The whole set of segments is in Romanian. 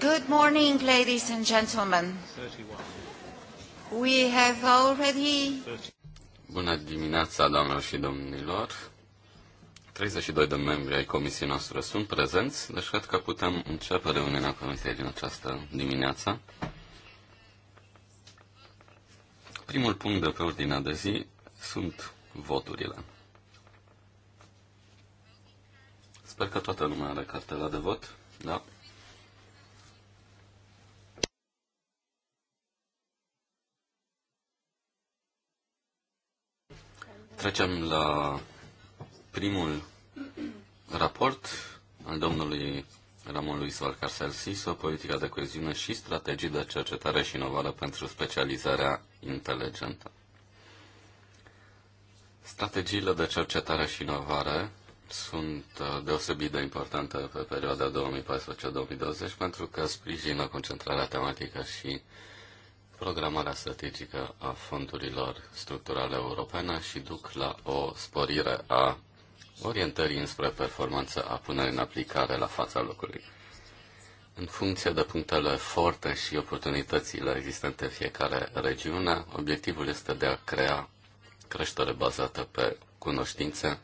Good morning, ladies and gentlemen. We have already... Bună dimineața, doamnelor și domnilor. 32 de membri ai comisiei noastre sunt prezenți, deci cred că putem începe reuniunea comisiei din această dimineață. Primul punct de pe ordinea de zi sunt voturile. Sper că toată lumea are cartela de vot. Da. Trecem la primul raport al domnului Ramon Luis Valcarcel Siso, Politica de coeziune și strategii de cercetare și inovare pentru specializarea inteligentă. Strategiile de cercetare și inovare sunt uh, deosebit de importante pe perioada 2014-2020 pentru că sprijină concentrarea tematică și programarea strategică a fondurilor structurale europene și duc la o sporire a orientării înspre performanță a punerii în aplicare la fața locului. În funcție de punctele forte și oportunitățile existente în fiecare regiune, obiectivul este de a crea creștere bazată pe cunoștință,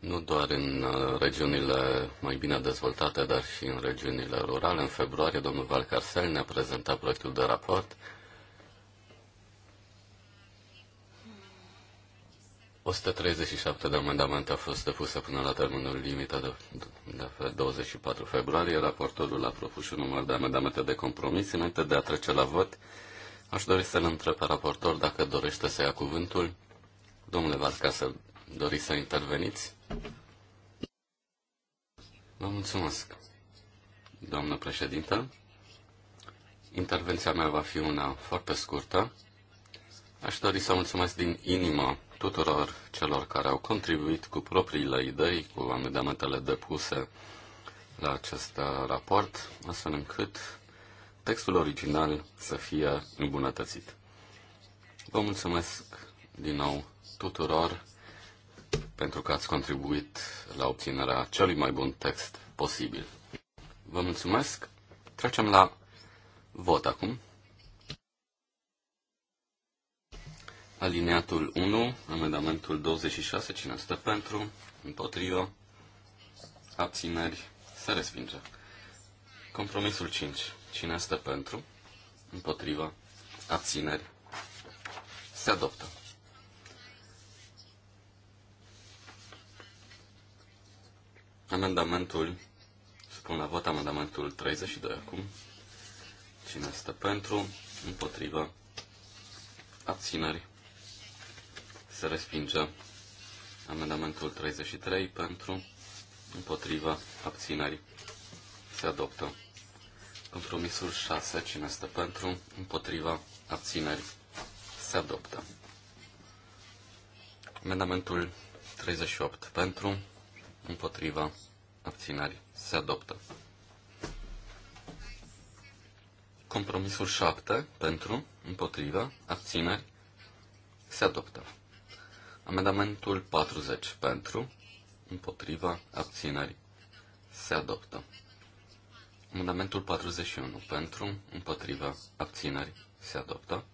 nu doar în uh, regiunile mai bine dezvoltate, dar și în regiunile rurale. În februarie, domnul Valcarcel ne-a prezentat proiectul de raport 137 de amendamente au fost depuse până la termenul limită de, de 24 februarie. Raportorul a propus un număr de amendamente de compromis. Înainte de a trece la vot, aș dori să-l întreb pe raportor dacă dorește să ia cuvântul. Domnule Valcarcel, doriți să interveniți? Vă mulțumesc, doamnă președintă. Intervenția mea va fi una foarte scurtă. Aș dori să mulțumesc din inimă tuturor celor care au contribuit cu propriile idei, cu amendamentele depuse la acest raport, astfel încât textul original să fie îmbunătățit. Vă mulțumesc din nou tuturor pentru că ați contribuit la obținerea celui mai bun text posibil. Vă mulțumesc. Trecem la vot acum. Alineatul 1, amendamentul 26, cine stă pentru, împotrivă, abțineri, se respinge. Compromisul 5, cine stă pentru, împotrivă, abțineri, se adoptă. Amendamentul, spun la vot amendamentul 32 acum. Cine este pentru? Împotrivă. Abțineri. Se respinge. Amendamentul 33 pentru. Împotriva. Abțineri. Se adoptă. Compromisul 6. Cine este pentru? Împotriva. Abțineri. Se adoptă. Amendamentul 38 pentru împotriva, abțineri, se adoptă. Compromisul 7, pentru, împotriva, abțineri, se adoptă. Amendamentul 40, pentru, împotriva, abțineri, se adoptă. Amendamentul 41, pentru, împotriva, abțineri, se adoptă.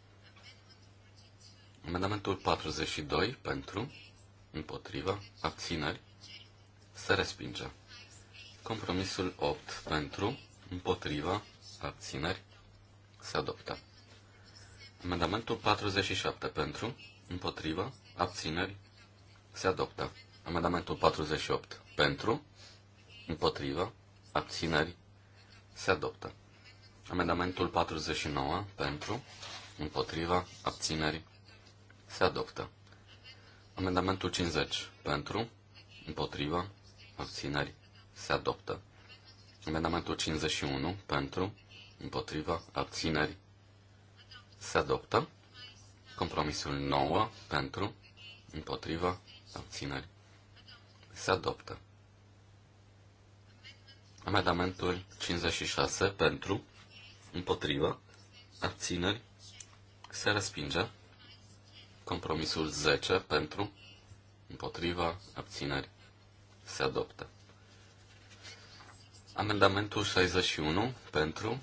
Amendamentul 42, pentru, împotriva, abțineri, se respinge. Compromisul 8 pentru, împotriva, abțineri, se adoptă. Amendamentul 47 pentru, împotriva, abțineri, se adoptă. Amendamentul 48 pentru, împotriva, abțineri, se adoptă. Amendamentul 49 pentru, împotriva, abțineri, se adoptă. Amendamentul 50 pentru, împotriva, abțineri, se adoptă. Amendamentul 51 pentru, împotriva, abțineri, se adoptă. Compromisul 9 pentru, împotriva, abțineri, se adoptă. Amendamentul 56 pentru, împotriva, abțineri, se respinge. Compromisul 10 pentru, împotriva, abțineri, se adoptă. Amendamentul 61 pentru,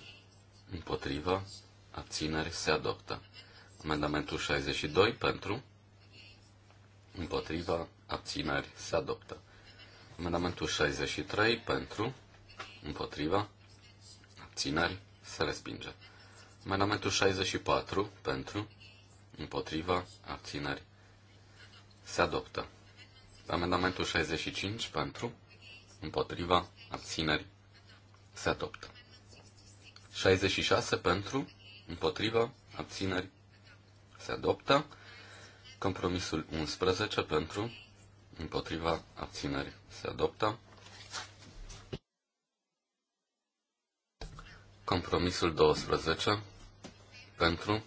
împotrivă, abțineri se adoptă. Amendamentul 62 pentru, împotriva, abțineri se adoptă. Amendamentul 63 pentru, împotriva, abțineri se respinge. Amendamentul 64 pentru, împotriva, abțineri se adoptă. Amendamentul 65 pentru, împotriva, abțineri, se adoptă. 66 pentru, împotriva, abțineri, se adoptă. Compromisul 11 pentru, împotriva, abțineri, se adoptă. Compromisul 12 pentru,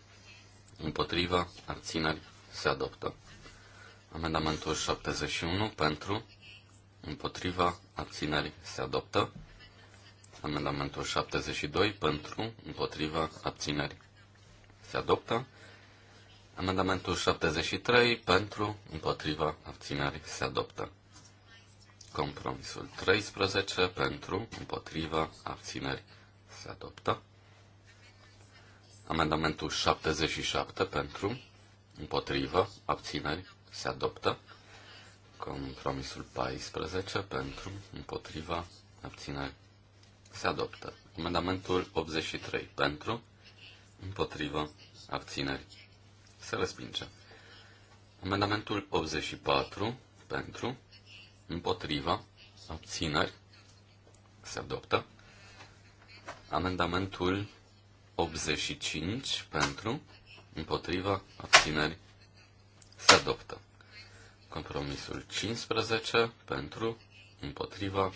împotriva, abțineri, se adoptă. Amendamentul 71 pentru, împotriva, abțineri se adoptă. Amendamentul 72 pentru, împotriva, abțineri se adoptă. Amendamentul 73 pentru, împotriva, abțineri se adoptă. Compromisul 13 pentru, împotriva, abțineri se adoptă. Amendamentul 77 pentru, împotriva, abțineri se adoptă. Compromisul 14 pentru, împotriva, abțineri, se adoptă. Amendamentul 83 pentru, împotriva, abțineri, se respinge. Amendamentul 84 pentru, împotriva, abțineri, se adoptă. Amendamentul 85 pentru, împotriva, abțineri, se adoptă. Compromisul 15 pentru, împotriva,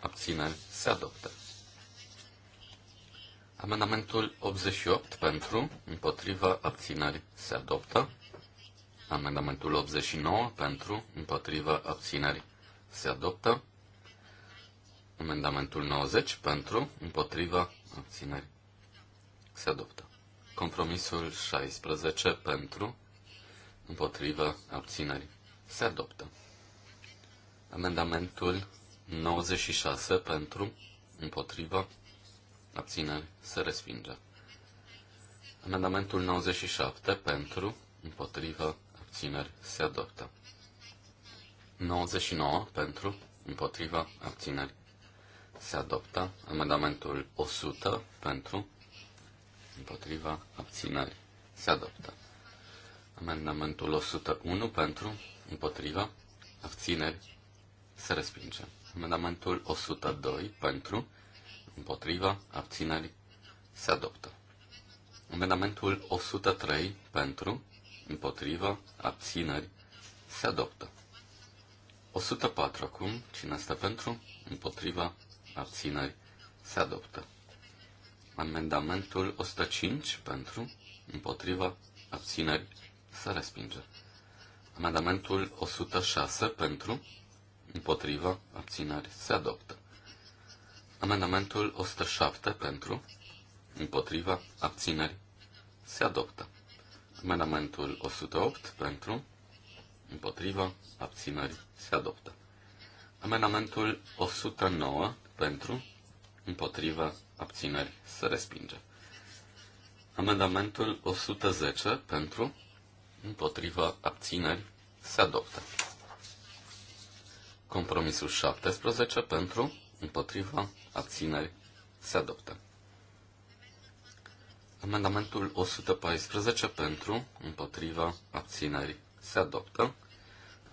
abține, se adoptă. Amendamentul 88 pentru, împotriva, abțineri se adoptă. Amendamentul 89 pentru, împotriva, abțineri se adoptă. Amendamentul 90 pentru, împotriva, abțineri se adoptă. Compromisul 16 pentru, împotriva, abțineri se adoptă. Amendamentul 96 pentru, împotrivă, abțineri, se respinge. Amendamentul 97 pentru, împotrivă, abțineri, se adoptă. 99 pentru, împotriva, abțineri. Se adoptă amendamentul 100 pentru, împotriva, abțineri. Se adoptă. Amendamentul 101 pentru, împotriva, abțineri, se respinge. Amendamentul 102 pentru, împotriva, abțineri, se adoptă. Amendamentul 103 pentru, împotriva, abțineri, se adoptă. 104 acum, cine este pentru, împotriva, abțineri, se adoptă. Amendamentul 105 pentru, împotriva, abțineri, se respinge. Amendamentul 106 pentru, împotrivă, abțineri, se adoptă. Amendamentul 107 pentru, împotriva, abțineri, se adoptă. Amendamentul 108 pentru, împotriva, abțineri, se adoptă. Amendamentul 109 pentru, împotriva, abțineri, se respinge. Amendamentul 110 pentru, împotriva abțineri se adoptă. Compromisul 17 pentru, împotriva abțineri se adoptă. Amendamentul 114 pentru, împotriva abțineri se adoptă.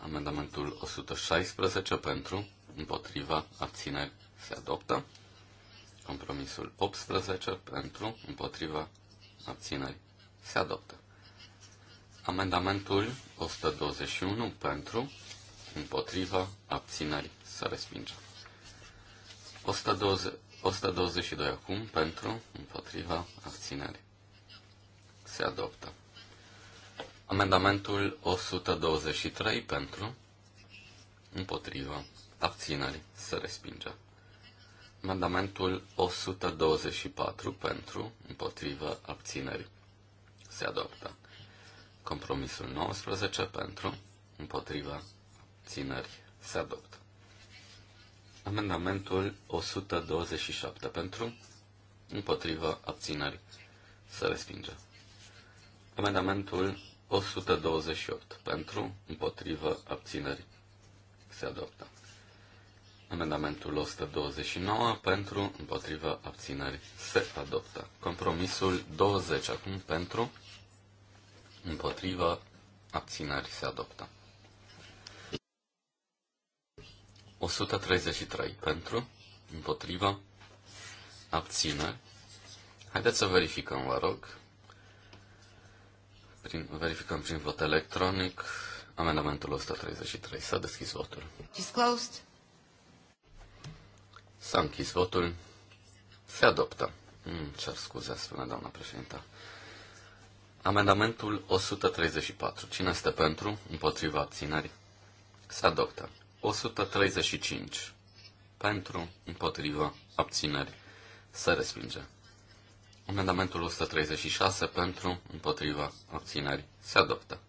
Amendamentul 116 pentru, împotriva abțineri se adoptă. Compromisul 18 pentru, împotriva abțineri se adoptă. Amendamentul 121 pentru, împotriva, abțineri, să respinge. 120, 122 acum pentru, împotriva, abțineri. Se adoptă. Amendamentul 123 pentru, împotriva, abțineri, se respinge. Amendamentul 124 pentru, împotriva, abțineri. Se adoptă. Compromisul 19 pentru, împotriva, țineri, se adoptă. Amendamentul 127 pentru, împotriva, abțineri, se respinge. Amendamentul 128 pentru, împotriva, abțineri, se adoptă. Amendamentul 129 pentru, împotriva, abțineri, se adoptă. Compromisul 20 acum pentru, împotrivă, abțineri se adoptă. 133 pentru, împotrivă, abțineri. Haideți să verificăm, vă rog. Prin, verificăm prin vot electronic amendamentul 133. S-a deschis votul. Disclosed. S-a închis votul. Se adoptă. Mm, cer scuze, spune doamna președintă. Amendamentul 134. Cine este pentru? Împotriva abținerii. Se adoptă. 135. Pentru, împotriva, abținerii. Se respinge. Amendamentul 136 pentru, împotriva, abținerii. Se adoptă.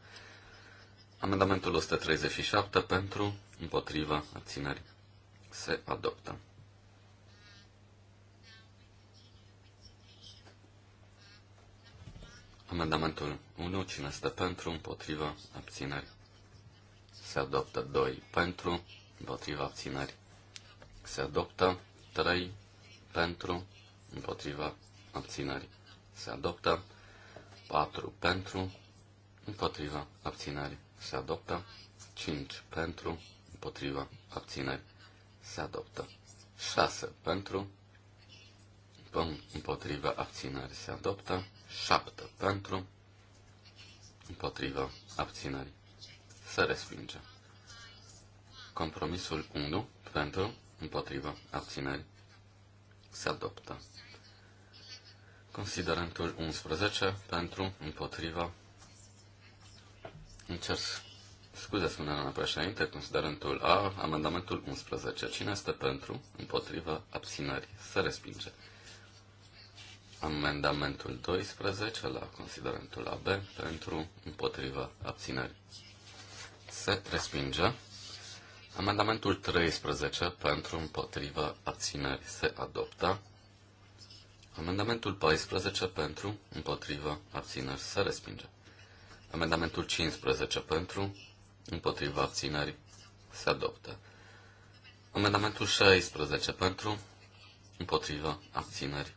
Amendamentul 137 pentru, împotriva, abținerii. Se adoptă. Amendamentul 1, cine este pentru, împotrivă, abțineri. Se adoptă 2, pentru, împotrivă, abțineri. Se adoptă 3, pentru, împotrivă, abțineri. Se adoptă 4, pentru, împotrivă, abțineri. Se adoptă 5, pentru, împotrivă, abțineri. Se adoptă 6, pentru, împotrivă, abțineri. Se adoptă 7 pentru, împotrivă, abțineri, se respinge. Compromisul 1 pentru, împotrivă, abțineri, se adoptă. Considerentul 11 pentru, împotriva, încerc scuze, spune doamna președinte, considerentul A, amendamentul 11. Cine este pentru, împotriva, abținări, se respinge amendamentul 12 la considerentul AB pentru împotriva abținerii. Se respinge. Amendamentul 13 pentru împotriva abținerii se adoptă. Amendamentul 14 pentru împotriva abținerii se respinge. Amendamentul 15 pentru împotriva abținerii se adoptă. Amendamentul 16 pentru împotriva abținerii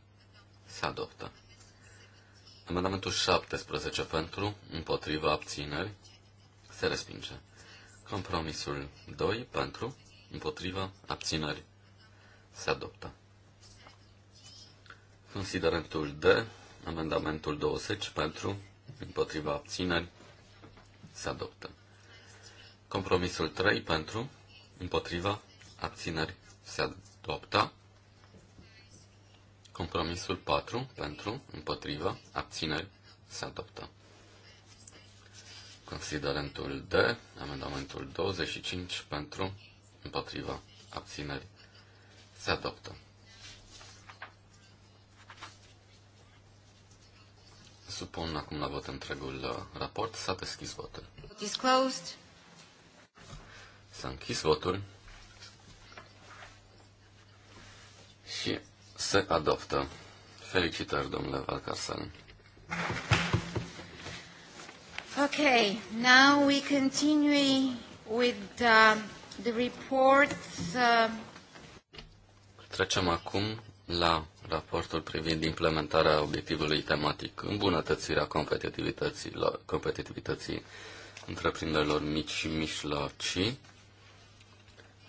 se adoptă. Amendamentul 17 pentru, împotriva, abțineri, se respinge. Compromisul 2 pentru, împotriva, abțineri, se adoptă. Considerentul D, amendamentul 20 pentru, împotriva, abțineri, se adoptă. Compromisul 3 pentru, împotriva, abțineri, se adoptă. Compromisul 4 pentru, împotrivă, abțineri se adoptă. Considerentul D, amendamentul 25 pentru, împotrivă, abțineri se adoptă. Supun acum la vot întregul uh, raport. S-a deschis votul. Disclosed. S-a închis votul. Și se adoptă. Felicitări, domnule Valcarsan. Okay, now we continue with uh, the report. Uh... Trecem acum la raportul privind implementarea obiectivului tematic, îmbunătățirea competitivității, competitivității întreprinderilor mici și mișlocii.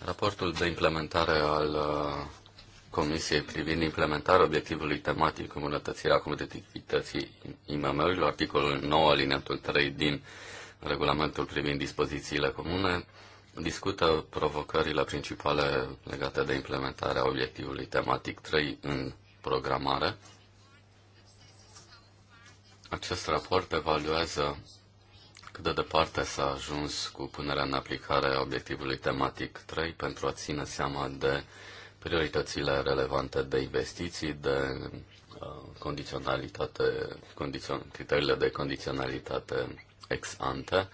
Raportul de implementare al uh, Comisiei privind implementarea obiectivului tematic îmbunătățirea competitivității IMM-urilor, articolul 9 alineatul 3 din regulamentul privind dispozițiile comune, discută provocările principale legate de implementarea obiectivului tematic 3 în programare. Acest raport evaluează cât de departe s-a ajuns cu punerea în aplicare a obiectivului tematic 3 pentru a ține seama de prioritățile relevante de investiții, de uh, condiționalitate, condițion, criteriile de condiționalitate ex ante.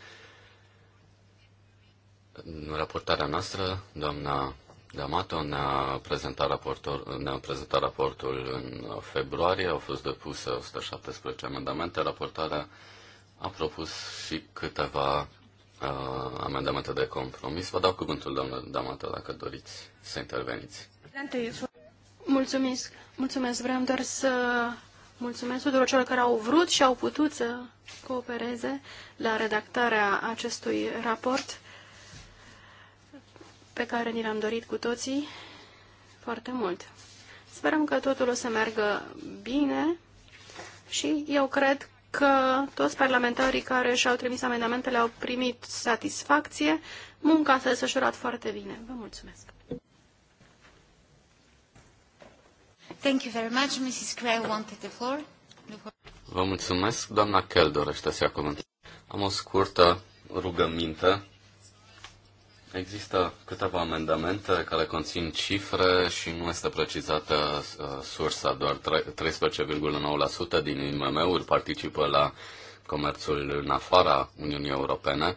În raportarea noastră, doamna D'Amato ne-a prezentat, raportul ne-a prezentat raportul în februarie, au fost depuse 117 amendamente, raportarea a propus și câteva uh, amendamente de compromis. Vă dau cuvântul, doamnă D'Amato, dacă doriți să interveniți. Mulțumesc. Mulțumesc. Vreau doar să mulțumesc tuturor celor care au vrut și au putut să coopereze la redactarea acestui raport pe care ni l-am dorit cu toții foarte mult. Sperăm că totul o să meargă bine și eu cred că toți parlamentarii care și-au trimis amendamentele au primit satisfacție. Munca s-a desfășurat foarte bine. Vă mulțumesc! Thank you very much. Mrs. Creel wanted the floor. Vă mulțumesc. Doamna Kell dorește să ia cuvântul. Am o scurtă rugăminte. Există câteva amendamente care conțin cifre și nu este precizată uh, sursa, doar 13,9% din IMM-uri participă la comerțul în afara Uniunii Europene.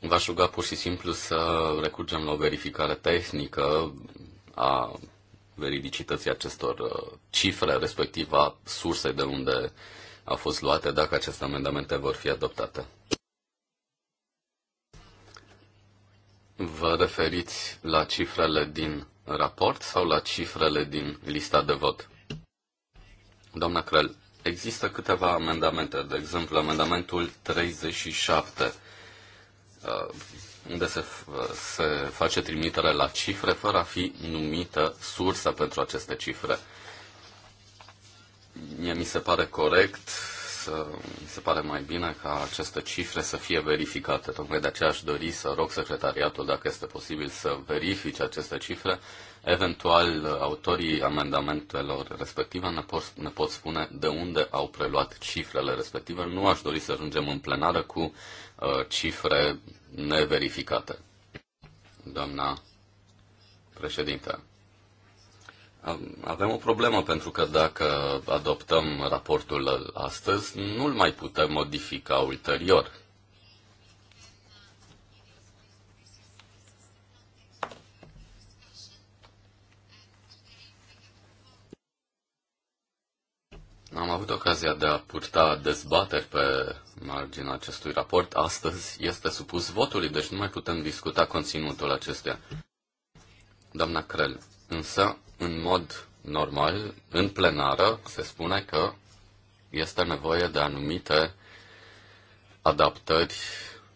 V-aș ruga pur și simplu să recurgem la o verificare tehnică a veridicității acestor uh, cifre, respectiv a sursei de unde au fost luate, dacă aceste amendamente vor fi adoptate. Vă referiți la cifrele din raport sau la cifrele din lista de vot? Doamna Crel, există câteva amendamente, de exemplu amendamentul 37 unde se, se face trimitere la cifre fără a fi numită sursa pentru aceste cifre. Mie mi se pare corect, să, mi se pare mai bine ca aceste cifre să fie verificate. Tocmai de aceea aș dori să rog secretariatul, dacă este posibil, să verifice aceste cifre. Eventual, autorii amendamentelor respective ne pot, ne pot spune de unde au preluat cifrele respective. Nu aș dori să ajungem în plenară cu uh, cifre neverificate. Doamna președinte, avem o problemă pentru că dacă adoptăm raportul astăzi, nu-l mai putem modifica ulterior. Am avut ocazia de a purta dezbateri pe marginea acestui raport. Astăzi este supus votului, deci nu mai putem discuta conținutul acestuia. Doamna Crel, însă, în mod normal, în plenară, se spune că este nevoie de anumite adaptări,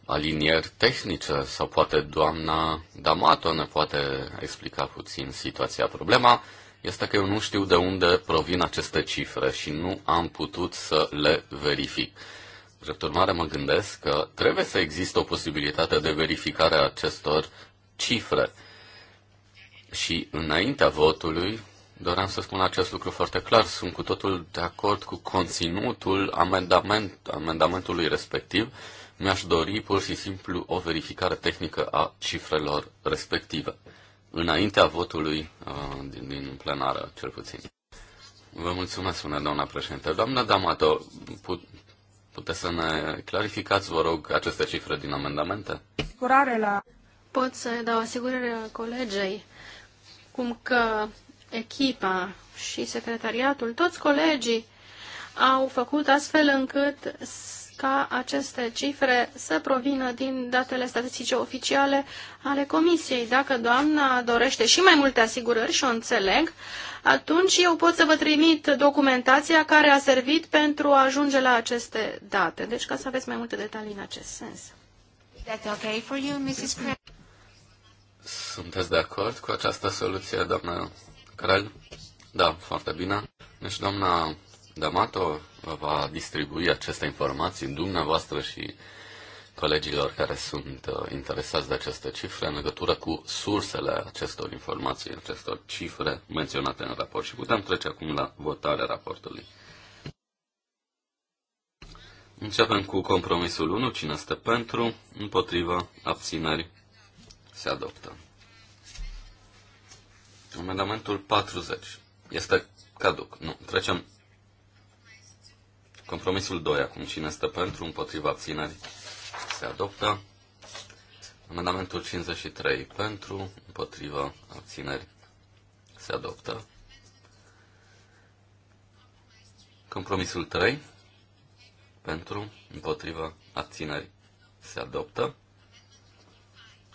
alinieri tehnice, sau poate doamna Damato ne poate explica puțin situația. Problema este că eu nu știu de unde provin aceste cifre și nu am putut să le verific. Drept urmare, mă gândesc că trebuie să există o posibilitate de verificare a acestor cifre. Și înaintea votului, doream să spun acest lucru foarte clar, sunt cu totul de acord cu conținutul amendament, amendamentului respectiv. Mi-aș dori pur și simplu o verificare tehnică a cifrelor respective înaintea votului uh, din, din plenară, cel puțin. Vă mulțumesc, spune doamna președinte. Doamna Damato, put, puteți să ne clarificați, vă rog, aceste cifre din amendamente? Asigurare la... Pot să dau asigurare colegei cum că echipa și secretariatul, toți colegii au făcut astfel încât ca aceste cifre să provină din datele statistice oficiale ale Comisiei. Dacă doamna dorește și mai multe asigurări și o înțeleg, atunci eu pot să vă trimit documentația care a servit pentru a ajunge la aceste date. Deci ca să aveți mai multe detalii în acest sens. okay for you, Mrs. Sunteți de acord cu această soluție, doamnă Carel? Da, foarte bine. Deci, doamna D'Amato vă va distribui aceste informații dumneavoastră și colegilor care sunt uh, interesați de aceste cifre în legătură cu sursele acestor informații, acestor cifre menționate în raport. Și putem trece acum la votarea raportului. Începem cu compromisul 1. Cine este pentru, împotriva, abțineri, se adoptă. Amendamentul 40. Este caduc. Nu. Trecem Compromisul 2. Acum cine stă pentru, împotriva abțineri, se adoptă. Amendamentul 53 pentru, împotriva abțineri, se adoptă. Compromisul 3 pentru, împotriva abțineri, se adoptă.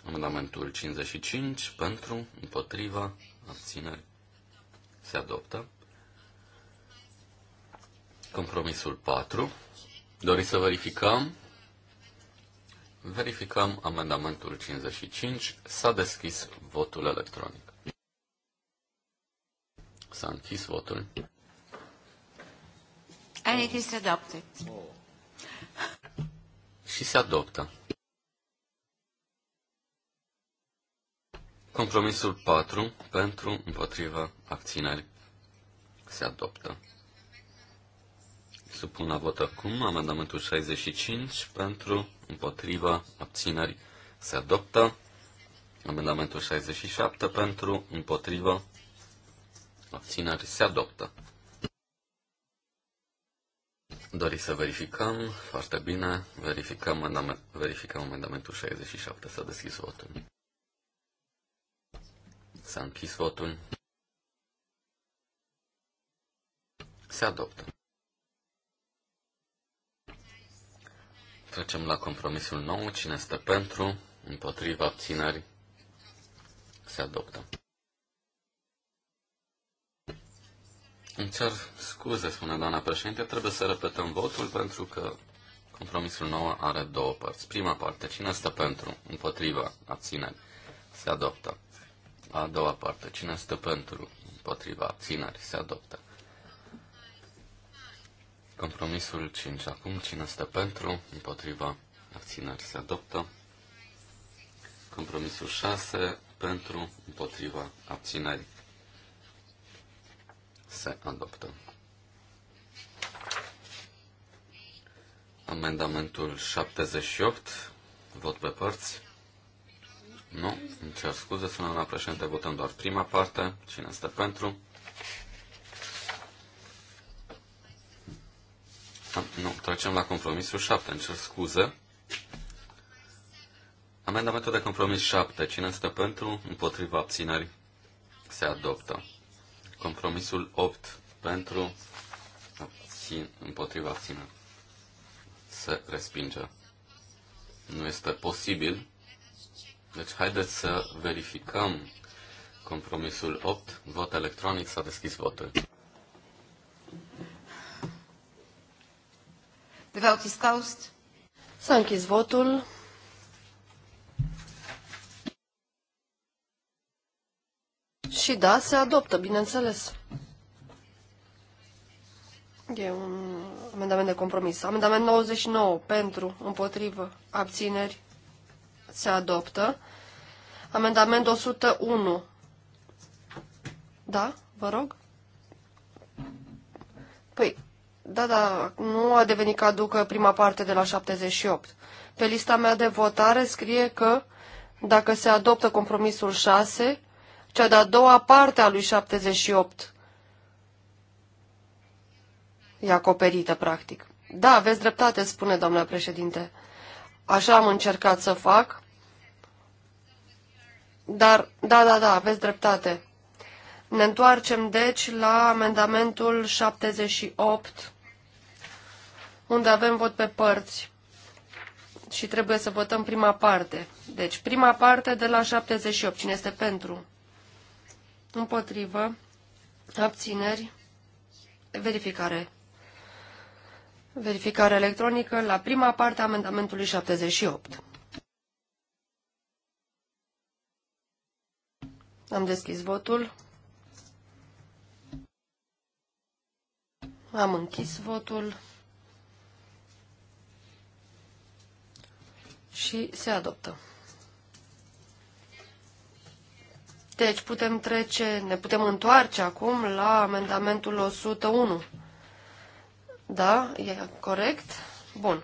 Amendamentul 55 pentru, împotriva abțineri, se adoptă. Compromisul 4. Doriți să verificăm? Verificăm amendamentul 55. S-a deschis votul electronic. S-a închis votul. And it is adopted. Și se adoptă. Compromisul 4 pentru împotriva abțineri se adoptă supun la vot acum amendamentul 65 pentru, împotriva, abțineri se adoptă. Amendamentul 67 pentru, împotriva, abțineri se adoptă. Doriți să verificăm? Foarte bine. Verificăm, amendament, verificăm amendamentul 67. S-a deschis votul. S-a închis votul. Se adoptă. Trecem la compromisul nou. Cine este pentru? Împotriva abțineri? Se adoptă. Îmi cer scuze, spune doamna președinte, trebuie să repetăm votul pentru că compromisul nou are două părți. Prima parte, cine stă pentru, împotriva, abțineri, se adoptă. A doua parte, cine stă pentru, împotriva, abțineri, se adoptă. Compromisul 5 acum. Cine este pentru? Împotriva. Abțineri se adoptă. Compromisul 6 pentru, împotriva, abțineri se adoptă. Amendamentul 78, vot pe părți. Nu, îmi cer scuze, sunt la președinte, votăm doar prima parte. Cine este pentru? Nu, trecem la compromisul 7, Încerc scuze. Amendamentul de compromis 7. Cine este pentru? Împotriva abțineri? Se adoptă. Compromisul 8. Pentru? Abțin, împotriva abțineri? Se respinge. Nu este posibil. Deci haideți să verificăm compromisul 8. Vot electronic. S-a deschis votul. The vote is S-a închis votul. Și da, se adoptă, bineînțeles. E un amendament de compromis. Amendament 99 pentru, împotrivă, abțineri, se adoptă. Amendament 101. Da, vă rog? Păi, da, da, nu a devenit caducă prima parte de la 78. Pe lista mea de votare scrie că dacă se adoptă compromisul 6, cea de-a doua parte a lui 78 e acoperită, practic. Da, aveți dreptate, spune doamna președinte. Așa am încercat să fac. Dar, da, da, da, aveți dreptate. Ne întoarcem, deci, la amendamentul 78, unde avem vot pe părți și trebuie să votăm prima parte. Deci, prima parte de la 78. Cine este pentru? Împotrivă. Abțineri. Verificare. Verificare electronică la prima parte a amendamentului 78. Am deschis votul. Am închis votul. Și se adoptă. Deci putem trece, ne putem întoarce acum la amendamentul 101. Da? E corect? Bun.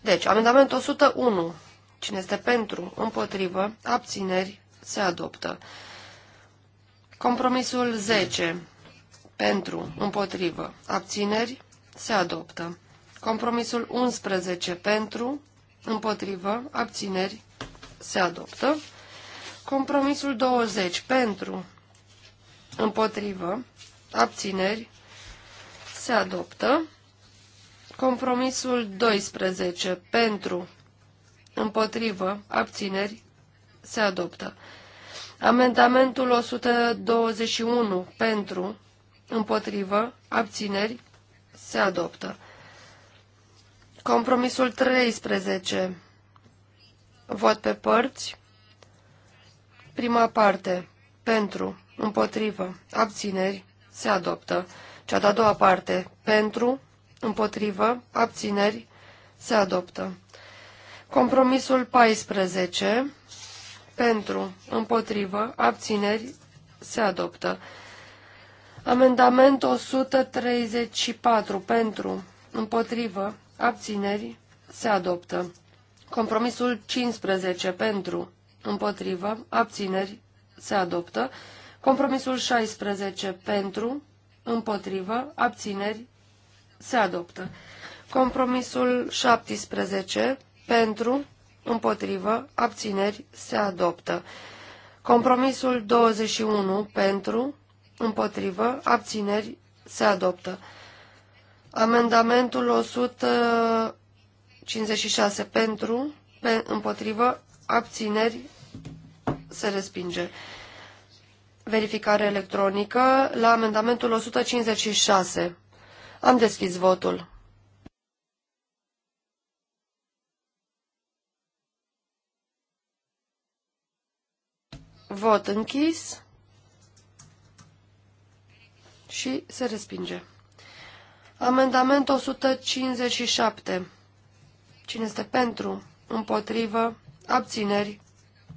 Deci, amendamentul 101. Cine este pentru, împotrivă, abțineri, se adoptă. Compromisul 10. Pentru, împotrivă, abțineri, se adoptă. Compromisul 11 pentru, împotrivă, abțineri, se adoptă. Compromisul 20 pentru, împotrivă, abțineri, se adoptă. Compromisul 12 pentru, împotrivă, abțineri, se adoptă. Amendamentul 121 pentru, împotrivă, abțineri, se adoptă. Compromisul 13, vot pe părți, prima parte, pentru, împotrivă, abțineri, se adoptă. Cea de-a doua parte, pentru, împotrivă, abțineri, se adoptă. Compromisul 14, pentru, împotrivă, abțineri, se adoptă. Amendament 134 pentru, împotrivă, abțineri, se adoptă. Compromisul 15 pentru, împotrivă, abțineri, se adoptă. Compromisul 16 pentru, împotrivă, abțineri, se adoptă. Compromisul 17 pentru, împotrivă, abțineri, se adoptă. Compromisul 21 pentru, împotrivă, abțineri, se adoptă. Amendamentul 156 pentru, pe, împotrivă, abțineri, se respinge. Verificare electronică la amendamentul 156. Am deschis votul. Vot închis și se respinge. Amendament 157. Cine este pentru, împotrivă, abțineri,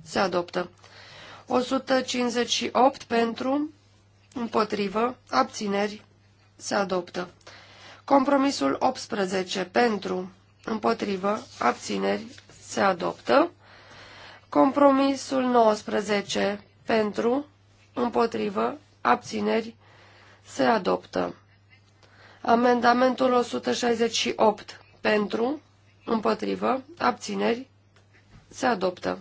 se adoptă. 158 pentru, împotrivă, abțineri, se adoptă. Compromisul 18 pentru, împotrivă, abțineri, se adoptă. Compromisul 19 pentru, împotrivă, abțineri, se adoptă. Amendamentul 168 pentru, împotrivă, abțineri, se adoptă.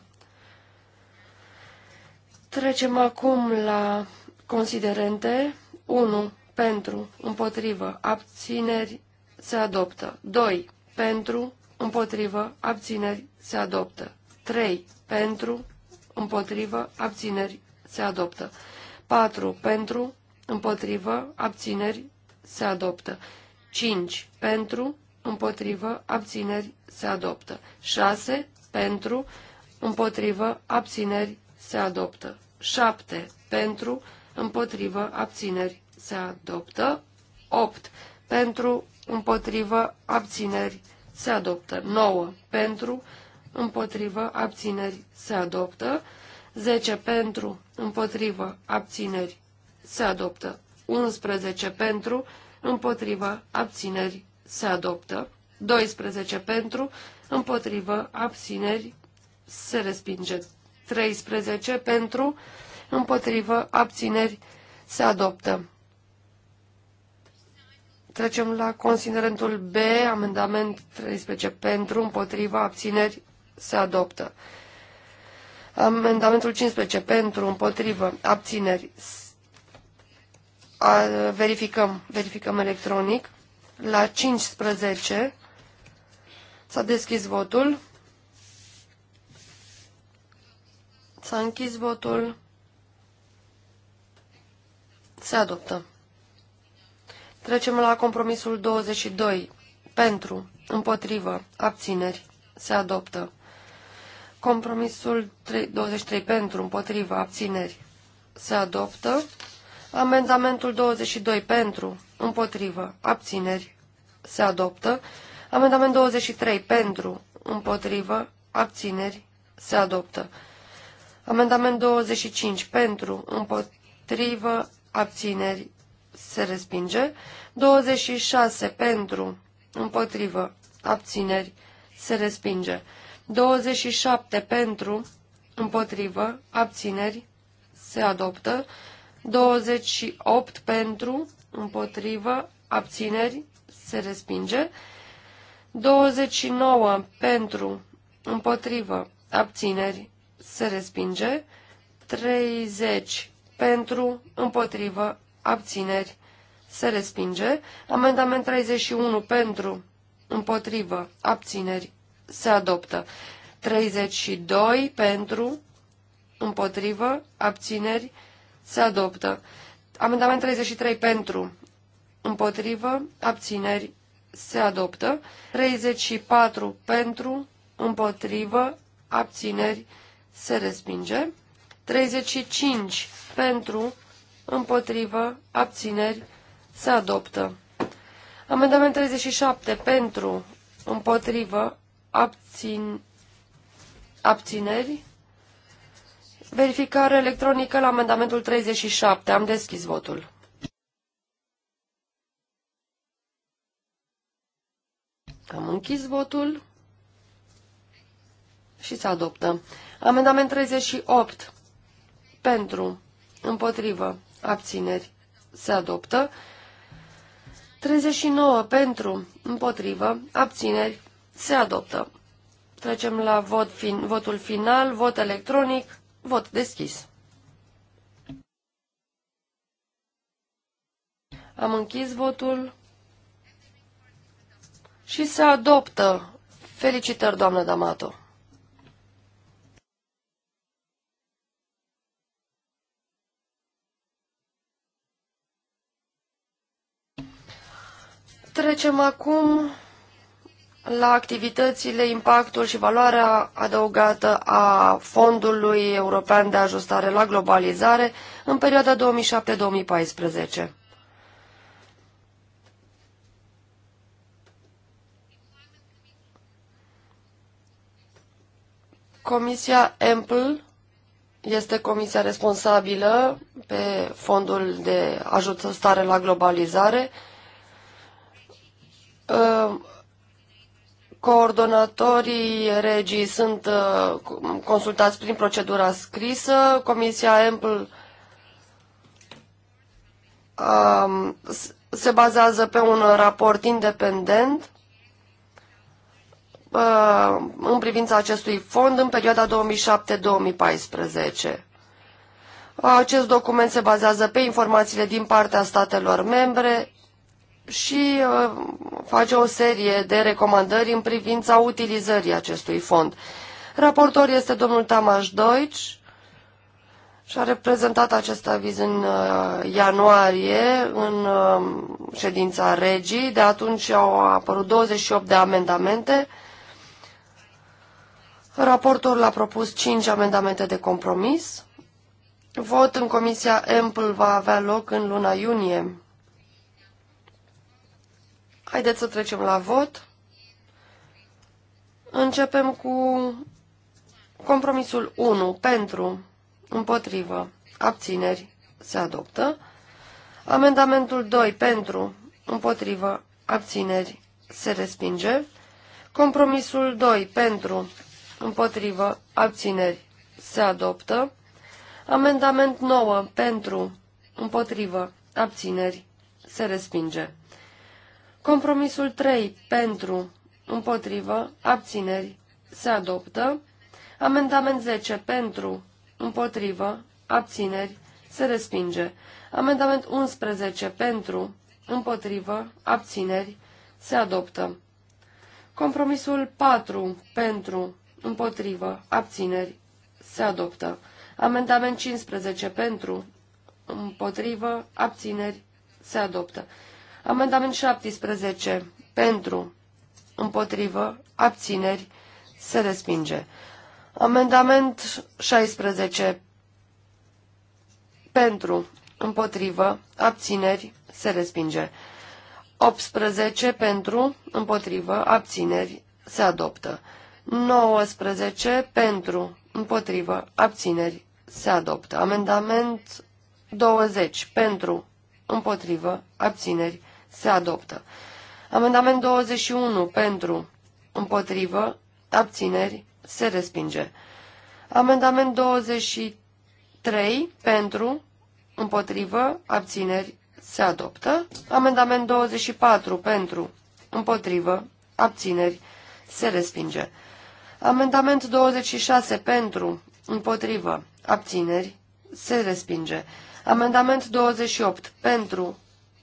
Trecem acum la considerente. 1. Pentru, împotrivă, abțineri, se adoptă. 2. Pentru, împotrivă, abțineri, se adoptă. 3. Pentru, împotrivă, abțineri, se adoptă. 4. Pentru, împotrivă, abțineri, se adoptă. 5. Pentru, împotrivă, abțineri, se adoptă. 6. Pentru, împotrivă, abțineri, se adoptă. 7. Pentru, împotrivă, abțineri, se adoptă. 8. Pentru, împotrivă, abțineri, se adoptă. 9. Pentru, împotrivă, abțineri, se adoptă. 10. Pentru, împotrivă, abțineri, se adoptă. 11 pentru, împotrivă, abțineri, se adoptă. 12 pentru, împotrivă, abțineri, se respinge. 13 pentru, împotrivă, abțineri, se adoptă. Trecem la considerentul B, amendament 13 pentru, împotrivă, abțineri, se adoptă. Amendamentul 15 pentru, împotrivă, abțineri, se a, verificăm, verificăm electronic. La 15 s-a deschis votul. S-a închis votul. Se adoptă. Trecem la compromisul 22. Pentru, împotrivă, abțineri, se adoptă. Compromisul 23 pentru, împotrivă, abțineri, se adoptă. Amendamentul 22 pentru, împotrivă, abțineri, se adoptă. Amendament 23 pentru, împotrivă, abțineri, se adoptă. Amendament 25 pentru, împotrivă, abțineri, se respinge. 26 pentru, împotrivă, abțineri, se respinge. 27 pentru, împotrivă, abțineri, se adoptă. 28 pentru, împotrivă, abțineri, se respinge. 29 pentru, împotrivă, abțineri, se respinge. 30 pentru, împotrivă, abțineri, se respinge. Amendament 31 pentru, împotrivă, abțineri, se adoptă. 32 pentru, împotrivă, abțineri, se se adoptă. Amendament 33 pentru, împotrivă, abțineri, se adoptă. 34 pentru, împotrivă, abțineri, se respinge. 35 pentru, împotrivă, abțineri, se adoptă. Amendament 37 pentru, împotrivă, abțin, abțineri, Verificare electronică la amendamentul 37. Am deschis votul. Am închis votul și se adoptă. Amendament 38. Pentru. Împotrivă. Abțineri. Se adoptă. 39. Pentru. Împotrivă. Abțineri. Se adoptă. Trecem la vot fin votul final. Vot electronic. Vot deschis. Am închis votul și se adoptă. Felicitări, doamnă D'Amato. Trecem acum la activitățile, impactul și valoarea adăugată a Fondului European de Ajustare la Globalizare în perioada 2007-2014. Comisia EMPL este comisia responsabilă pe fondul de stare la globalizare ă, Coordonatorii regii sunt uh, consultați prin procedura scrisă, Comisia EMPL um, se bazează pe un raport independent uh, în privința acestui fond în perioada 2007-2014. Acest document se bazează pe informațiile din partea statelor membre, și uh, face o serie de recomandări în privința utilizării acestui fond. Raportor este domnul Tamas Deutsch și a reprezentat acest aviz în uh, ianuarie în uh, ședința regii. De atunci au apărut 28 de amendamente. Raportorul a propus 5 amendamente de compromis. Vot în Comisia EMPL va avea loc în luna iunie. Haideți să trecem la vot. Începem cu compromisul 1 pentru, împotrivă, abțineri se adoptă. Amendamentul 2 pentru, împotrivă, abțineri se respinge. Compromisul 2 pentru, împotrivă, abțineri se adoptă. Amendament 9 pentru, împotrivă, abțineri se respinge. Compromisul 3 pentru, împotrivă, abțineri, se adoptă. Amendament 10 pentru, împotrivă, abțineri, se respinge. Amendament 11 pentru, împotrivă, abțineri, se adoptă. Compromisul 4 pentru, împotrivă, abțineri, se adoptă. Amendament 15 pentru, împotrivă, abțineri, se adoptă. Amendament 17. Pentru, împotrivă, abțineri, se respinge. Amendament 16. Pentru, împotrivă, abțineri, se respinge. 18. Pentru, împotrivă, abțineri, se adoptă. 19. Pentru, împotrivă, abțineri, se adoptă. Amendament 20. Pentru, împotrivă, abțineri, se adoptă. Amendament 21 pentru, împotrivă, abțineri, se respinge. Amendament 23 pentru, împotrivă, abțineri, se adoptă. Amendament 24 pentru, împotrivă, abțineri, se respinge. Amendament 26 pentru, împotrivă, abțineri, se respinge. Amendament 28 pentru,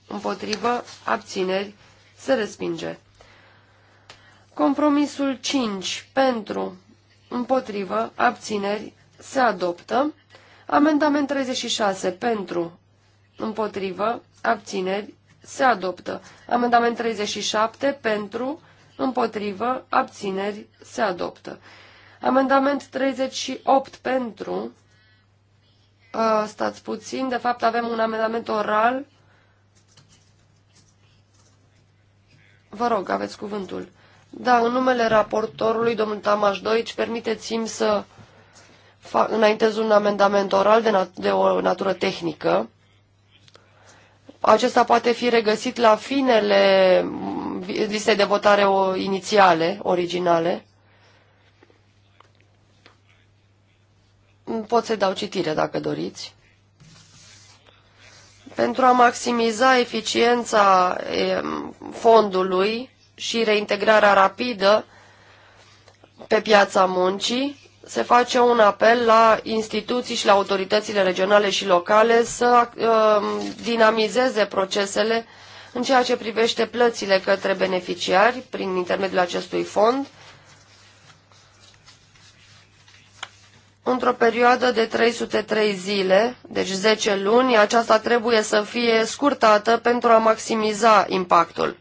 împotrivă, abțineri, se respinge. Compromisul 5 pentru, împotrivă, abțineri, se adoptă. Amendament 36 pentru, împotrivă, abțineri, se adoptă. Amendament 37 pentru, împotrivă, abțineri, se adoptă. Amendament 38 pentru, uh, stați puțin, de fapt avem un amendament oral Vă rog, aveți cuvântul. Da, în numele raportorului, domnul Tamaș Doici, permiteți-mi să fac, înaintez un amendament oral de, nat de o natură tehnică. Acesta poate fi regăsit la finele listei de votare inițiale, originale. Pot să-i dau citire dacă doriți pentru a maximiza eficiența fondului și reintegrarea rapidă pe piața muncii, se face un apel la instituții și la autoritățile regionale și locale să dinamizeze procesele în ceea ce privește plățile către beneficiari prin intermediul acestui fond într-o perioadă de 303 zile, deci 10 luni, aceasta trebuie să fie scurtată pentru a maximiza impactul.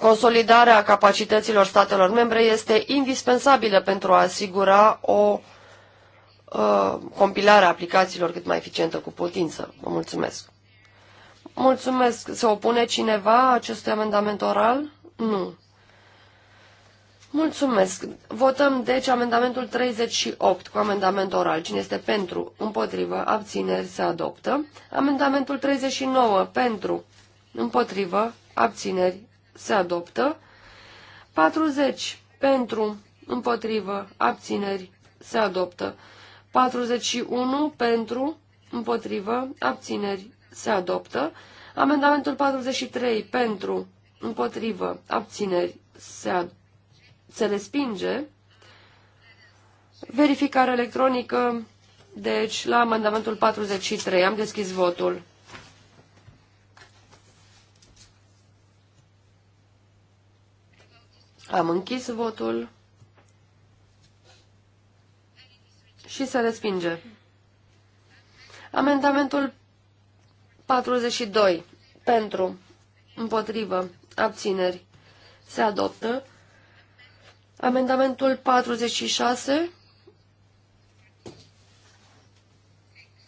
Consolidarea capacităților statelor membre este indispensabilă pentru a asigura o uh, compilare a aplicațiilor cât mai eficientă cu putință. Vă mulțumesc. Mulțumesc. Se opune cineva acestui amendament oral? Nu. Mulțumesc. Votăm, deci, amendamentul 38 cu amendament oral. Cine este pentru, împotrivă, abțineri, se adoptă. Amendamentul 39, pentru, împotrivă, abțineri, se adoptă. 40, pentru, împotrivă, abțineri, se adoptă. 41, pentru, împotrivă, abțineri, se adoptă. Amendamentul 43, pentru, împotrivă, abțineri, se adoptă se respinge. Verificare electronică, deci la amendamentul 43. Am deschis votul. Am închis votul și se respinge. Amendamentul 42. Pentru. Împotrivă. Abțineri. Se adoptă. Amendamentul 46.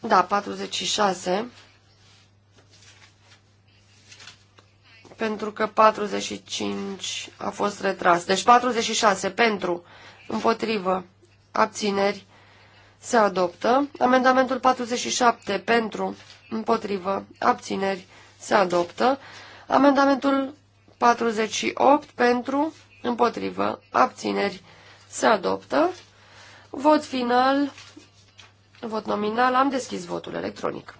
Da, 46. Pentru că 45 a fost retras. Deci 46 pentru, împotrivă, abțineri, se adoptă. Amendamentul 47 pentru, împotrivă, abțineri, se adoptă. Amendamentul 48 pentru, împotrivă, abțineri, se adoptă. Vot final, vot nominal, am deschis votul electronic.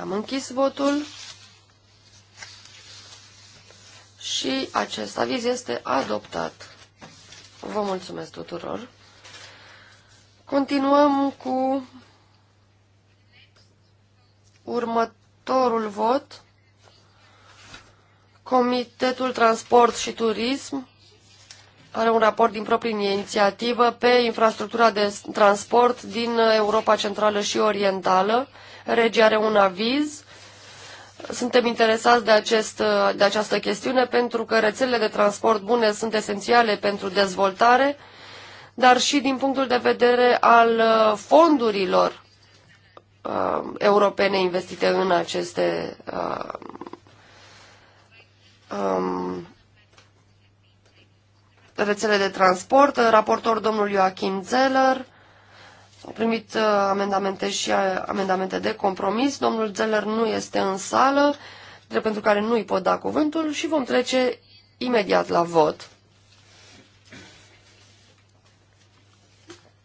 Am închis votul și acest aviz este adoptat. Vă mulțumesc tuturor. Continuăm cu următorul vot. Comitetul Transport și Turism are un raport din proprie inițiativă pe infrastructura de transport din Europa Centrală și Orientală. Regia are un aviz. Suntem interesați de, acest, de această chestiune pentru că rețelele de transport bune sunt esențiale pentru dezvoltare, dar și din punctul de vedere al uh, fondurilor uh, europene investite în aceste uh, um, rețele de transport, raportor domnul Joachim Zeller, au primit uh, amendamente și uh, amendamente de compromis. Domnul Zeller nu este în sală, drept pentru care nu îi pot da cuvântul și vom trece imediat la vot.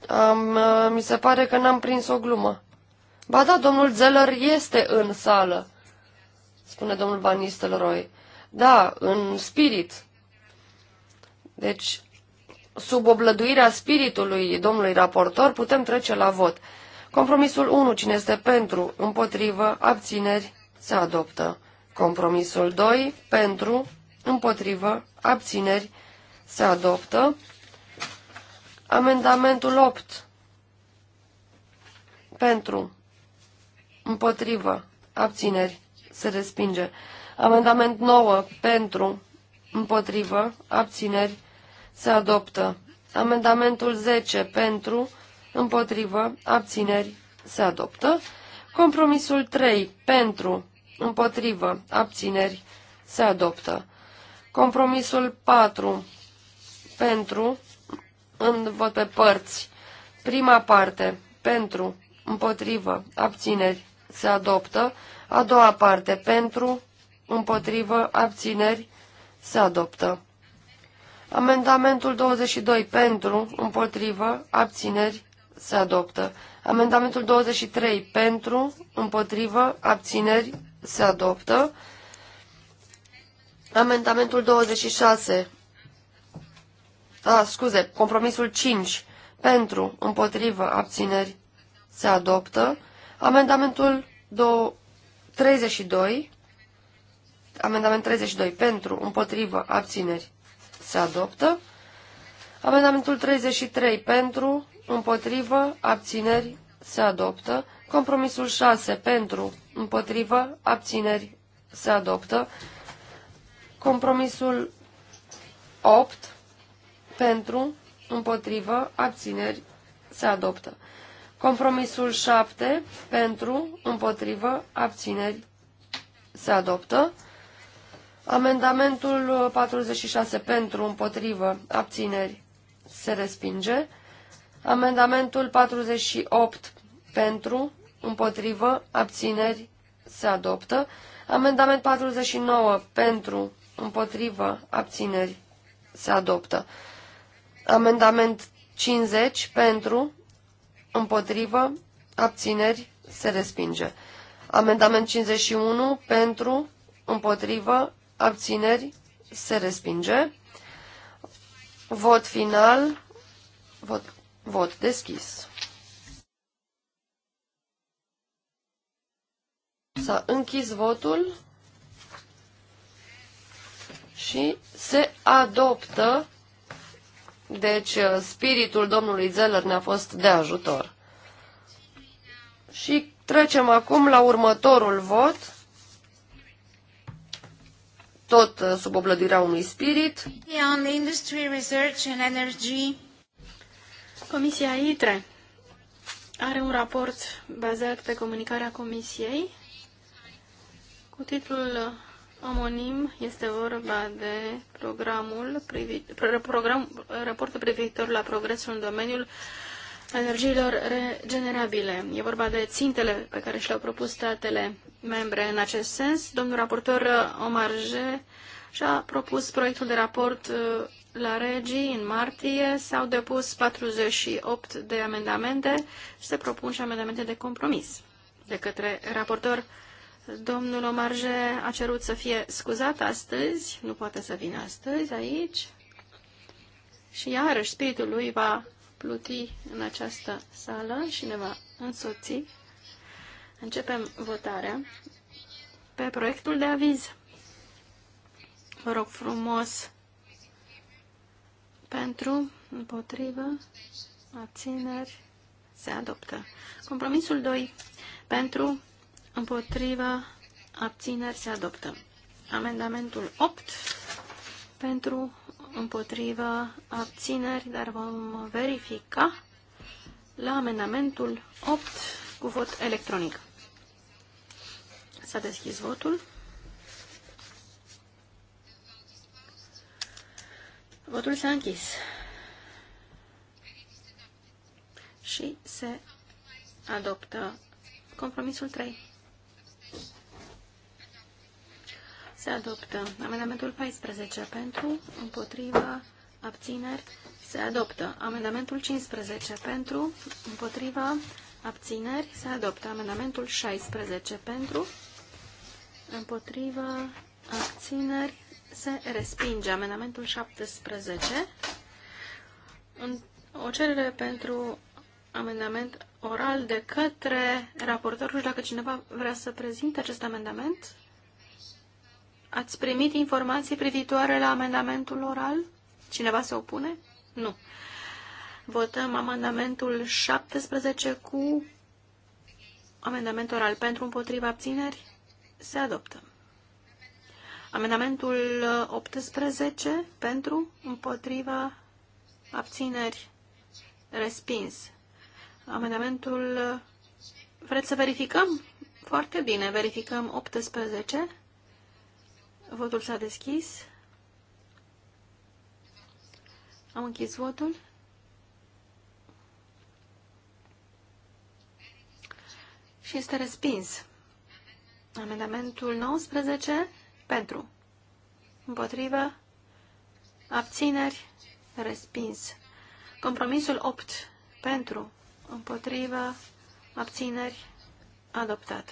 Am, uh, mi se pare că n-am prins o glumă. Ba da, domnul Zeller este în sală, spune domnul Van Nistelrooy. Da, în spirit. Deci, sub oblăduirea spiritului domnului raportor, putem trece la vot. Compromisul 1, cine este pentru, împotrivă, abțineri, se adoptă. Compromisul 2, pentru, împotrivă, abțineri, se adoptă. Amendamentul 8, pentru, împotrivă, abțineri, se respinge. Amendament 9 pentru, împotrivă, abțineri, se adoptă. Amendamentul 10 pentru, împotrivă, abțineri, se adoptă. Compromisul 3 pentru, împotrivă, abțineri, se adoptă. Compromisul 4 pentru, în vot pe părți, prima parte, pentru, împotrivă, abțineri, se adoptă. A doua parte, pentru, împotrivă, abțineri, se adoptă. Amendamentul 22 pentru, împotrivă, abțineri, se adoptă. Amendamentul 23 pentru, împotrivă, abțineri, se adoptă. Amendamentul 26, a, scuze, compromisul 5, pentru, împotrivă, abțineri, se adoptă. Amendamentul 32, Amendament 32 pentru, împotrivă, abțineri se adoptă. Amendamentul 33 pentru, împotrivă, abțineri se adoptă. Compromisul 6 pentru, împotrivă, abțineri se adoptă. Compromisul 8 pentru, împotrivă, abțineri se adoptă. Compromisul 7 pentru, împotrivă, abțineri se adoptă. Amendamentul 46 pentru, împotrivă, abțineri, se respinge. Amendamentul 48 pentru, împotrivă, abțineri, se adoptă. Amendament 49 pentru, împotrivă, abțineri, se adoptă. Amendament 50 pentru, împotrivă, abțineri, se respinge. Amendament 51 pentru, împotrivă, abțineri, se respinge. Vot final, vot, vot deschis. S-a închis votul și se adoptă. Deci, uh, spiritul domnului Zeller ne-a fost de ajutor. Și trecem acum la următorul vot tot uh, sub oblădirea unui spirit. research and energy. Comisia ITRE are un raport bazat pe comunicarea Comisiei cu titlul uh, omonim este vorba de programul privi, program, raportul privitor la progresul în domeniul energiilor regenerabile. E vorba de țintele pe care și le-au propus statele membre în acest sens. Domnul raportor uh, Omarje și-a propus proiectul de raport uh, la regii în martie. S-au depus 48 de amendamente. Se propun și amendamente de compromis de către raportor. Domnul Omarje a cerut să fie scuzat astăzi, nu poate să vină astăzi aici. Și iarăși spiritul lui va pluti în această sală și ne va însoți. Începem votarea pe proiectul de aviz. Vă rog frumos pentru, împotrivă, abțineri, se adoptă. Compromisul 2. Pentru, împotrivă, abțineri, se adoptă. Amendamentul 8. Pentru, împotriva abțineri, dar vom verifica la amendamentul 8 cu vot electronic. S-a deschis votul. Votul s-a închis. Și se adoptă compromisul 3. Se adoptă. Amendamentul 14 pentru, împotriva, abțineri. Se adoptă. Amendamentul 15 pentru, împotriva, abțineri. Se adoptă. Amendamentul 16 pentru, împotriva, abțineri. Se respinge. Amendamentul 17. O cerere pentru amendament oral de către raportorul dacă cineva vrea să prezinte acest amendament. Ați primit informații privitoare la amendamentul oral? Cineva se opune? Nu. Votăm amendamentul 17 cu amendament oral pentru împotriva abțineri. Se adoptă. Amendamentul 18 pentru împotriva abțineri. Respins. Amendamentul... Vreți să verificăm? Foarte bine. Verificăm 18. Votul s-a deschis. Am închis votul. Și este respins. Amendamentul 19 pentru. Împotrivă. Abțineri. Respins. Compromisul 8 pentru. Împotrivă. Abțineri. Adoptat.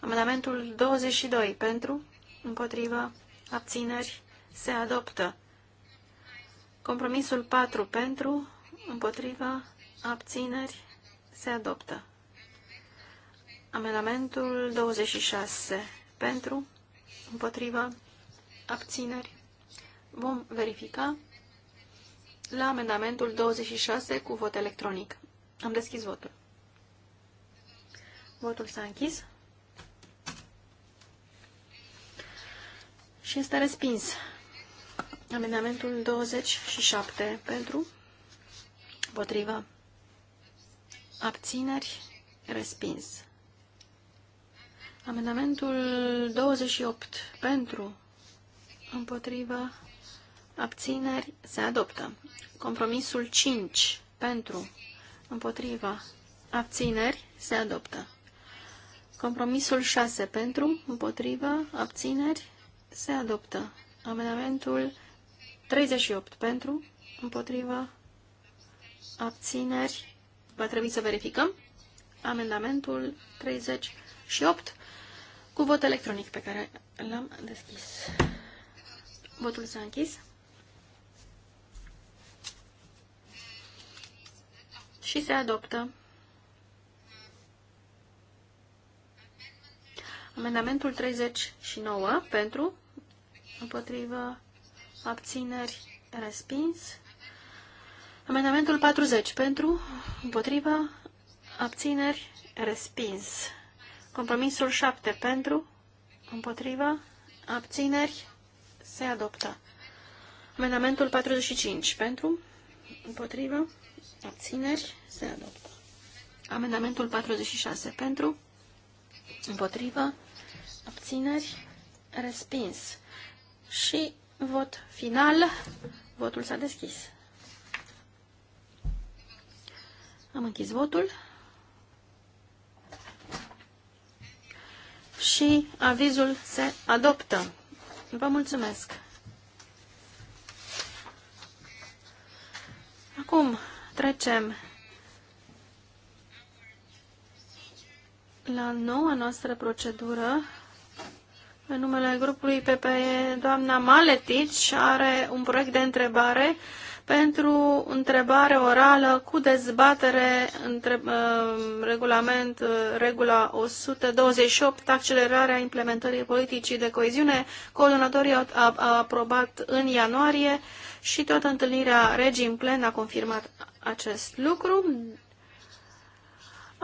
Amendamentul 22 pentru împotrivă, abțineri, se adoptă. Compromisul 4 pentru, împotrivă, abțineri, se adoptă. Amendamentul 26 pentru, împotrivă, abțineri. Vom verifica la amendamentul 26 cu vot electronic. Am deschis votul. Votul s-a închis. și este respins. Amendamentul 27 pentru, potrivă, abțineri, respins. Amendamentul 28 pentru, împotrivă, abțineri, se adoptă. Compromisul 5 pentru, împotriva, abțineri, se adoptă. Compromisul 6 pentru, împotriva, abțineri, se adoptă. Amendamentul 38 pentru, împotrivă, abțineri, va trebui să verificăm. Amendamentul 38 cu vot electronic pe care l-am deschis. Votul s-a închis. Și se adoptă. Amendamentul 39 pentru, împotrivă, abțineri, respins. Amendamentul 40 pentru, împotrivă, abțineri, respins. Compromisul 7 pentru, împotrivă, abțineri, se adoptă. Amendamentul 45 pentru, împotrivă, abțineri, se adoptă. Amendamentul 46 pentru, împotrivă, abțineri, respins și vot final. Votul s-a deschis. Am închis votul. Și avizul se adoptă. Vă mulțumesc. Acum trecem la noua noastră procedură în numele grupului PPE, doamna Maletici are un proiect de întrebare pentru întrebare orală cu dezbatere între, uh, regulament, uh, regula 128, accelerarea implementării politicii de coeziune. Coordonatorii au, a, a aprobat în ianuarie și toată întâlnirea regii în plen a confirmat acest lucru.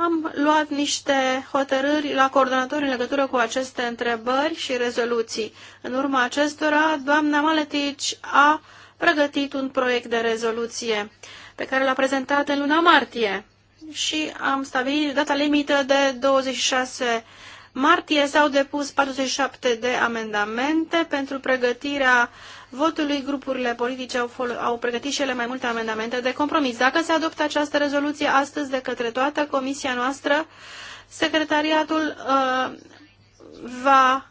Am luat niște hotărâri la coordonatori în legătură cu aceste întrebări și rezoluții. În urma acestora, doamna Maletici a pregătit un proiect de rezoluție pe care l-a prezentat în luna martie și am stabilit data limită de 26 martie s-au depus 47 de amendamente pentru pregătirea votului. Grupurile politice au, au pregătit cele mai multe amendamente de compromis. Dacă se adoptă această rezoluție astăzi de către toată comisia noastră, secretariatul uh, va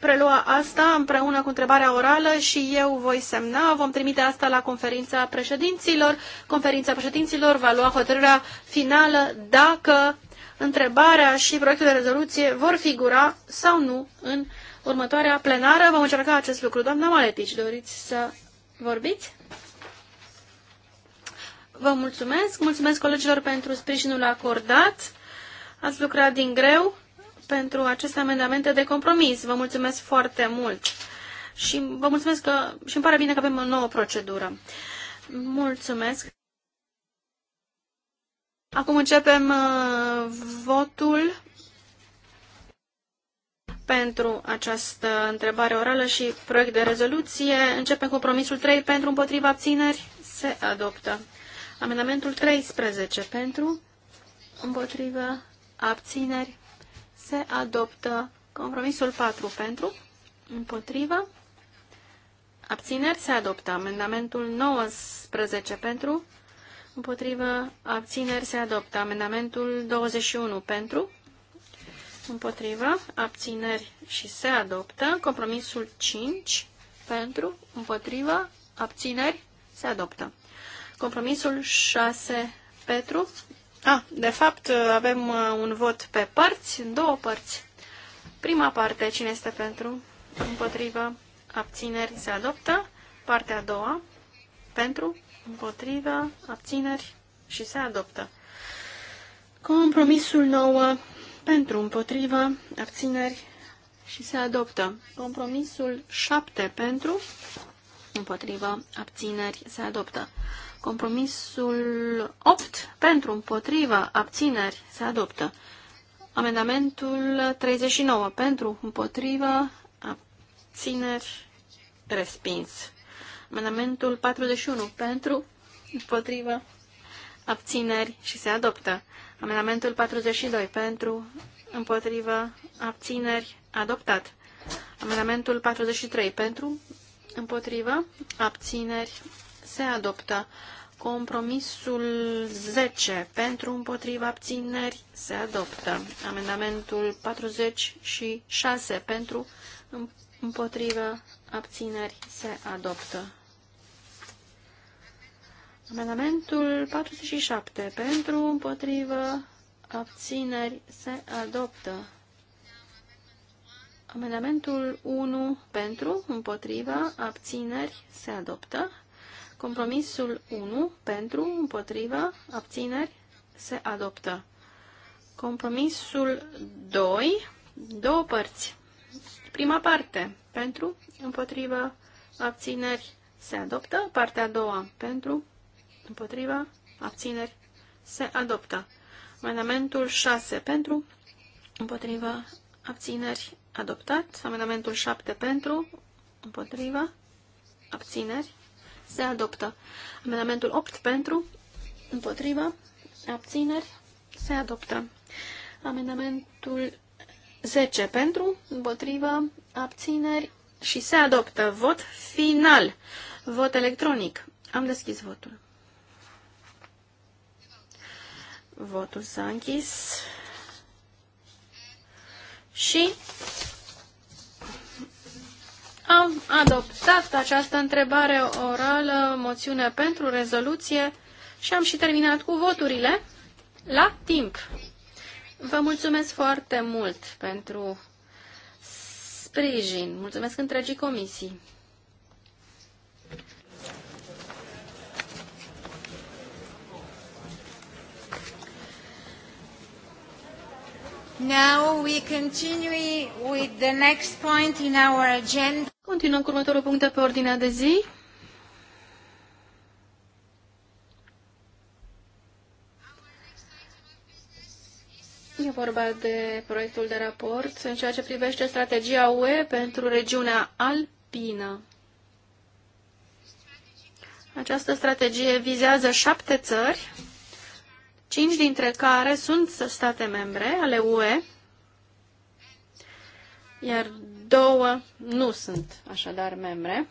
prelua asta împreună cu întrebarea orală și eu voi semna. Vom trimite asta la conferința președinților. Conferința președinților va lua hotărârea finală dacă întrebarea și proiectul de rezoluție vor figura sau nu în următoarea plenară. Vom încerca acest lucru. Doamna Maletici, doriți să vorbiți? Vă mulțumesc. Mulțumesc colegilor pentru sprijinul acordat. Ați lucrat din greu pentru aceste amendamente de compromis. Vă mulțumesc foarte mult. Și vă mulțumesc că și îmi pare bine că avem o nouă procedură. Mulțumesc. Acum începem uh, votul pentru această întrebare orală și proiect de rezoluție. Începem compromisul 3 pentru împotriva abțineri. Se adoptă. Amendamentul 13 pentru împotriva abțineri. Se adoptă. Compromisul 4 pentru împotriva abțineri. Se adoptă. Amendamentul 19 pentru Împotrivă, abțineri se adoptă. Amendamentul 21 pentru. Împotrivă, abțineri și se adoptă. Compromisul 5 pentru. Împotrivă, abțineri se adoptă. Compromisul 6 pentru. A, ah, de fapt avem uh, un vot pe părți, în două părți. Prima parte, cine este pentru? Împotrivă, abțineri se adoptă. Partea a doua, pentru, împotrivă, abțineri și se adoptă. Compromisul 9 pentru împotrivă, abțineri și se adoptă. Compromisul 7 pentru împotrivă, abțineri, se adoptă. Compromisul 8 pentru împotrivă, abțineri, se adoptă. Amendamentul 39 pentru împotrivă, abțineri, respins. Amendamentul 41 pentru, împotrivă, abțineri și se adoptă. Amendamentul 42 pentru, împotrivă, abțineri, adoptat. Amendamentul 43 pentru, împotrivă, abțineri, se adoptă. Compromisul 10 pentru împotriva abțineri se adoptă. Amendamentul 46 pentru împotriva abțineri se adoptă. Amendamentul 47. Pentru, împotrivă, abțineri se adoptă. Amendamentul 1 pentru, împotriva, abțineri se adoptă. Compromisul 1 pentru, împotriva, abțineri se adoptă. Compromisul 2, două părți. Prima parte, pentru, împotriva, abțineri se adoptă. Partea a doua, pentru, Împotriva. Abțineri. Se adoptă. Amendamentul 6 pentru. Împotriva. Abțineri. Adoptat. Amendamentul 7 pentru. Împotriva. Abțineri. Se adoptă. Amendamentul 8 pentru. Împotriva. Abțineri. Se adoptă. Amendamentul 10 pentru, împotriva, abțineri și se adoptă vot final, vot electronic. Am deschis votul. Votul s-a închis. Și am adoptat această întrebare orală, moțiune pentru rezoluție și am și terminat cu voturile la timp. Vă mulțumesc foarte mult pentru sprijin. Mulțumesc întregii comisii. Now we continue with the next point in our agenda. Continuăm cu următorul punct pe ordinea de zi. E vorba de proiectul de raport în ceea ce privește strategia UE pentru regiunea alpină. Această strategie vizează șapte țări cinci dintre care sunt state membre ale UE, iar două nu sunt așadar membre.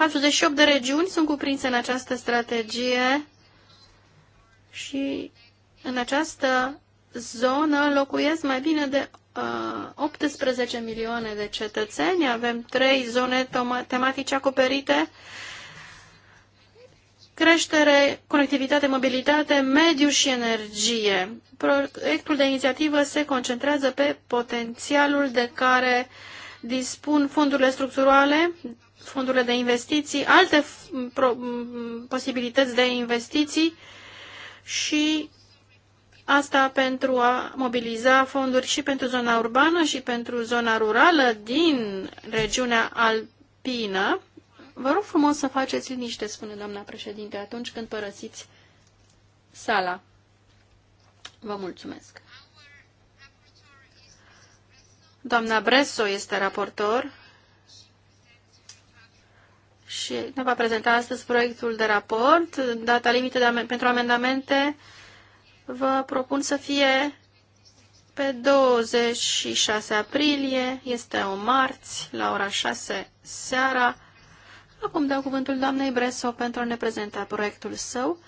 opt de regiuni sunt cuprinse în această strategie și în această zonă locuiesc mai bine de 18 uh, milioane de cetățeni, avem trei zone tematice acoperite creștere, conectivitate, mobilitate, mediu și energie. Proiectul de inițiativă se concentrează pe potențialul de care dispun fondurile structurale, fondurile de investiții, alte posibilități de investiții și asta pentru a mobiliza fonduri și pentru zona urbană și pentru zona rurală din regiunea alpină Vă rog frumos să faceți liniște, spune doamna președinte, atunci când părăsiți sala. Vă mulțumesc. Doamna Bresso este raportor și ne va prezenta astăzi proiectul de raport. Data limită am pentru amendamente vă propun să fie pe 26 aprilie, este o marți, la ora 6 seara. Acum dau cuvântul doamnei Breso pentru a ne prezenta proiectul său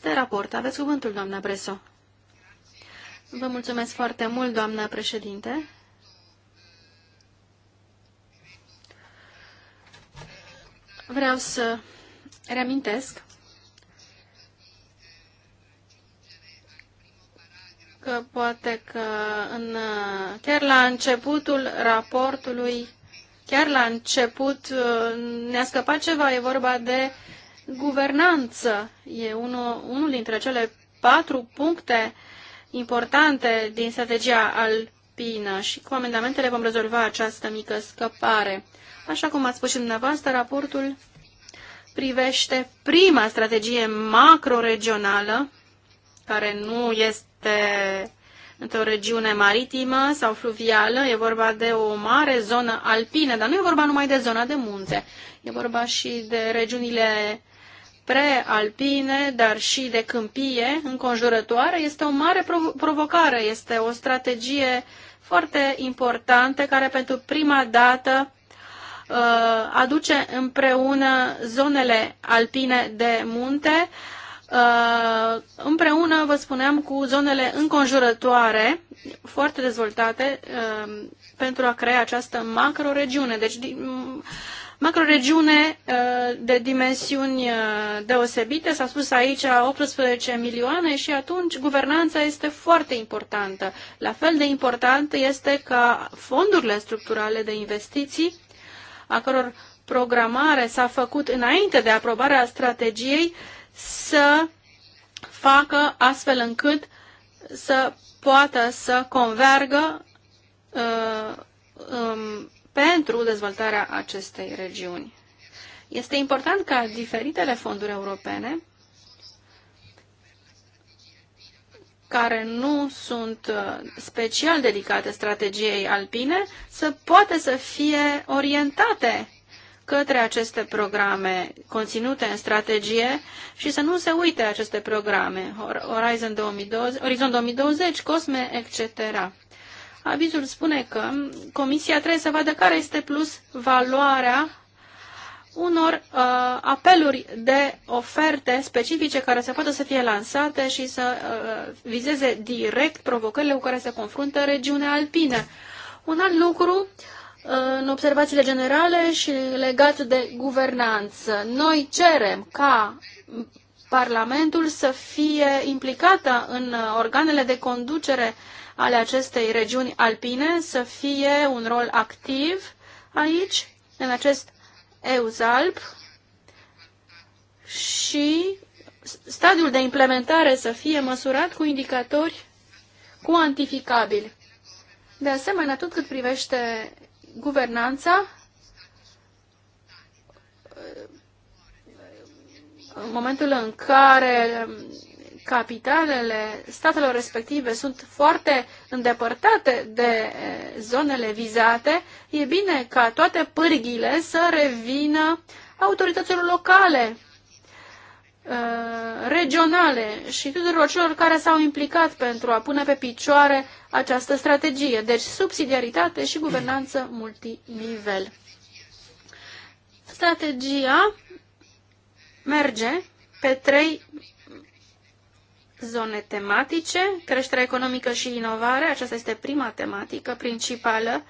de raport. Aveți cuvântul, doamna Breso. Vă mulțumesc foarte mult, doamna președinte. Vreau să reamintesc că poate că în, chiar la începutul raportului Chiar la început uh, ne-a scăpat ceva, e vorba de guvernanță. E unul, unul dintre cele patru puncte importante din strategia alpină și cu amendamentele vom rezolva această mică scăpare. Așa cum ați spus și dumneavoastră, raportul privește prima strategie macroregională, care nu este într-o regiune maritimă sau fluvială, e vorba de o mare zonă alpină, dar nu e vorba numai de zona de munte, e vorba și de regiunile prealpine, dar și de câmpie înconjurătoare, este o mare prov- provocare, este o strategie foarte importantă care pentru prima dată uh, aduce împreună zonele alpine de munte, Uh, împreună, vă spuneam, cu zonele înconjurătoare foarte dezvoltate uh, pentru a crea această macroregiune. Deci, macroregiune uh, de dimensiuni deosebite, s-a spus aici 18 milioane și atunci guvernanța este foarte importantă. La fel de important este ca fondurile structurale de investiții, a căror programare s-a făcut înainte de aprobarea strategiei, să facă astfel încât să poată să convergă uh, um, pentru dezvoltarea acestei regiuni. Este important ca diferitele fonduri europene care nu sunt uh, special dedicate strategiei alpine să poată să fie orientate către aceste programe conținute în strategie și să nu se uite aceste programe, Horizon 2020, Horizon 2020 COSME, etc. Avizul spune că Comisia trebuie să vadă care este plus valoarea unor uh, apeluri de oferte specifice care să poată să fie lansate și să uh, vizeze direct provocările cu care se confruntă regiunea alpină. Un alt lucru uh, în observațiile generale și legat de guvernanță. Noi cerem ca Parlamentul să fie implicată în organele de conducere ale acestei regiuni alpine, să fie un rol activ aici, în acest EUSALP și stadiul de implementare să fie măsurat cu indicatori cuantificabili. De asemenea, tot cât privește guvernanța în momentul în care capitalele statelor respective sunt foarte îndepărtate de eh, zonele vizate, e bine ca toate pârghile să revină autorităților locale Uh, regionale și tuturor celor care s-au implicat pentru a pune pe picioare această strategie. Deci subsidiaritate și guvernanță multinivel. Strategia merge pe trei zone tematice, creșterea economică și inovare, aceasta este prima tematică principală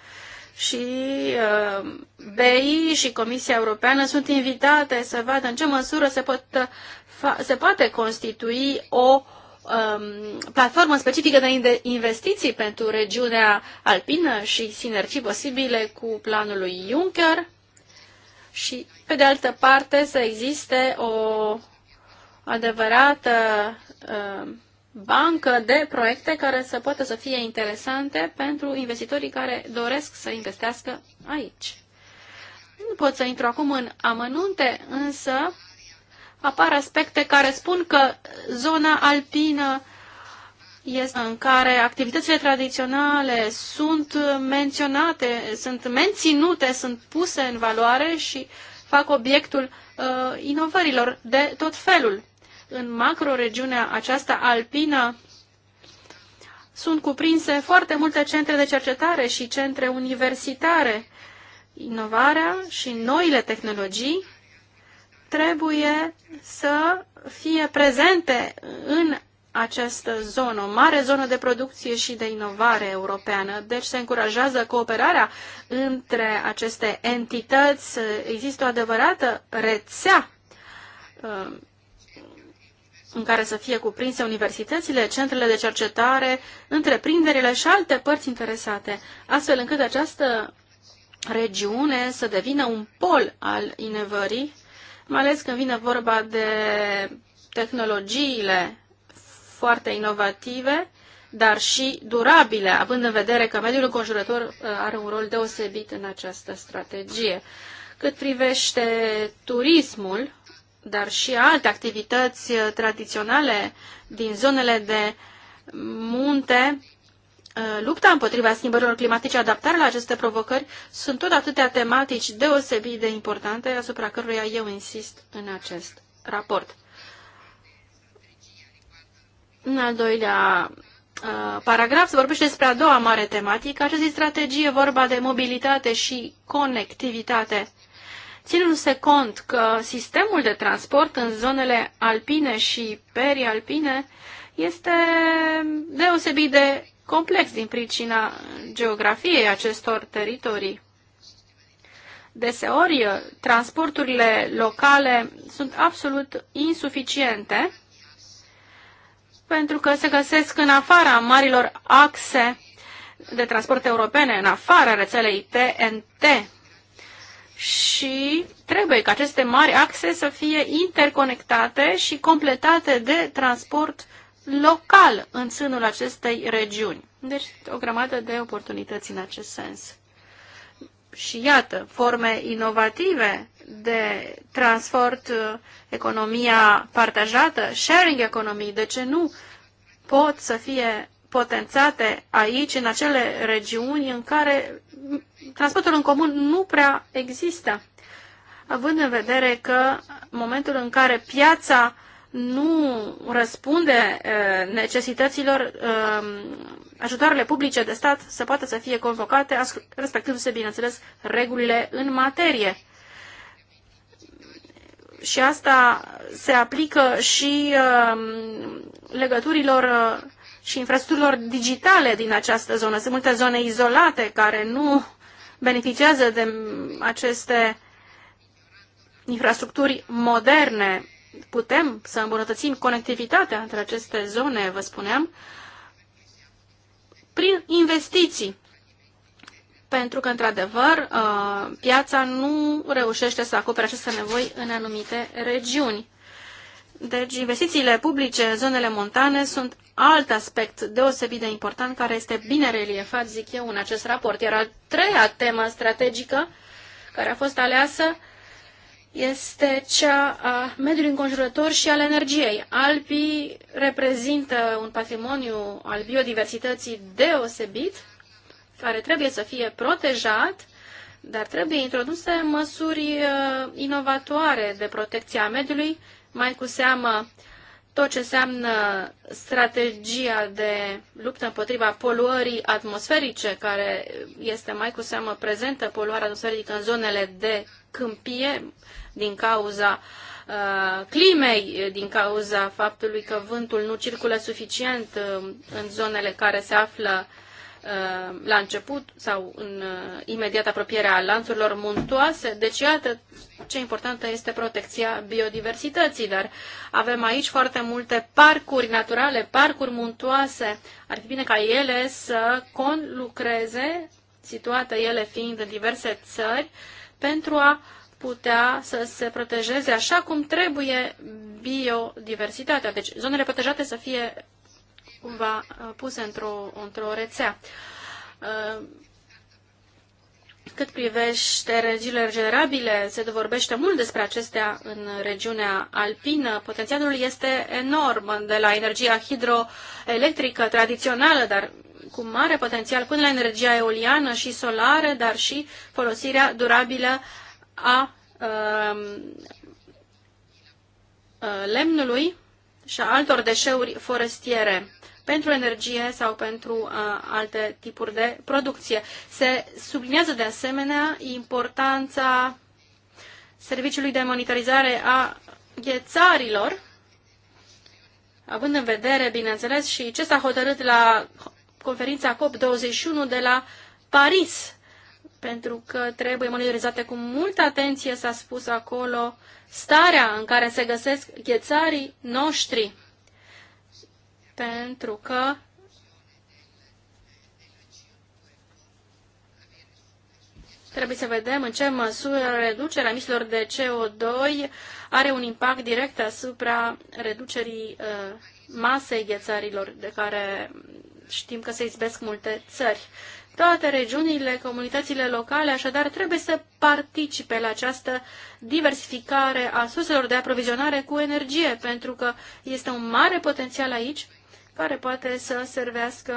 și uh, BI și Comisia Europeană sunt invitate să vadă în ce măsură se pot uh, se poate constitui o um, platformă specifică de investiții pentru regiunea alpină și sinergii posibile cu planul lui Juncker și, pe de altă parte, să existe o adevărată um, bancă de proiecte care să poată să fie interesante pentru investitorii care doresc să investească aici. Nu pot să intru acum în amănunte, însă apar aspecte care spun că zona alpină este în care activitățile tradiționale sunt menționate, sunt menținute, sunt puse în valoare și fac obiectul uh, inovărilor de tot felul. În macroregiunea aceasta alpină sunt cuprinse foarte multe centre de cercetare și centre universitare. Inovarea și noile tehnologii trebuie să fie prezente în această zonă, o mare zonă de producție și de inovare europeană. Deci se încurajează cooperarea între aceste entități. Există o adevărată rețea um, în care să fie cuprinse universitățile, centrele de cercetare, întreprinderile și alte părți interesate, astfel încât această regiune să devină un pol al inovării mai ales când vine vorba de tehnologiile foarte inovative, dar și durabile, având în vedere că mediul înconjurător uh, are un rol deosebit în această strategie. Cât privește turismul, dar și alte activități uh, tradiționale din zonele de munte, Uh, lupta împotriva schimbărilor climatice, adaptarea la aceste provocări, sunt tot atâtea tematici deosebit de importante asupra căruia eu insist în acest raport. În al doilea uh, paragraf se vorbește despre a doua mare tematică, această strategie vorba de mobilitate și conectivitate. Ținându-se cont că sistemul de transport în zonele alpine și perialpine este deosebit de complex din pricina geografiei acestor teritorii. Deseori, transporturile locale sunt absolut insuficiente pentru că se găsesc în afara marilor axe de transport europene, în afara rețelei TNT. Și trebuie ca aceste mari axe să fie interconectate și completate de transport local în sânul acestei regiuni. Deci o grămadă de oportunități în acest sens. Și iată, forme inovative de transport, uh, economia partajată, sharing economii, de ce nu, pot să fie potențate aici, în acele regiuni în care transportul în comun nu prea există. Având în vedere că momentul în care piața nu răspunde necesităților ajutoarele publice de stat să poată să fie convocate, respectându-se, bineînțeles, regulile în materie. Și asta se aplică și legăturilor și infrastructurilor digitale din această zonă. Sunt multe zone izolate care nu beneficiază de aceste infrastructuri moderne putem să îmbunătățim conectivitatea între aceste zone, vă spuneam, prin investiții. Pentru că, într-adevăr, uh, piața nu reușește să acopere aceste nevoi în anumite regiuni. Deci, investițiile publice în zonele montane sunt alt aspect deosebit de important care este bine reliefat, zic eu, în acest raport. Era a treia temă strategică care a fost aleasă este cea a mediului înconjurător și al energiei. Alpii reprezintă un patrimoniu al biodiversității deosebit, care trebuie să fie protejat, dar trebuie introduse măsuri uh, inovatoare de protecție a mediului, mai cu seamă tot ce înseamnă strategia de luptă împotriva poluării atmosferice, care este mai cu seamă prezentă poluarea atmosferică în zonele de câmpie, din cauza uh, climei, din cauza faptului că vântul nu circulă suficient uh, în zonele care se află uh, la început sau în imediat apropierea lanțurilor muntoase. Deci, iată ce importantă este protecția biodiversității, dar avem aici foarte multe parcuri naturale, parcuri muntoase. Ar fi bine ca ele să conlucreze situate ele fiind în diverse țări, pentru a putea să se protejeze așa cum trebuie biodiversitatea. Deci zonele protejate să fie cumva uh, puse într-o, într-o rețea. Uh, cât privește regiile regenerabile, se vorbește mult despre acestea în regiunea alpină. Potențialul este enorm, de la energia hidroelectrică tradițională, dar cu mare potențial, până la energia eoliană și solară, dar și folosirea durabilă a um, uh, lemnului și a altor deșeuri forestiere pentru energie sau pentru uh, alte tipuri de producție. Se subliniază de asemenea importanța serviciului de monitorizare a ghețarilor, având în vedere, bineînțeles, și ce s-a hotărât la conferința COP21 de la Paris pentru că trebuie monitorizate cu multă atenție, s-a spus acolo, starea în care se găsesc ghețarii noștri. Pentru că Trebuie să vedem în ce măsură reducerea emisiilor de CO2 are un impact direct asupra reducerii uh, masei ghețarilor, de care știm că se izbesc multe țări. Toate regiunile, comunitățile locale, așadar, trebuie să participe la această diversificare a surselor de aprovizionare cu energie, pentru că este un mare potențial aici care poate să servească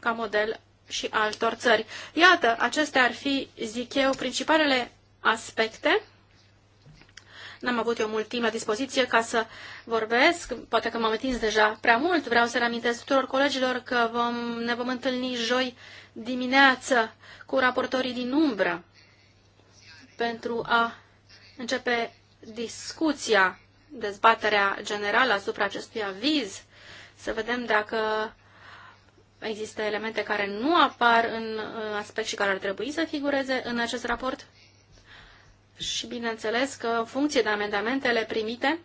ca model și altor țări. Iată, acestea ar fi, zic eu, principalele aspecte N-am avut eu mult timp la dispoziție ca să vorbesc, poate că m-am întins deja prea mult. Vreau să reamintesc tuturor colegilor că vom, ne vom întâlni joi dimineață cu raportorii din umbră pentru a începe discuția, dezbaterea generală asupra acestui aviz, să vedem dacă există elemente care nu apar în aspect și care ar trebui să figureze în acest raport și bineînțeles că în funcție de amendamentele primite,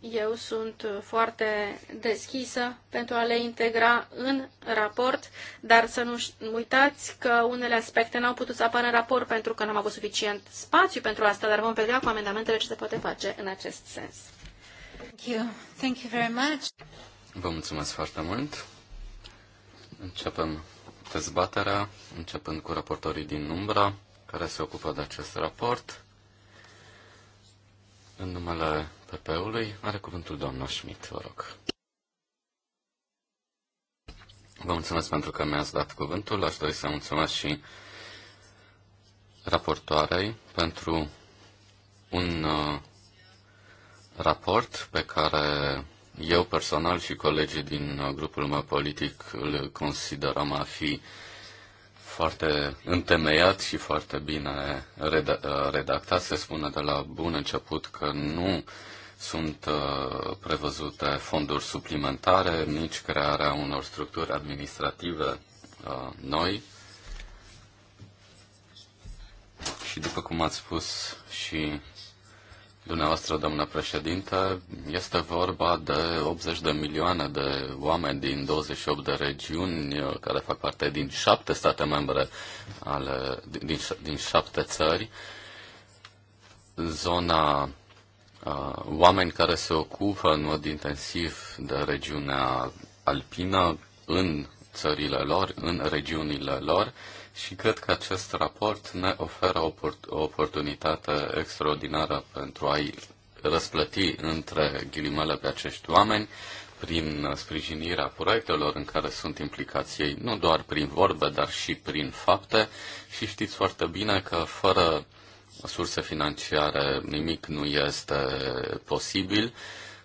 eu sunt foarte deschisă pentru a le integra în raport, dar să nu uitați că unele aspecte n-au putut să apară în raport pentru că n-am avut suficient spațiu pentru asta, dar vom vedea cu amendamentele ce se poate face în acest sens. Thank you. Thank you very much. Vă mulțumesc foarte mult. Începem dezbaterea, începând cu raportorii din umbra care se ocupă de acest raport. În numele PP-ului are cuvântul doamna Schmidt, vă rog. Vă mulțumesc pentru că mi-ați dat cuvântul. Aș dori să mulțumesc și raportoarei pentru un uh, raport pe care eu personal și colegii din uh, grupul meu politic îl considerăm a fi uh, foarte întemeiat și foarte bine redactat. Se spune de la bun început că nu sunt uh, prevăzute fonduri suplimentare, nici crearea unor structuri administrative uh, noi. Și după cum ați spus și dumneavoastră, doamnă președinte. Este vorba de 80 de milioane de oameni din 28 de regiuni uh, care fac parte din șapte state membre ale, din, din șapte țări. Zona uh, oameni care se ocupă în mod intensiv de regiunea alpină în țările lor, în regiunile lor și cred că acest raport ne oferă o oportunitate extraordinară pentru a-i răsplăti între ghilimele pe acești oameni prin sprijinirea proiectelor în care sunt implicați ei, nu doar prin vorbe, dar și prin fapte. Și știți foarte bine că fără surse financiare nimic nu este posibil.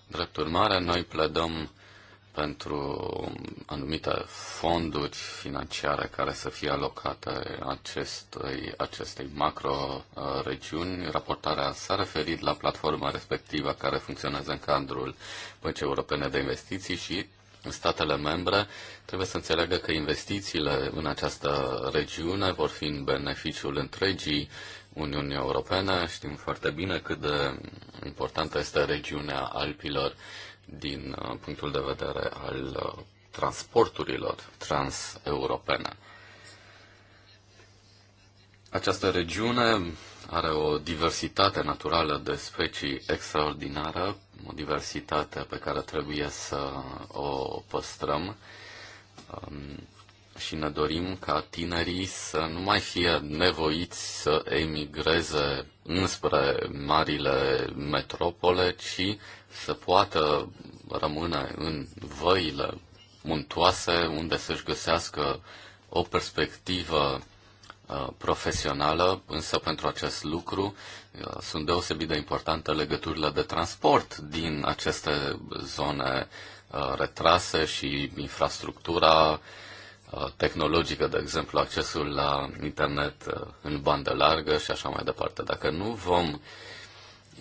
Drept urmare, noi pledăm pentru anumite fonduri financiare care să fie alocate acestei, acestei macro-regiuni. Uh, Raportarea s-a referit la platforma respectivă care funcționează în cadrul Băncii Europene de Investiții și statele membre trebuie să înțeleagă că investițiile în această regiune vor fi în beneficiul întregii Uniunii Europene. Știm foarte bine cât de importantă este regiunea Alpilor din uh, punctul de vedere al uh, transporturilor transeuropene. Această regiune are o diversitate naturală de specii extraordinară, o diversitate pe care trebuie să o păstrăm um, și ne dorim ca tinerii să nu mai fie nevoiți să emigreze înspre marile metropole, ci să poată rămâne în văile muntoase unde să-și găsească o perspectivă uh, profesională, însă pentru acest lucru uh, sunt deosebit de importante legăturile de transport din aceste zone uh, retrase și infrastructura tehnologică, de exemplu, accesul la internet în bandă largă și așa mai departe. Dacă nu vom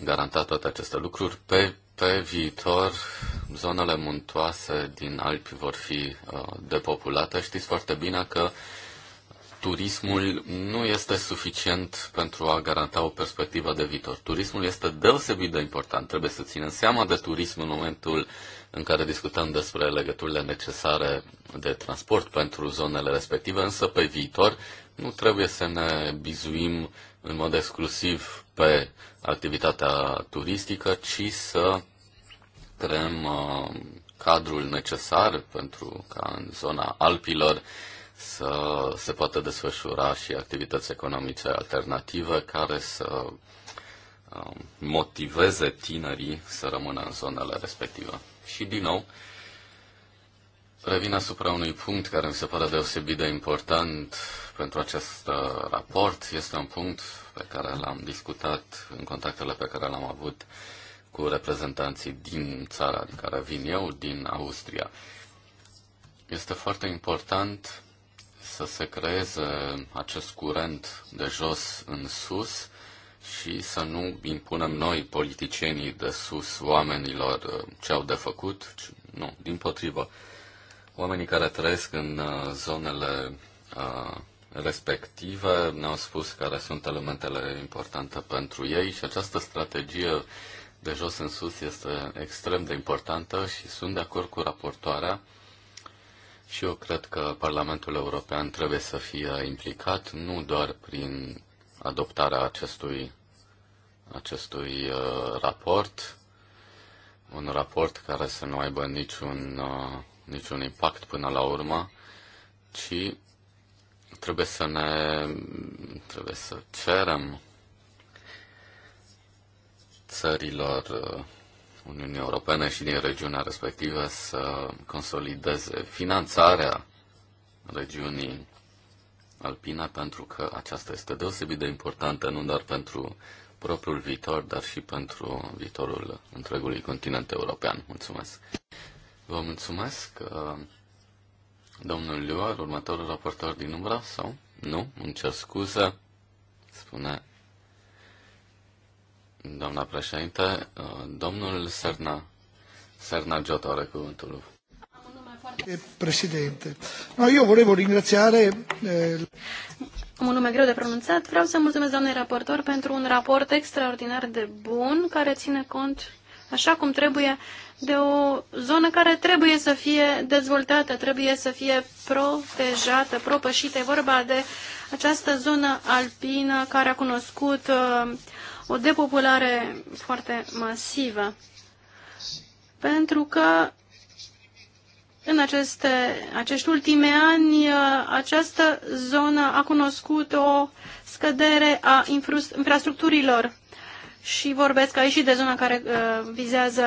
garanta toate aceste lucruri, pe pe viitor zonele muntoase din Alpi vor fi uh, depopulate. Știți foarte bine că turismul nu este suficient pentru a garanta o perspectivă de viitor. Turismul este deosebit de important. Trebuie să ținem seama de turism în momentul în care discutăm despre legăturile necesare de transport pentru zonele respective, însă pe viitor nu trebuie să ne bizuim în mod exclusiv pe activitatea turistică, ci să creăm uh, cadrul necesar pentru ca în zona Alpilor să se poată desfășura și activități economice alternative care să uh, motiveze tinerii să rămână în zonele respective. Și din nou, revin asupra unui punct care mi se pare deosebit de important pentru acest uh, raport. Este un punct pe care l-am discutat în contactele pe care l-am avut uh, cu reprezentanții din țara din care vin eu, din Austria. Este foarte important să se creeze acest curent de jos în sus și să nu impunem noi, politicienii de sus, oamenilor uh, ce au de făcut. Nu, din potrivă. Oamenii care trăiesc în uh, zonele uh, respective ne-au spus care sunt elementele importante pentru ei și această strategie de jos în sus este extrem de importantă și sunt de acord cu raportoarea și eu cred că Parlamentul European trebuie să fie implicat nu doar prin adoptarea acestui, acestui uh, raport, un raport care să nu aibă niciun, uh, niciun impact până la urmă, ci trebuie să ne trebuie să cerem țărilor uh, Uniunii Europene și din regiunea respectivă să consolideze finanțarea regiunii alpine, pentru că aceasta este deosebit de importantă nu doar pentru propriul viitor, dar și pentru viitorul întregului continent european. Mulțumesc! Vă mulțumesc, uh, domnul Liuar, următorul raportor din umbra, sau? Nu, îmi cer scuze, spune Doamna președinte, domnul Serna, Serna Giotto are cuvântul. Președinte, no, eu volevo ringraziare... Am eh, un nume greu de pronunțat. Vreau să mulțumesc doamnei raportor pentru un raport extraordinar de bun care ține cont așa cum trebuie, de o zonă care trebuie să fie dezvoltată, trebuie să fie protejată, propășită. E vorba de această zonă alpină care a cunoscut uh, o depopulare foarte masivă. Pentru că în aceste, acești ultime ani, această zonă a cunoscut o scădere a infrastructurilor și vorbesc aici și de zona care uh, vizează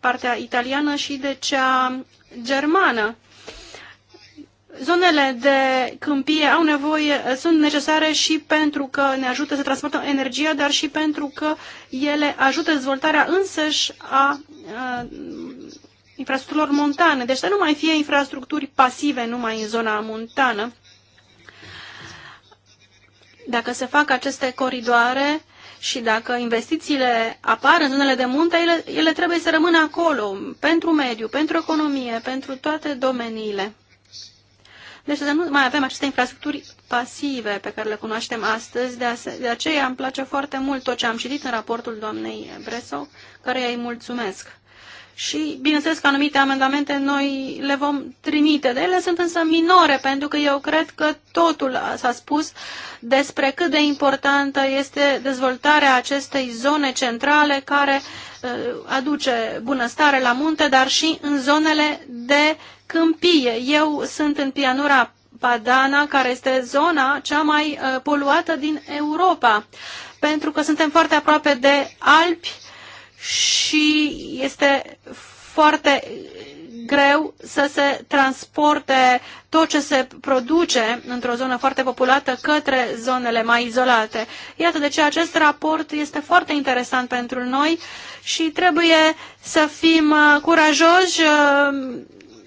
partea italiană și de cea germană. Zonele de câmpie au nevoie, sunt necesare și pentru că ne ajută să transportăm energia, dar și pentru că ele ajută dezvoltarea însăși a, a infrastructurilor montane. Deci să nu mai fie infrastructuri pasive numai în zona montană. Dacă se fac aceste coridoare, și dacă investițiile apar în zonele de munte, ele, ele trebuie să rămână acolo, pentru mediu, pentru economie, pentru toate domeniile. Deci să nu mai avem aceste infrastructuri pasive pe care le cunoaștem astăzi. De, ase- de aceea îmi place foarte mult tot ce am citit în raportul doamnei Breso, care îi mulțumesc și, bineînțeles, că anumite amendamente noi le vom trimite. De ele sunt însă minore, pentru că eu cred că totul s-a spus despre cât de importantă este dezvoltarea acestei zone centrale care uh, aduce bunăstare la munte, dar și în zonele de câmpie. Eu sunt în pianura Padana, care este zona cea mai uh, poluată din Europa, pentru că suntem foarte aproape de Alpi, și este foarte greu să se transporte tot ce se produce într-o zonă foarte populată către zonele mai izolate. Iată de ce acest raport este foarte interesant pentru noi și trebuie să fim uh, curajoși. Uh,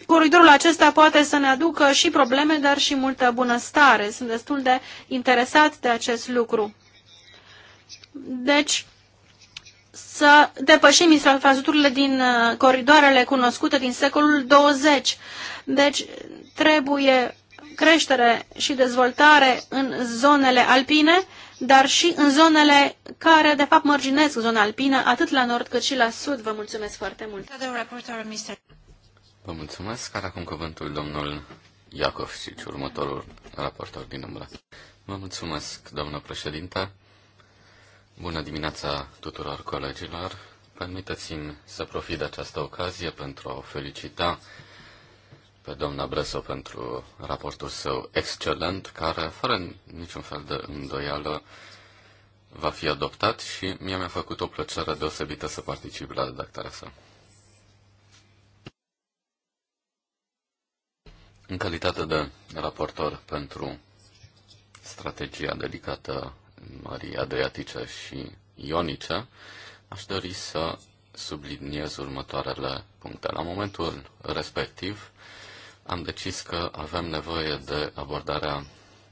coridorul acesta poate să ne aducă și probleme, dar și multă bunăstare. Sunt destul de interesat de acest lucru. Deci, să depășim infrastructurile din uh, coridoarele cunoscute din secolul 20. Deci trebuie creștere și dezvoltare în zonele alpine, dar și în zonele care, de fapt, mărginesc zona alpină, atât la nord cât și la sud. Vă mulțumesc foarte mult! Vă mulțumesc! Are acum cuvântul domnul Iacov și următorul raportor din umbră. Vă mulțumesc, doamnă președinte! Bună dimineața tuturor colegilor. Permiteți-mi să profit de această ocazie pentru a o felicita pe doamna Breso pentru raportul său excelent, care, fără niciun fel de îndoială, va fi adoptat și mie mi-a făcut o plăcere deosebită să particip la redactarea sa. În calitate de raportor pentru strategia dedicată Mării Adriatice și Ionice, aș dori să subliniez următoarele puncte. La momentul respectiv, am decis că avem nevoie de abordarea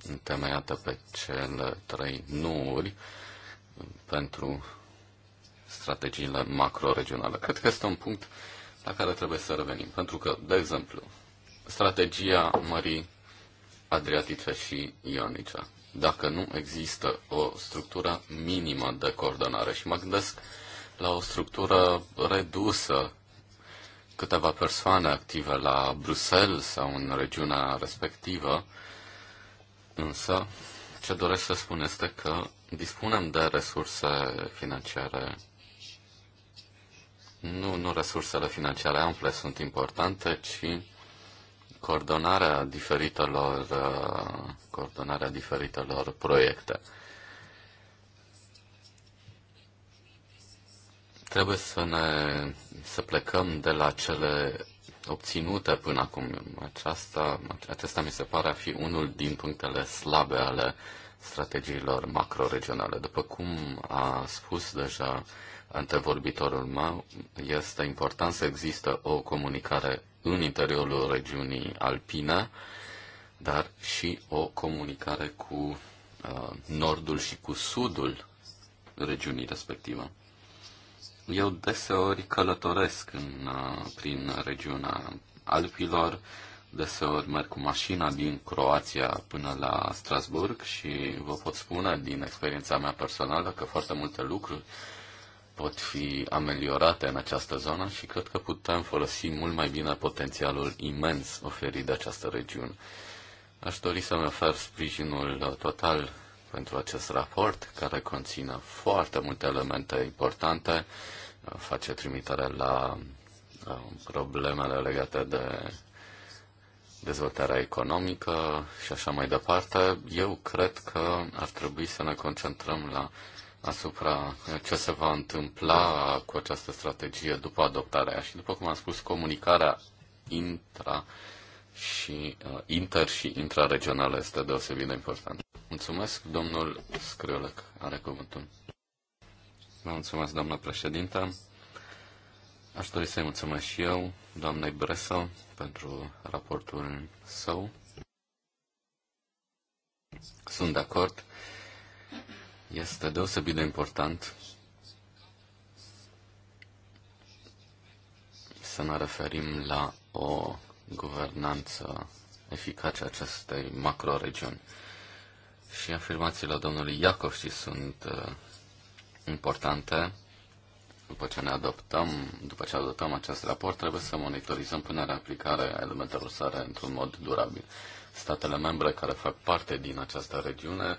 întemeiată pe cele trei nuuri pentru strategiile macro-regionale. Cred că este un punct la care trebuie să revenim, pentru că, de exemplu, strategia Mării Adriatice și Ionice dacă nu există o structură minimă de coordonare. Și mă gândesc la o structură redusă, câteva persoane active la Bruxelles sau în regiunea respectivă, însă ce doresc să spun este că dispunem de resurse financiare. Nu, nu resursele financiare ample sunt importante, ci coordonarea diferitelor, uh, coordonarea diferitelor proiecte. Trebuie să ne să plecăm de la cele obținute până acum. Aceasta, acesta mi se pare a fi unul din punctele slabe ale strategiilor macroregionale. După cum a spus deja antevorbitorul meu, este important să există o comunicare în interiorul regiunii alpine, dar și o comunicare cu uh, nordul și cu sudul regiunii respective. Eu deseori călătoresc în, uh, prin regiunea Alpilor, deseori merg cu mașina din Croația până la Strasburg și vă pot spune din experiența mea personală că foarte multe lucruri uh, pot fi ameliorate în această zonă și cred că putem folosi mult mai bine potențialul imens oferit de această regiune. Aș dori să-mi ofer sprijinul total pentru acest raport, care conține foarte multe elemente importante, face trimitere la uh, problemele legate de dezvoltarea economică și așa mai departe. Eu cred că ar trebui să ne concentrăm la asupra ce se va întâmpla cu această strategie după adoptarea și, după cum am spus, comunicarea intra și uh, inter și intraregională este deosebit de importantă. Mulțumesc, domnul Scriolec are cuvântul. Vă mulțumesc, doamnă președinte. Aș dori să-i mulțumesc și eu, doamnei Bresă, pentru raportul său. Sunt de acord este deosebit de important să ne referim la o guvernanță eficace a acestei macroregiuni. Și afirmațiile domnului Iacovci sunt uh, importante. După ce ne adoptăm, după ce adoptăm acest raport, trebuie să monitorizăm punerea aplicare a elementelor sare într-un mod durabil. Statele membre care fac parte din această regiune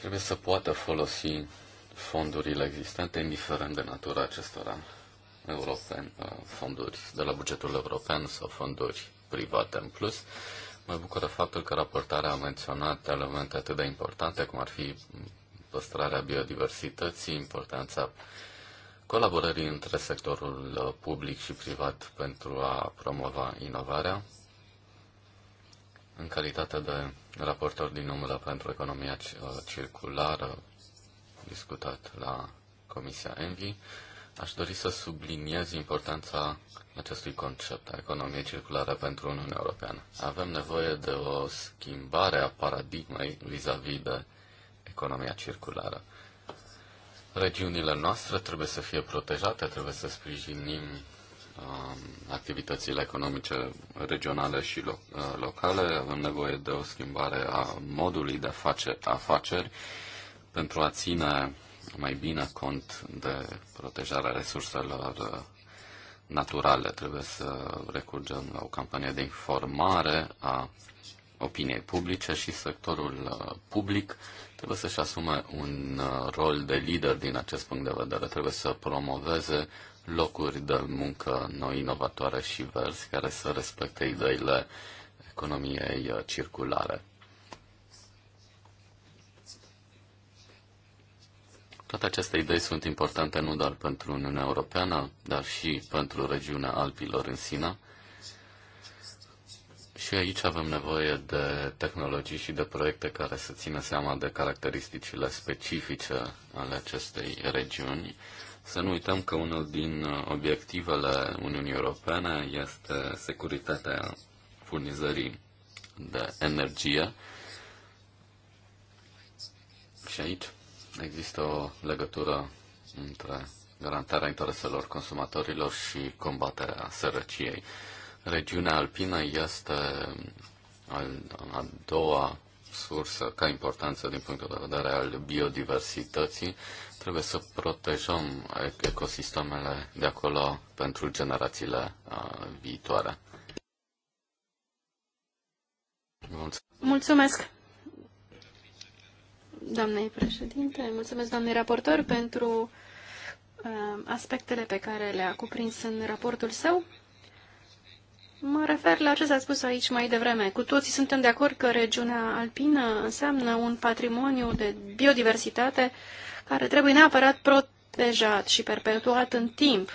trebuie să poată folosi fondurile existente, indiferent de natura acestora europeni, uh, fonduri de la bugetul european sau fonduri private în plus. Mă bucură faptul că raportarea a menționat elemente atât de importante cum ar fi păstrarea biodiversității, importanța colaborării între sectorul uh, public și privat pentru a promova inovarea, în calitate de raportor din umbră pentru economia uh, circulară discutat la Comisia Envi, aș dori să subliniez importanța acestui concept a economiei circulare pentru Uniunea Europeană. Avem nevoie de o schimbare a paradigmei vis-a-vis -vis de economia circulară. Regiunile noastre trebuie să fie protejate, trebuie să sprijinim Um, activitățile economice regionale și uh, locale. Avem nevoie de o schimbare a modului de face afaceri pentru a ține mai bine cont de protejarea resurselor uh, naturale. Trebuie să recurgem la o campanie de informare a opiniei publice și sectorul uh, public trebuie să-și asume un rol de lider din acest punct de vedere. Trebuie să promoveze locuri de muncă noi, inovatoare și verzi, care să respecte ideile economiei uh, circulare. Toate aceste idei sunt importante nu doar pentru Uniunea Europeană, dar și pentru regiunea Alpilor în sine. Și aici avem nevoie de tehnologii și de proiecte care să țină seama de caracteristicile specifice ale acestei regiuni să nu uităm că unul din uh, obiectivele Uniunii Europene este securitatea furnizării de energie. Și aici există o legătură între garantarea intereselor consumatorilor și combaterea sărăciei. Regiunea alpină este a doua sursă ca importanță din punctul de vedere al biodiversității Trebuie să protejăm ecosistemele de acolo pentru generațiile viitoare. Mulțumesc. doamnei președinte, mulțumesc doamnei raportor pentru uh, aspectele pe care le-a cuprins în raportul său. Mă refer la ce s-a spus aici mai devreme. Cu toții suntem de acord că regiunea alpină înseamnă un patrimoniu de biodiversitate uh, care trebuie neapărat protejat și perpetuat în timp.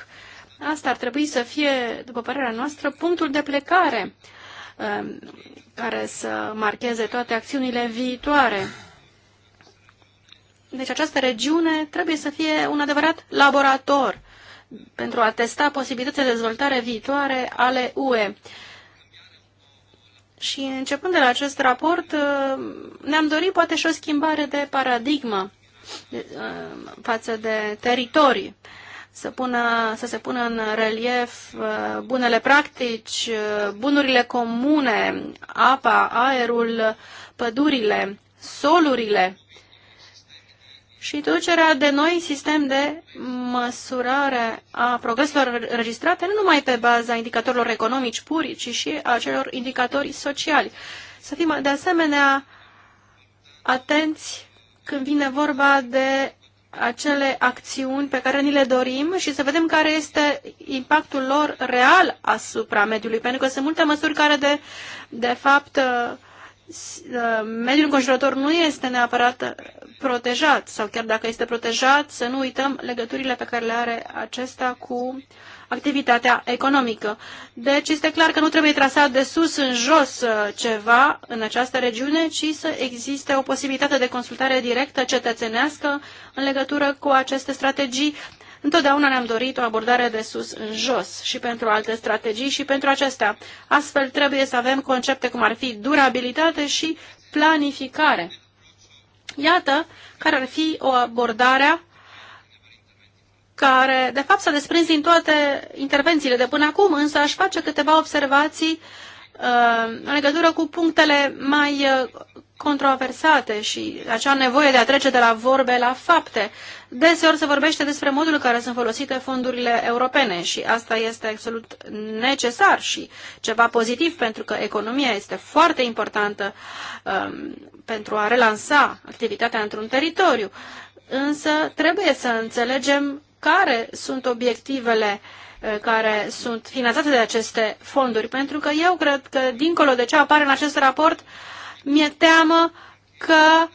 Asta ar trebui să fie, după părerea noastră, punctul de plecare um, care să marcheze toate acțiunile viitoare. Deci această regiune trebuie să fie un adevărat laborator pentru a testa posibilitățile de dezvoltare viitoare ale UE. Și începând de la acest raport, uh, ne-am dorit poate și o schimbare de paradigmă Uh, față de teritorii. Să, pună, să se pună în relief uh, bunele practici, uh, bunurile comune, apa, aerul, pădurile, solurile și introducerea de noi sistem de măsurare a progreselor înregistrate, nu numai pe baza indicatorilor economici puri, ci și a celor indicatori sociali. Să fim de asemenea atenți când vine vorba de acele acțiuni pe care ni le dorim și să vedem care este impactul lor real asupra mediului, pentru că sunt multe măsuri care de, de fapt uh, uh, mediul înconjurător nu este neapărat protejat sau chiar dacă este protejat, să nu uităm legăturile pe care le are acesta cu activitatea economică. Deci este clar că nu trebuie trasat de sus în jos uh, ceva în această regiune, ci să existe o posibilitate de consultare directă cetățenească în legătură cu aceste strategii. Întotdeauna ne-am dorit o abordare de sus în jos și pentru alte strategii și pentru acestea. Astfel trebuie să avem concepte cum ar fi durabilitate și planificare. Iată care ar fi o abordare care de fapt s-a desprins din toate intervențiile de până acum, însă aș face câteva observații uh, în legătură cu punctele mai uh, controversate și acea nevoie de a trece de la vorbe la fapte. Deseori se vorbește despre modul în care sunt folosite fondurile europene și asta este absolut necesar și ceva pozitiv pentru că economia este foarte importantă um, pentru a relansa activitatea într-un teritoriu. Însă trebuie să înțelegem care sunt obiectivele uh, care sunt finanțate de aceste fonduri, pentru că eu cred că, dincolo de ce apare în acest raport, mi-e teamă că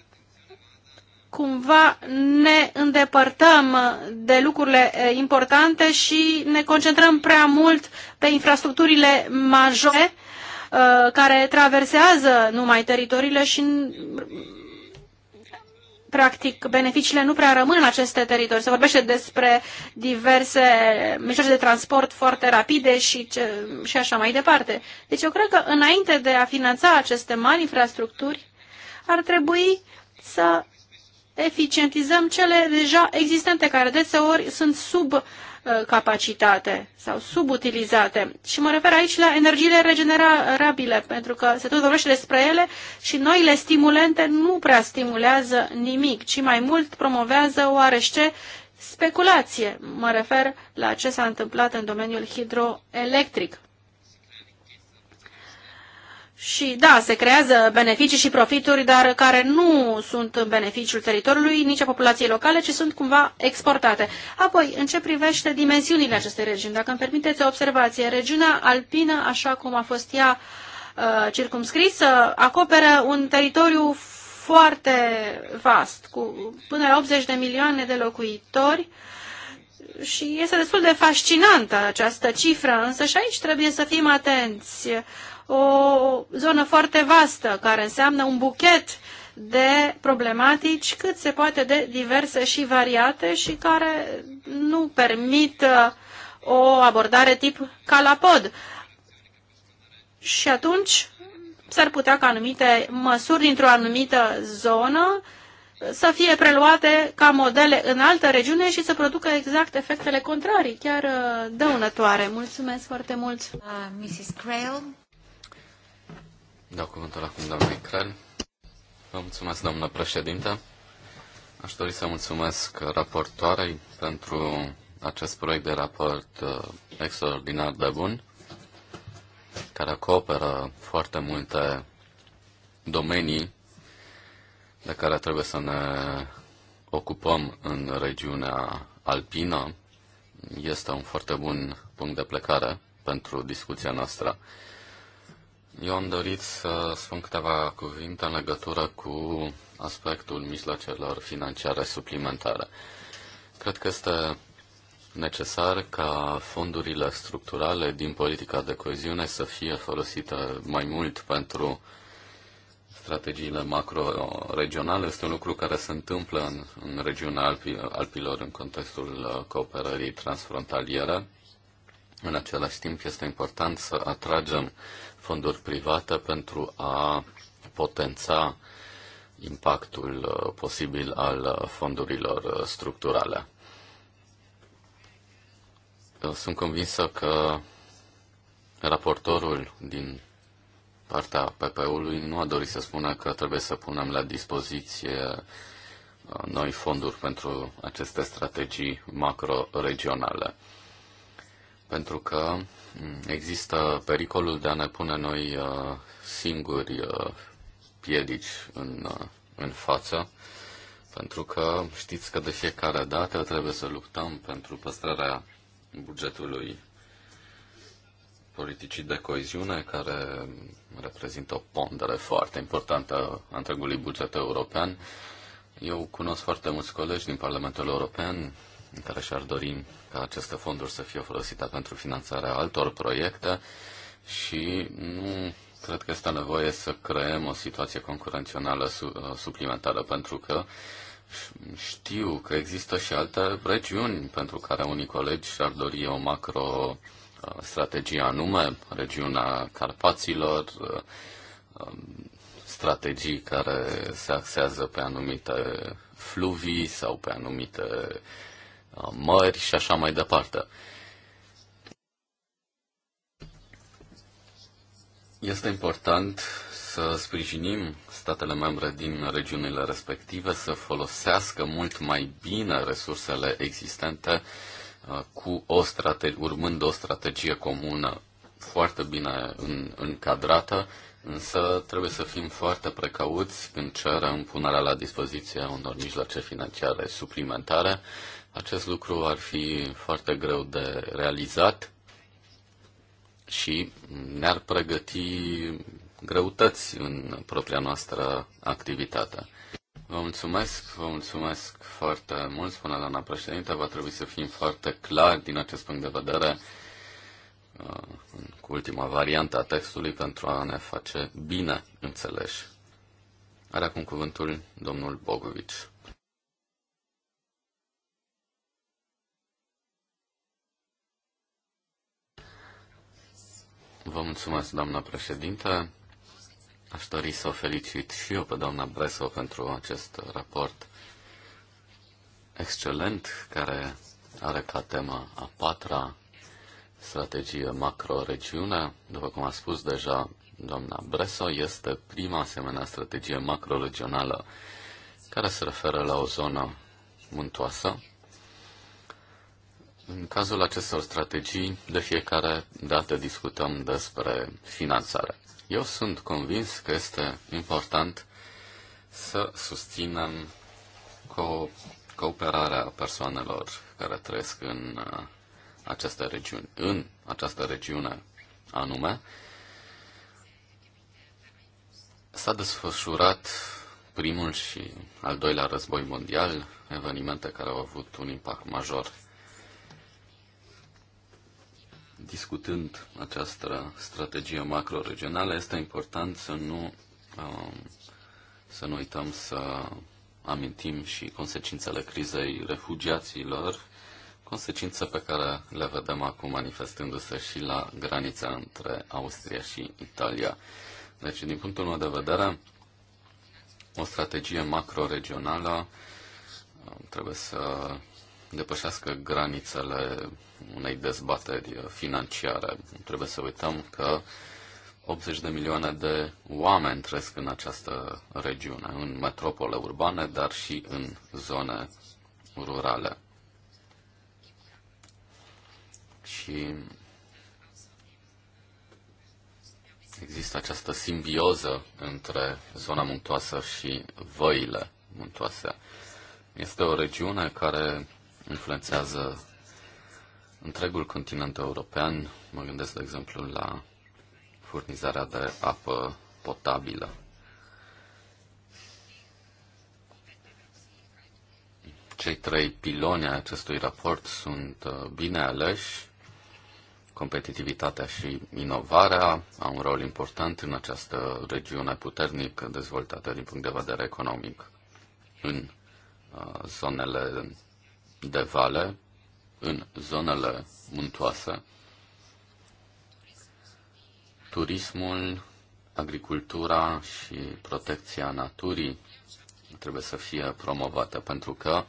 cumva ne îndepărtăm de lucrurile uh, importante și ne concentrăm prea mult pe infrastructurile majore uh, care traversează numai teritoriile și practic, beneficiile nu prea rămân în aceste teritorii. Se vorbește despre diverse mijloace de transport foarte rapide și, ce, și așa mai departe. Deci eu cred că înainte de a finanța aceste mari infrastructuri, ar trebui să eficientizăm cele deja existente, care deseori sunt sub uh, Uh, capacitate sau subutilizate. Și mă refer aici la energiile regenerabile, pentru că se tot vorbește despre ele și noile stimulente nu prea stimulează nimic, ci mai mult promovează oarește speculație. Mă refer la ce s-a întâmplat în domeniul hidroelectric. Și da, se creează beneficii și profituri, dar care nu sunt în beneficiul teritoriului, nici a populației locale, ci sunt cumva exportate. Apoi, în ce privește dimensiunile acestei regiuni, dacă îmi permiteți o observație, regiunea alpină, așa cum a fost ea uh, circumscrisă, acoperă un teritoriu foarte vast, cu până la 80 de milioane de locuitori și este destul de fascinantă această cifră, însă și aici trebuie să fim atenți. Uh, o zonă foarte vastă, care înseamnă un buchet de problematici cât se poate de diverse și variate și care nu permit uh, o abordare tip calapod. Și atunci s-ar putea ca anumite măsuri dintr-o anumită zonă uh, să fie preluate ca modele în altă regiune și să producă exact efectele contrarii, chiar uh, dăunătoare. Mulțumesc foarte mult! Uh, Mrs. Crail. Dau cuvântul acum doamnei Crel. Vă mulțumesc, doamnă președinte. Aș dori să mulțumesc raportoarei pentru acest proiect de raport uh, extraordinar de bun, care acoperă foarte multe domenii de care trebuie să ne ocupăm în regiunea alpină. Este un foarte bun punct de plecare pentru discuția noastră. Eu am dorit să spun câteva cuvinte în legătură cu aspectul mijloacelor financiare suplimentare. Cred că este necesar ca fondurile structurale din politica de coeziune să fie folosite mai mult pentru strategiile macro-regionale. Este un lucru care se întâmplă în, în regiunea Alpi, Alpilor în contextul uh, cooperării transfrontaliere. În același timp, este important să atragem uh, fonduri private pentru a potența impactul uh, posibil al uh, fondurilor uh, structurale. Sunt convinsă că raportorul din partea PP-ului nu a dorit să spună că trebuie să punem la dispoziție noi fonduri pentru aceste strategii macro-regionale pentru că mm, există pericolul de a ne pune noi uh, singuri uh, piedici în, uh, în față, pentru că știți că de fiecare dată trebuie să luptăm pentru păstrarea bugetului politicii de coeziune, care reprezintă o pondere foarte importantă a întregului buget european. Eu cunosc foarte mulți colegi din Parlamentul European în care și-ar dori ca aceste fonduri să fie folosite pentru finanțarea altor proiecte și nu cred că este nevoie să creăm o situație concurențională uh, suplimentară, pentru că știu că există și alte regiuni pentru care unii colegi și-ar dori o macro uh, strategie anume, regiunea Carpaților, uh, um, strategii care se axează pe anumite fluvii sau pe anumite mări și așa mai departe. Este important să sprijinim statele membre din regiunile respective să folosească mult mai bine resursele existente uh, cu o strategie, urmând o strategie comună foarte bine în, încadrată, însă trebuie să fim foarte precauți când cerem punerea la dispoziție unor mijloace financiare suplimentare acest lucru ar fi foarte greu de realizat și ne-ar pregăti greutăți în propria noastră activitate. Vă mulțumesc, vă mulțumesc foarte mult, spune doamna președinte. Va trebui să fim foarte clari din acest punct de vedere uh, cu ultima variantă a textului pentru a ne face bine înțeleși. Are acum cuvântul domnul Bogovici. Vă mulțumesc, doamna președintă. Aș dori să o felicit și eu pe doamna Breso pentru acest raport excelent, care are ca temă a patra strategie macro-regiune. După cum a spus deja doamna Breso, este prima asemenea strategie macro-regională care se referă la o zonă muntoasă în cazul acestor strategii, de fiecare dată discutăm despre finanțare. Eu sunt convins că este important să susținem co- cooperarea persoanelor care trăiesc în uh, această regiune, în această regiune anume. S-a desfășurat primul și al doilea război mondial, evenimente care au avut un impact major discutând această strategie macro-regională, este important să nu, um, să nu uităm să amintim și consecințele crizei refugiaților, consecințe pe care le vedem acum manifestându-se și la granița între Austria și Italia. Deci, din punctul meu de vedere, o strategie macro-regională um, trebuie să depășească granițele unei dezbateri financiare. Trebuie să uităm că 80 de milioane de oameni trăiesc în această regiune, în metropole urbane, dar și în zone rurale. Și există această simbioză între zona muntoasă și văile muntoase. Este o regiune care influențează întregul continent european. Mă gândesc, de exemplu, la furnizarea de apă potabilă. Cei trei piloni ai acestui raport sunt uh, bine aleși. Competitivitatea și inovarea au un rol important în această regiune puternic dezvoltată din punct de vedere economic. În uh, zonele de vale, în zonele muntoase, turismul, agricultura și protecția naturii trebuie să fie promovate, pentru că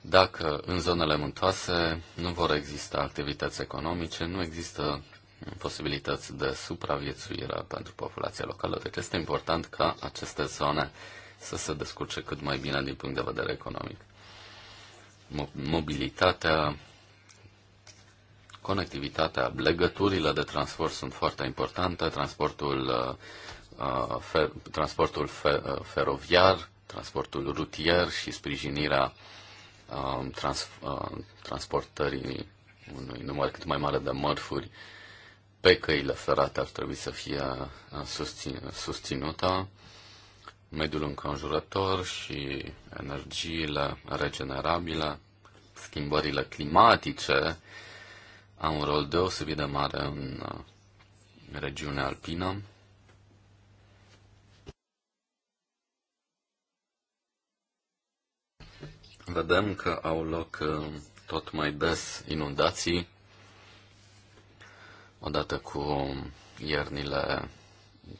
dacă în zonele muntoase nu vor exista activități economice, nu există posibilități de supraviețuire pentru populația locală. Deci este important ca aceste zone să se descurce cât mai bine din punct de vedere economic mobilitatea, conectivitatea, legăturile de transport sunt foarte importante, transportul, uh, uh fer, transportul fer, uh, feroviar, transportul rutier și sprijinirea um, uh, trans, transportării unui număr cât mai mare de mărfuri pe căile ferate ar trebui să fie uh, susținută mediul înconjurător și energiile regenerabile, schimbările climatice au un rol deosebit de mare în uh, regiunea alpină. Vedem că au loc uh, tot mai des inundații, odată cu iernile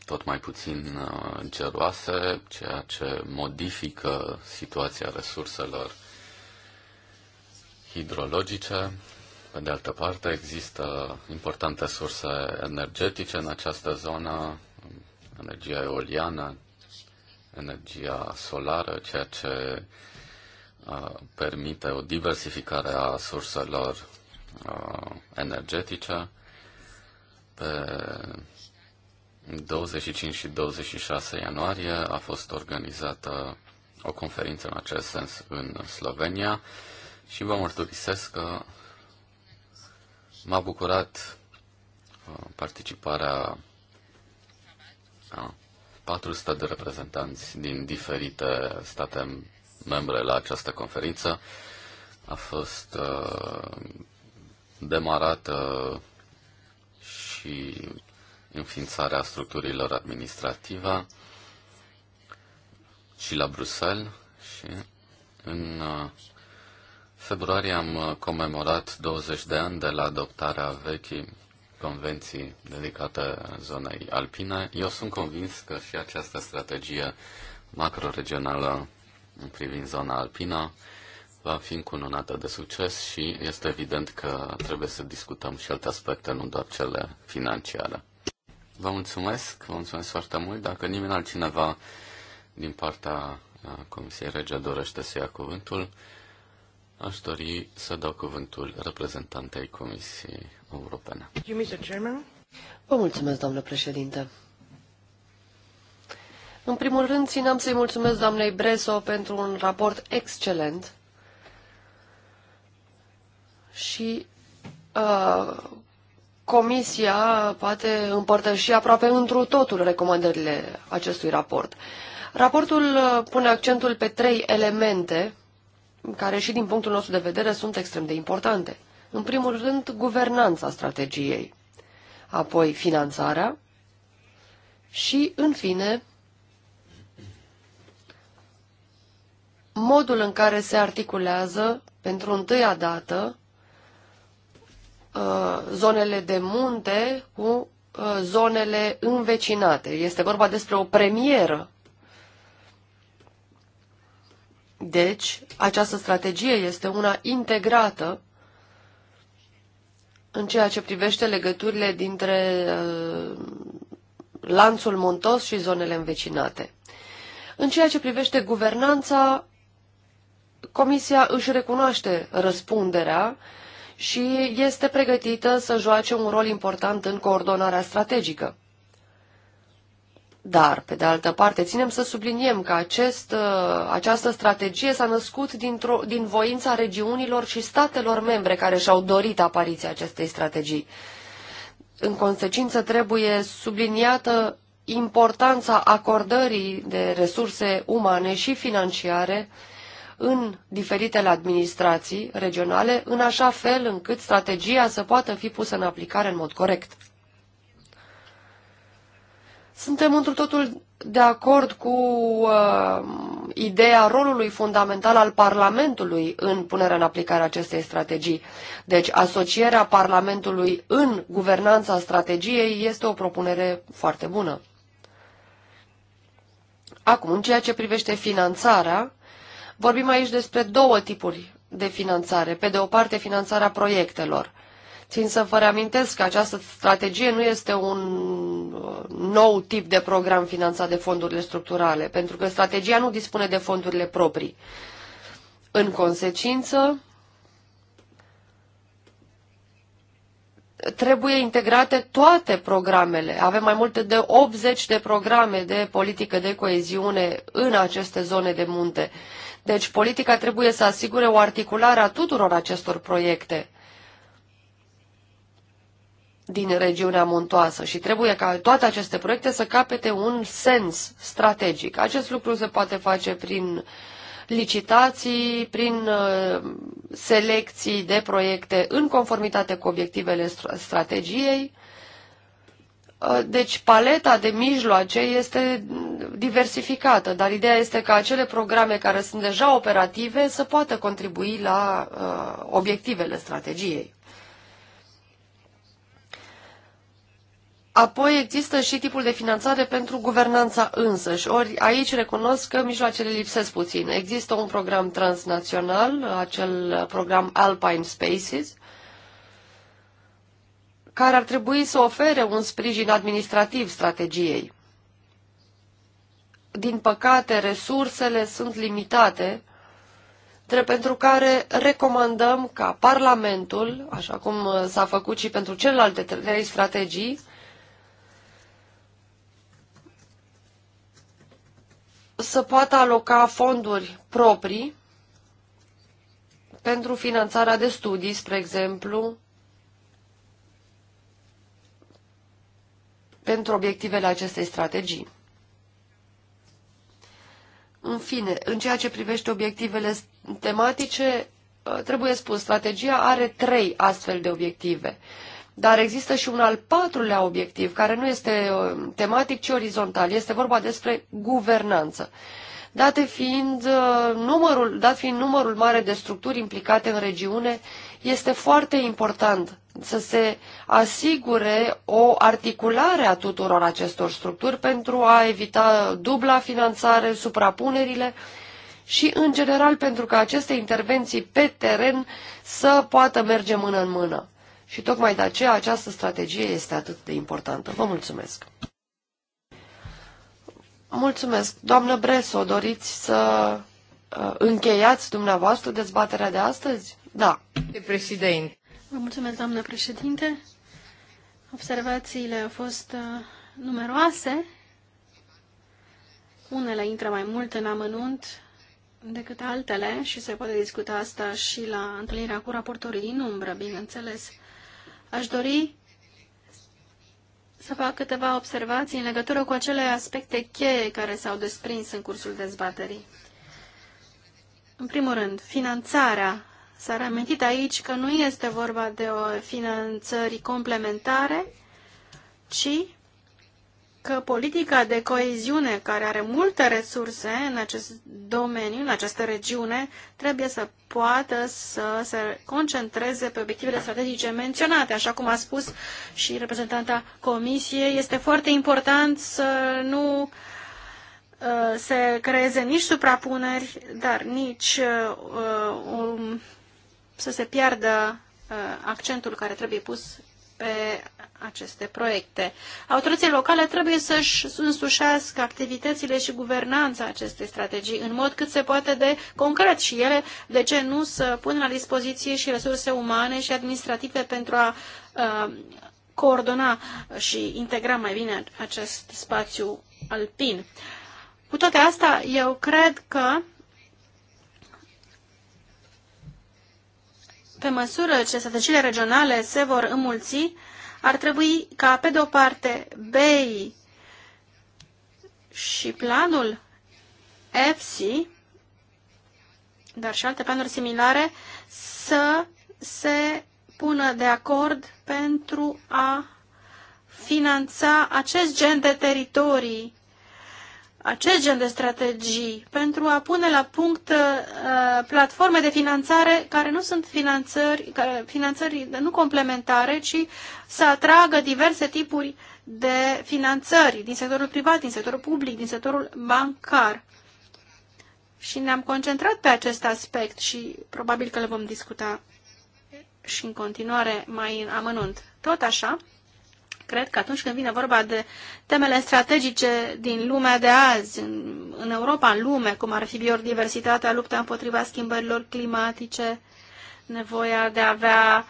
tot mai puțin uh, geroase, ceea ce modifică situația resurselor hidrologice. Pe de altă parte, există importante surse energetice în această zonă, energia eoliană, energia solară, ceea ce uh, permite o diversificare a surselor uh, energetice. Pe 25 și 26 ianuarie a fost organizată o conferință în acest sens în Slovenia și vă mărturisesc că m-a bucurat uh, participarea a 400 de reprezentanți din diferite state membre la această conferință. A fost uh, demarată și înființarea structurilor administrative și la Bruxelles și în uh, februarie am uh, comemorat 20 de ani de la adoptarea vechii convenții dedicate zonei alpine. Eu sunt convins că și această strategie macroregională privind zona alpină va fi încununată de succes și este evident că trebuie să discutăm și alte aspecte, nu doar cele financiare. Vă mulțumesc, vă mulțumesc foarte mult. Dacă nimeni altcineva din partea Comisiei Rege dorește să ia cuvântul, aș dori să dau cuvântul reprezentantei Comisiei Europene. Vă mulțumesc, doamnă președinte. În primul rând, ținam să-i mulțumesc doamnei Breso pentru un raport excelent și uh, Comisia poate împărtăși aproape întru totul recomandările acestui raport. Raportul uh, pune accentul pe trei elemente care și din punctul nostru de vedere sunt extrem de importante. În primul rând, guvernanța strategiei, apoi finanțarea și, în fine, modul în care se articulează pentru întâia dată Uh, zonele de munte cu uh, zonele învecinate. Este vorba despre o premieră. Deci, această strategie este una integrată în ceea ce privește legăturile dintre uh, lanțul montos și zonele învecinate. În ceea ce privește guvernanța, Comisia își recunoaște răspunderea și este pregătită să joace un rol important în coordonarea strategică. Dar, pe de altă parte, ținem să subliniem că acest, uh, această strategie s-a născut din voința regiunilor și statelor membre care și-au dorit apariția acestei strategii. În consecință, trebuie subliniată importanța acordării de resurse umane și financiare uh, în diferitele administrații regionale, în așa fel încât strategia să poată fi pusă în aplicare în mod corect. Suntem într totul de acord cu uh, ideea rolului fundamental al Parlamentului în punerea în aplicare acestei strategii. Deci asocierea Parlamentului în guvernanța strategiei este o propunere foarte bună. Acum, în ceea ce privește finanțarea, Vorbim aici despre două tipuri de finanțare. Pe de o parte, finanțarea proiectelor. Țin să vă reamintesc că această strategie nu este un uh, nou tip de program finanțat de fondurile structurale, pentru că strategia nu dispune de fondurile proprii. În consecință, trebuie integrate toate programele. Avem mai multe de 80 de programe de politică de coeziune în aceste zone de munte deci politica trebuie să asigure o articulare a tuturor acestor proiecte din regiunea muntoasă și trebuie ca toate aceste proiecte să capete un sens strategic. Acest lucru se poate face prin licitații, prin uh, selecții de proiecte în conformitate cu obiectivele strategiei, Uh, deci paleta de mijloace este diversificată, dar ideea este ca acele programe care sunt deja operative să poată contribui la uh, obiectivele strategiei. Apoi există și tipul de finanțare pentru guvernanța însăși. Ori aici recunosc că mijloacele lipsesc puțin. Există un program transnațional, acel program Alpine Spaces, care ar trebui să ofere un sprijin administrativ strategiei. Din păcate, resursele sunt limitate, drept pentru care recomandăm ca Parlamentul, așa cum s-a făcut și pentru celelalte trei strategii, să poată aloca fonduri proprii pentru finanțarea de studii, spre exemplu, pentru obiectivele acestei strategii. În fine, în ceea ce privește obiectivele tematice, ă, trebuie spus, strategia are trei astfel de obiective. Dar există și un al patrulea obiectiv, care nu este ă, tematic, ci orizontal. Este vorba despre guvernanță. Date fiind ă, numărul, dat fiind numărul mare de structuri implicate în regiune, este foarte important să se asigure o articulare a tuturor acestor structuri pentru a evita dubla finanțare, suprapunerile și, în general, pentru ca aceste intervenții pe teren să poată merge mână în mână. Și tocmai de aceea această strategie este atât de importantă. Vă mulțumesc! Mulțumesc! Doamnă Breso, doriți să uh, încheiați dumneavoastră dezbaterea de astăzi? Da. Președinte. Vă mulțumesc, doamnă președinte. Observațiile au fost uh, numeroase. Unele intră mai mult în amănunt decât altele și se poate discuta asta și la întâlnirea cu raportorii din umbră, bineînțeles. Aș dori să fac câteva observații în legătură cu acele aspecte cheie care s-au desprins în cursul dezbaterii. În primul rând, finanțarea S-a reamintit aici că nu este vorba de o finanțări complementare, ci că politica de coeziune, care are multe resurse în acest domeniu, în această regiune, trebuie să poată să se concentreze pe obiectivele strategice menționate. Așa cum a spus și reprezentanta Comisiei, este foarte important să nu uh, se creeze nici suprapuneri, dar nici um, să se piardă uh, accentul care trebuie pus pe aceste proiecte. Autoritățile locale trebuie să-și însușească activitățile și guvernanța acestei strategii în mod cât se poate de concret și ele, de ce nu, să pună la dispoziție și resurse umane și administrative pentru a uh, coordona și integra mai bine acest spațiu alpin. Cu toate astea, eu cred că Pe măsură ce strategiile regionale se vor înmulți, ar trebui ca, pe de o parte, BEI și planul EFSI, dar și alte planuri similare, să se pună de acord pentru a finanța acest gen de teritorii acest gen de strategii pentru a pune la punct uh, platforme de finanțare care nu sunt finanțări, care, finanțări nu complementare, ci să atragă diverse tipuri de finanțări din sectorul privat, din sectorul public, din sectorul bancar. Și ne-am concentrat pe acest aspect și probabil că le vom discuta și în continuare mai în amănunt. Tot așa, cred că atunci când vine vorba de temele strategice din lumea de azi, în, în Europa, în lume, cum ar fi biodiversitatea, lupta împotriva schimbărilor climatice, nevoia de a avea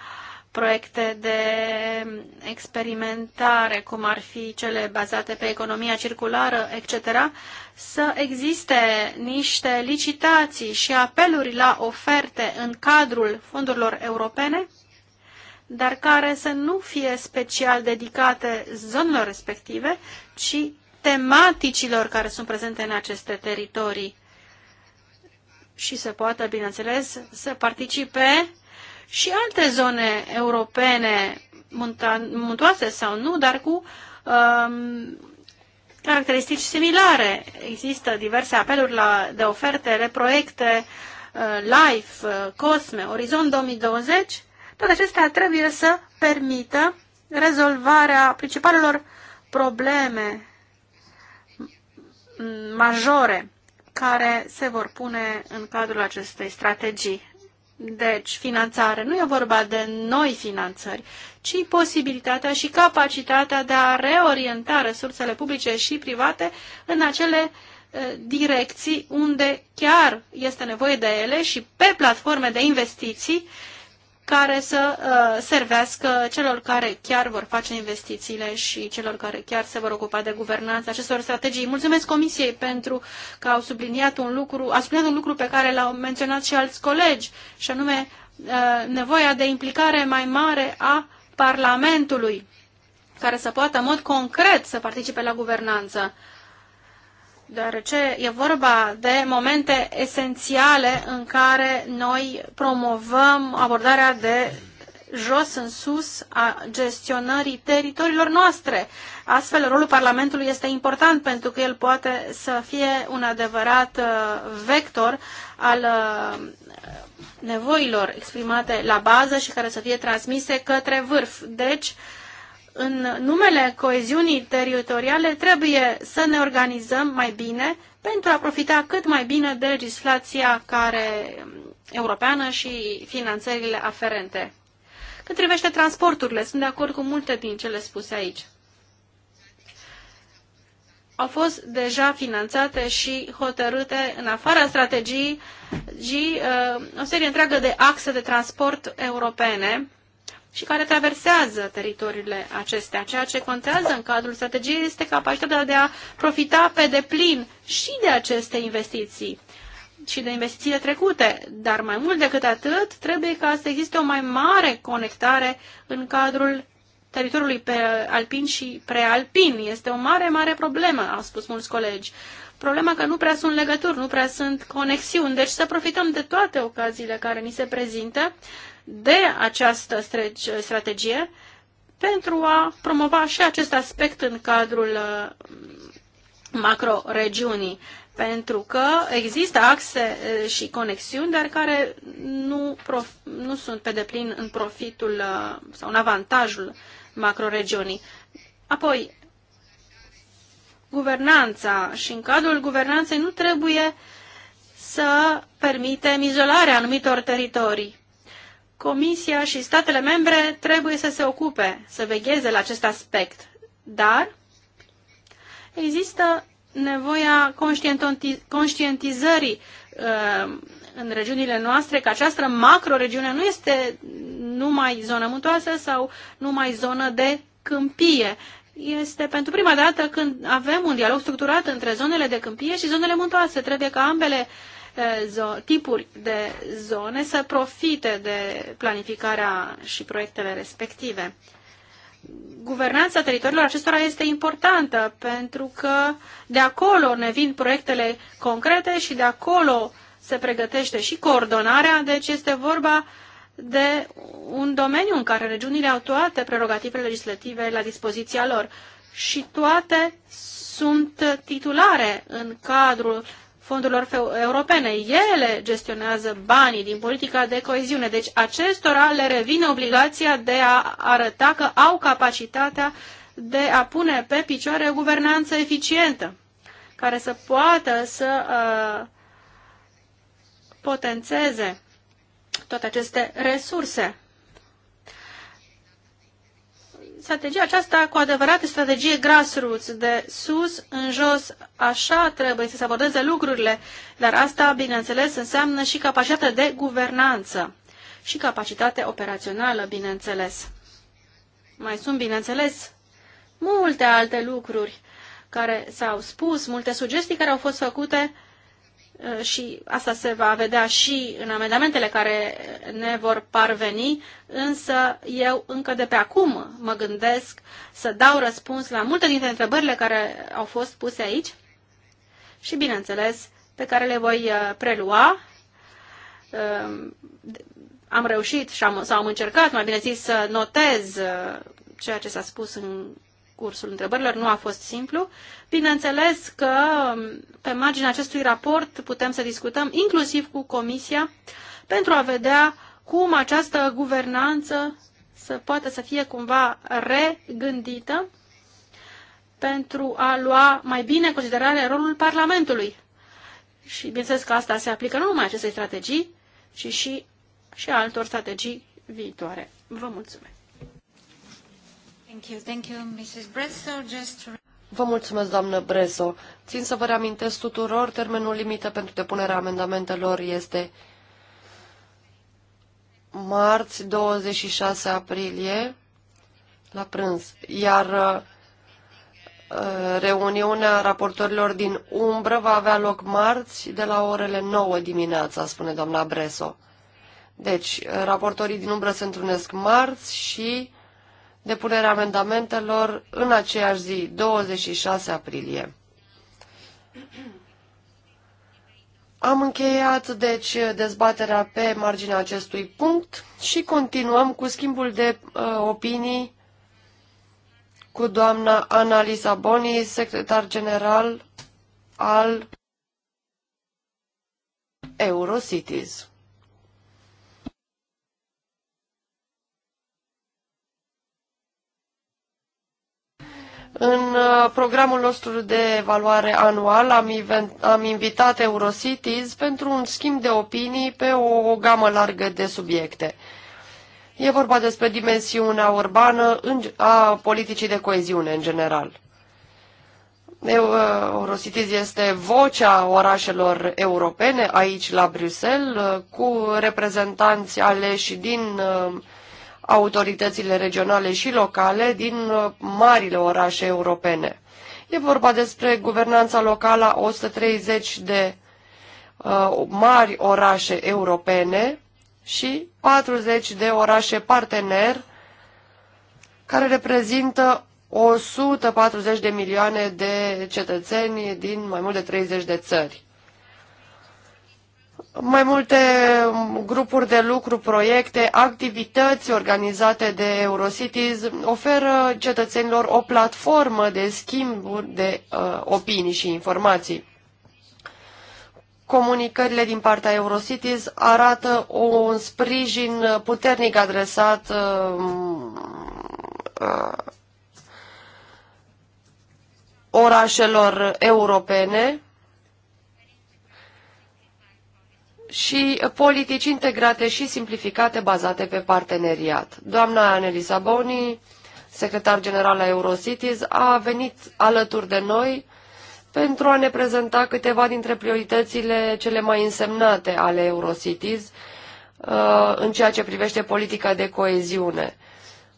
proiecte de experimentare, cum ar fi cele bazate pe economia circulară, etc., să existe niște licitații și apeluri la oferte în cadrul fondurilor europene dar care să nu fie special dedicate zonelor respective, ci tematicilor care sunt prezente în aceste teritorii. Și se poată, bineînțeles, să participe și alte zone europene muntoase sau nu, dar cu um, caracteristici similare. Există diverse apeluri la, de oferte, de proiecte, uh, LIFE, uh, COSME, Orizont 2020, toate acestea trebuie să permită rezolvarea principalelor probleme majore care se vor pune în cadrul acestei strategii. Deci, finanțare. Nu e vorba de noi finanțări, ci posibilitatea și capacitatea de a reorienta resursele publice și private în acele eh, direcții unde chiar este nevoie de ele și pe platforme de investiții care să uh, servească celor care chiar vor face investițiile și celor care chiar se vor ocupa de guvernanța acestor strategii. Mulțumesc Comisiei pentru că au subliniat un lucru, a subliniat un lucru pe care l-au menționat și alți colegi, și anume uh, nevoia de implicare mai mare a Parlamentului, care să poată în mod concret să participe la guvernanță. Uh, deoarece e vorba de momente esențiale în care noi promovăm abordarea de jos în sus a gestionării teritoriilor noastre. Astfel, rolul Parlamentului este important pentru că el poate să fie un adevărat uh, vector al uh, nevoilor exprimate la bază și care să fie transmise către vârf. Deci, uh, în numele coeziunii teritoriale trebuie să ne organizăm mai bine pentru a profita cât mai bine de legislația care, europeană și finanțările aferente. Cât privește transporturile, sunt de acord cu multe din cele spuse aici. Au fost deja finanțate și hotărâte, în afara strategiei, uh, o serie întreagă de axe de transport europene, și care traversează teritoriile acestea. Ceea ce contează în cadrul strategiei este capacitatea de a profita pe deplin și de aceste investiții și de investițiile trecute, dar mai mult decât atât, trebuie ca să existe o mai mare conectare în cadrul teritoriului alpin și prealpin. Este o mare, mare problemă, au spus mulți colegi. Problema că nu prea sunt legături, nu prea sunt conexiuni, deci să profităm de toate ocaziile care ni se prezintă de această strategie pentru a promova și acest aspect în cadrul uh, macroregiunii, pentru că există axe uh, și conexiuni, dar care nu, prof- nu sunt pe deplin în profitul uh, sau în avantajul macroregiunii. Apoi, guvernanța și în cadrul guvernanței nu trebuie să permitem izolarea anumitor teritorii Comisia și statele membre trebuie să se ocupe, să vegheze la acest aspect. Dar există nevoia conștientizării uh, în regiunile noastre că această macroregiune nu este numai zonă muntoasă sau numai zonă de câmpie. Este pentru prima dată când avem un dialog structurat între zonele de câmpie și zonele muntoase. Trebuie ca ambele uh, tipuri de zone să profite de planificarea și proiectele respective. Guvernanța teritoriilor acestora este importantă pentru că de acolo ne vin proiectele concrete și de acolo se pregătește și coordonarea, deci este vorba de un domeniu în care regiunile au toate prerogativele legislative la dispoziția lor și toate sunt titulare în cadrul fondurilor europene. Ele gestionează banii din politica de coeziune, deci acestora le revine obligația de a arăta că au capacitatea de a pune pe picioare o guvernanță eficientă, care să poată să uh, potențeze toate aceste resurse strategia aceasta cu adevărat este strategie grassroots, de sus în jos, așa trebuie să se abordeze lucrurile, dar asta, bineînțeles, înseamnă și capacitatea de guvernanță și capacitate operațională, bineînțeles. Mai sunt, bineînțeles, multe alte lucruri care s-au spus, multe sugestii care au fost făcute Uh, și asta se va vedea și în amendamentele care ne vor parveni, însă eu încă de pe acum mă gândesc să dau răspuns la multe dintre întrebările care au fost puse aici și, bineînțeles, pe care le voi uh, prelua. Uh, am reușit și am, sau am încercat, mai bine zis, să notez ceea ce s-a spus în parcursul întrebărilor. Nu a fost simplu. Bineînțeles că um, pe marginea acestui raport putem să discutăm inclusiv cu Comisia pentru a vedea cum această guvernanță să poată să fie cumva regândită pentru a lua mai bine în considerare rolul Parlamentului. Și bineînțeles că asta se aplică nu numai acestei strategii, ci și, și altor strategii viitoare. Vă mulțumesc! Thank you, thank you, Mrs. Bresso. Just... Vă mulțumesc, doamnă Breso. Țin să vă reamintesc tuturor, termenul limită pentru depunerea amendamentelor este marți 26 aprilie la prânz, iar uh, uh, reuniunea raportorilor din umbră va avea loc marți de la orele 9 dimineața, spune doamna Breso. Deci, raportorii din umbră se întrunesc marți și Depunerea amendamentelor în aceeași zi, 26 aprilie. Am încheiat, deci, dezbaterea pe marginea acestui punct și continuăm cu schimbul de uh, opinii cu doamna Lisa Boni, secretar general al Eurocities. În uh, programul nostru de evaluare anual am, am invitat Eurocities pentru un schimb de opinii pe o, o gamă largă de subiecte. E vorba despre dimensiunea urbană în, a politicii de coeziune în general. Uh, Eurocities este vocea orașelor europene aici la Bruxelles uh, cu reprezentanți aleși din autoritățile regionale și locale din uh, marile orașe europene. E vorba despre guvernanța locală a 130 de uh, mari orașe europene și 40 de orașe partener care reprezintă 140 de milioane de cetățeni din mai mult de 30 de țări mai multe um, grupuri de lucru, proiecte, activități organizate de Eurocities oferă cetățenilor o platformă de schimb de uh, opinii și informații. Comunicările din partea Eurocities arată un sprijin puternic adresat uh, uh, orașelor europene, și politici integrate și simplificate bazate pe parteneriat. Doamna Anelisa Boni, secretar general la Eurocities, a venit alături de noi pentru a ne prezenta câteva dintre prioritățile cele mai însemnate ale Eurocities uh, în ceea ce privește politica de coeziune,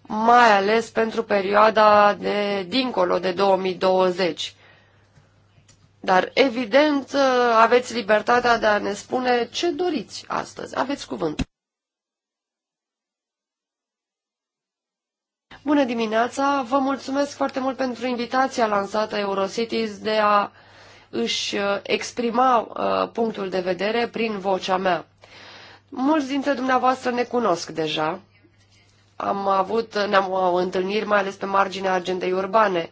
mai ales pentru perioada de dincolo de 2020 dar, evident, aveți libertatea de a ne spune ce doriți astăzi. Aveți cuvânt. Bună dimineața! Vă mulțumesc foarte mult pentru invitația lansată Eurocities de a își uh, exprima uh, punctul de vedere prin vocea mea. Mulți dintre dumneavoastră ne cunosc deja. Am avut, ne-am uh, întâlniri mai ales pe marginea agendei urbane.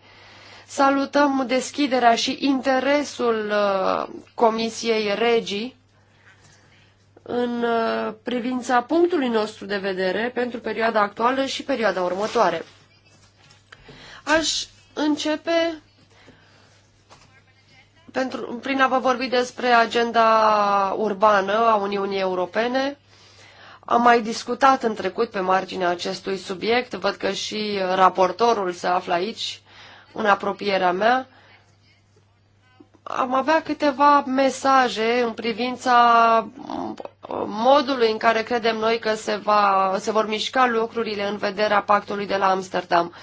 Salutăm deschiderea și interesul uh, Comisiei Regii în uh, privința punctului nostru de vedere pentru perioada actuală și perioada următoare. Aș începe pentru, prin a vă vorbi despre agenda urbană a Uniunii Europene. Am mai discutat în trecut pe marginea acestui subiect, văd că și raportorul se află aici, în apropierea mea, am avea câteva mesaje în privința modului în care credem noi că se, va, se vor mișca lucrurile în vederea pactului de la Amsterdam.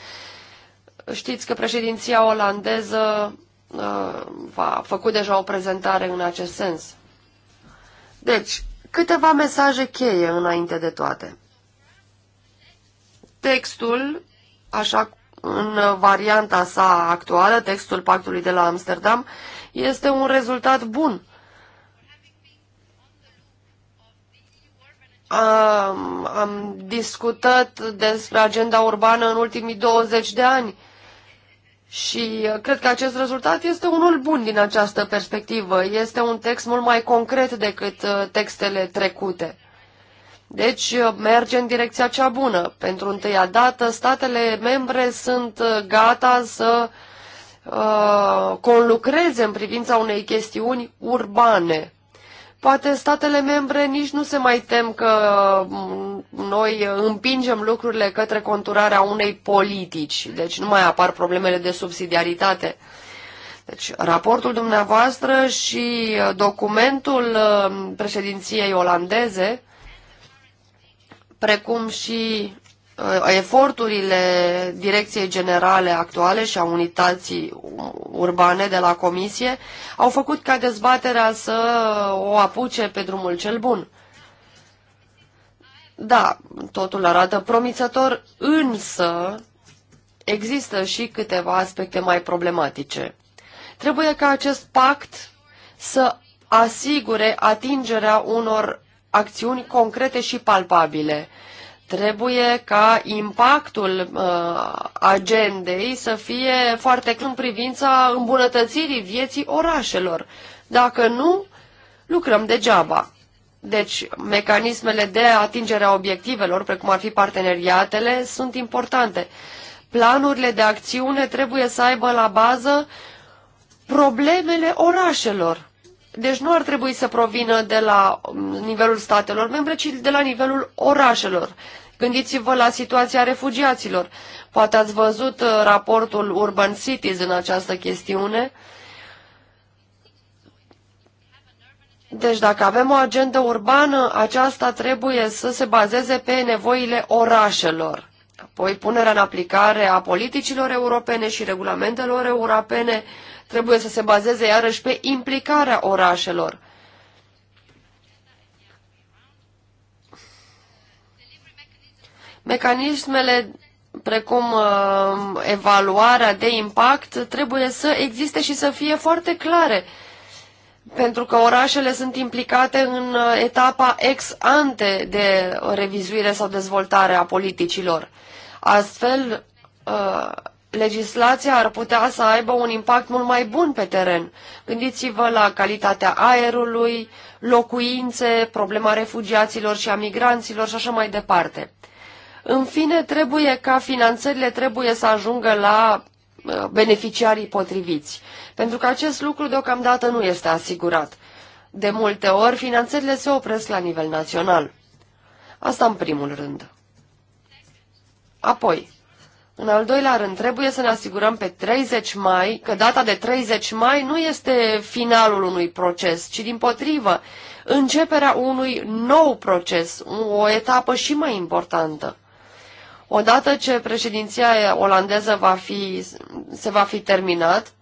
Știți că președinția olandeză uh, a făcut deja o prezentare în acest sens. Deci, câteva mesaje cheie înainte de toate. Textul, așa în varianta sa actuală, textul pactului de la Amsterdam, este un rezultat bun. Am, am discutat despre agenda urbană în ultimii 20 de ani și cred că acest rezultat este unul bun din această perspectivă. Este un text mult mai concret decât uh, textele trecute. Deci uh, merge în direcția cea bună. Pentru întâia dată, statele membre sunt uh, gata să uh, conlucreze în privința unei chestiuni urbane. Poate statele membre nici nu se mai tem că mm, noi împingem lucrurile către conturarea unei politici, deci nu mai apar problemele de subsidiaritate. Deci, raportul dumneavoastră și uh, documentul președinției olandeze precum și uh, eforturile Direcției Generale actuale și a unității urbane de la Comisie au făcut ca dezbaterea să o apuce pe drumul cel bun. Da, totul arată promițător, însă există și câteva aspecte mai problematice. Trebuie ca acest pact să asigure atingerea unor acțiuni concrete și palpabile. Trebuie ca impactul uh, agendei să fie foarte clar în privința îmbunătățirii vieții orașelor. Dacă nu, lucrăm degeaba. Deci, mecanismele de atingere a obiectivelor, precum ar fi parteneriatele, sunt importante. Planurile de acțiune trebuie să aibă la bază problemele orașelor. Deci nu ar trebui să provină de la nivelul statelor membre, ci de la nivelul orașelor. Gândiți-vă la situația refugiaților. Poate ați văzut uh, raportul Urban Cities în această chestiune. Deci dacă avem o agendă urbană, aceasta trebuie să se bazeze pe nevoile orașelor. Apoi punerea în aplicare a politicilor europene și regulamentelor europene trebuie să se bazeze iarăși pe implicarea orașelor. Mecanismele precum uh, evaluarea de impact trebuie să existe și să fie foarte clare, pentru că orașele sunt implicate în uh, etapa ex ante de revizuire sau dezvoltare a politicilor. Astfel, uh, legislația ar putea să aibă un impact mult mai bun pe teren. Gândiți-vă la calitatea aerului, locuințe, problema refugiaților și a migranților și așa mai departe. În fine, trebuie ca finanțările trebuie să ajungă la uh, beneficiarii potriviți, pentru că acest lucru deocamdată nu este asigurat. De multe ori, finanțările se opresc la nivel național. Asta în primul rând. Apoi, în al doilea rând, trebuie să ne asigurăm pe 30 mai că data de 30 mai nu este finalul unui proces, ci din potrivă, începerea unui nou proces, o etapă și mai importantă. Odată ce președinția olandeză va fi, se va fi terminat,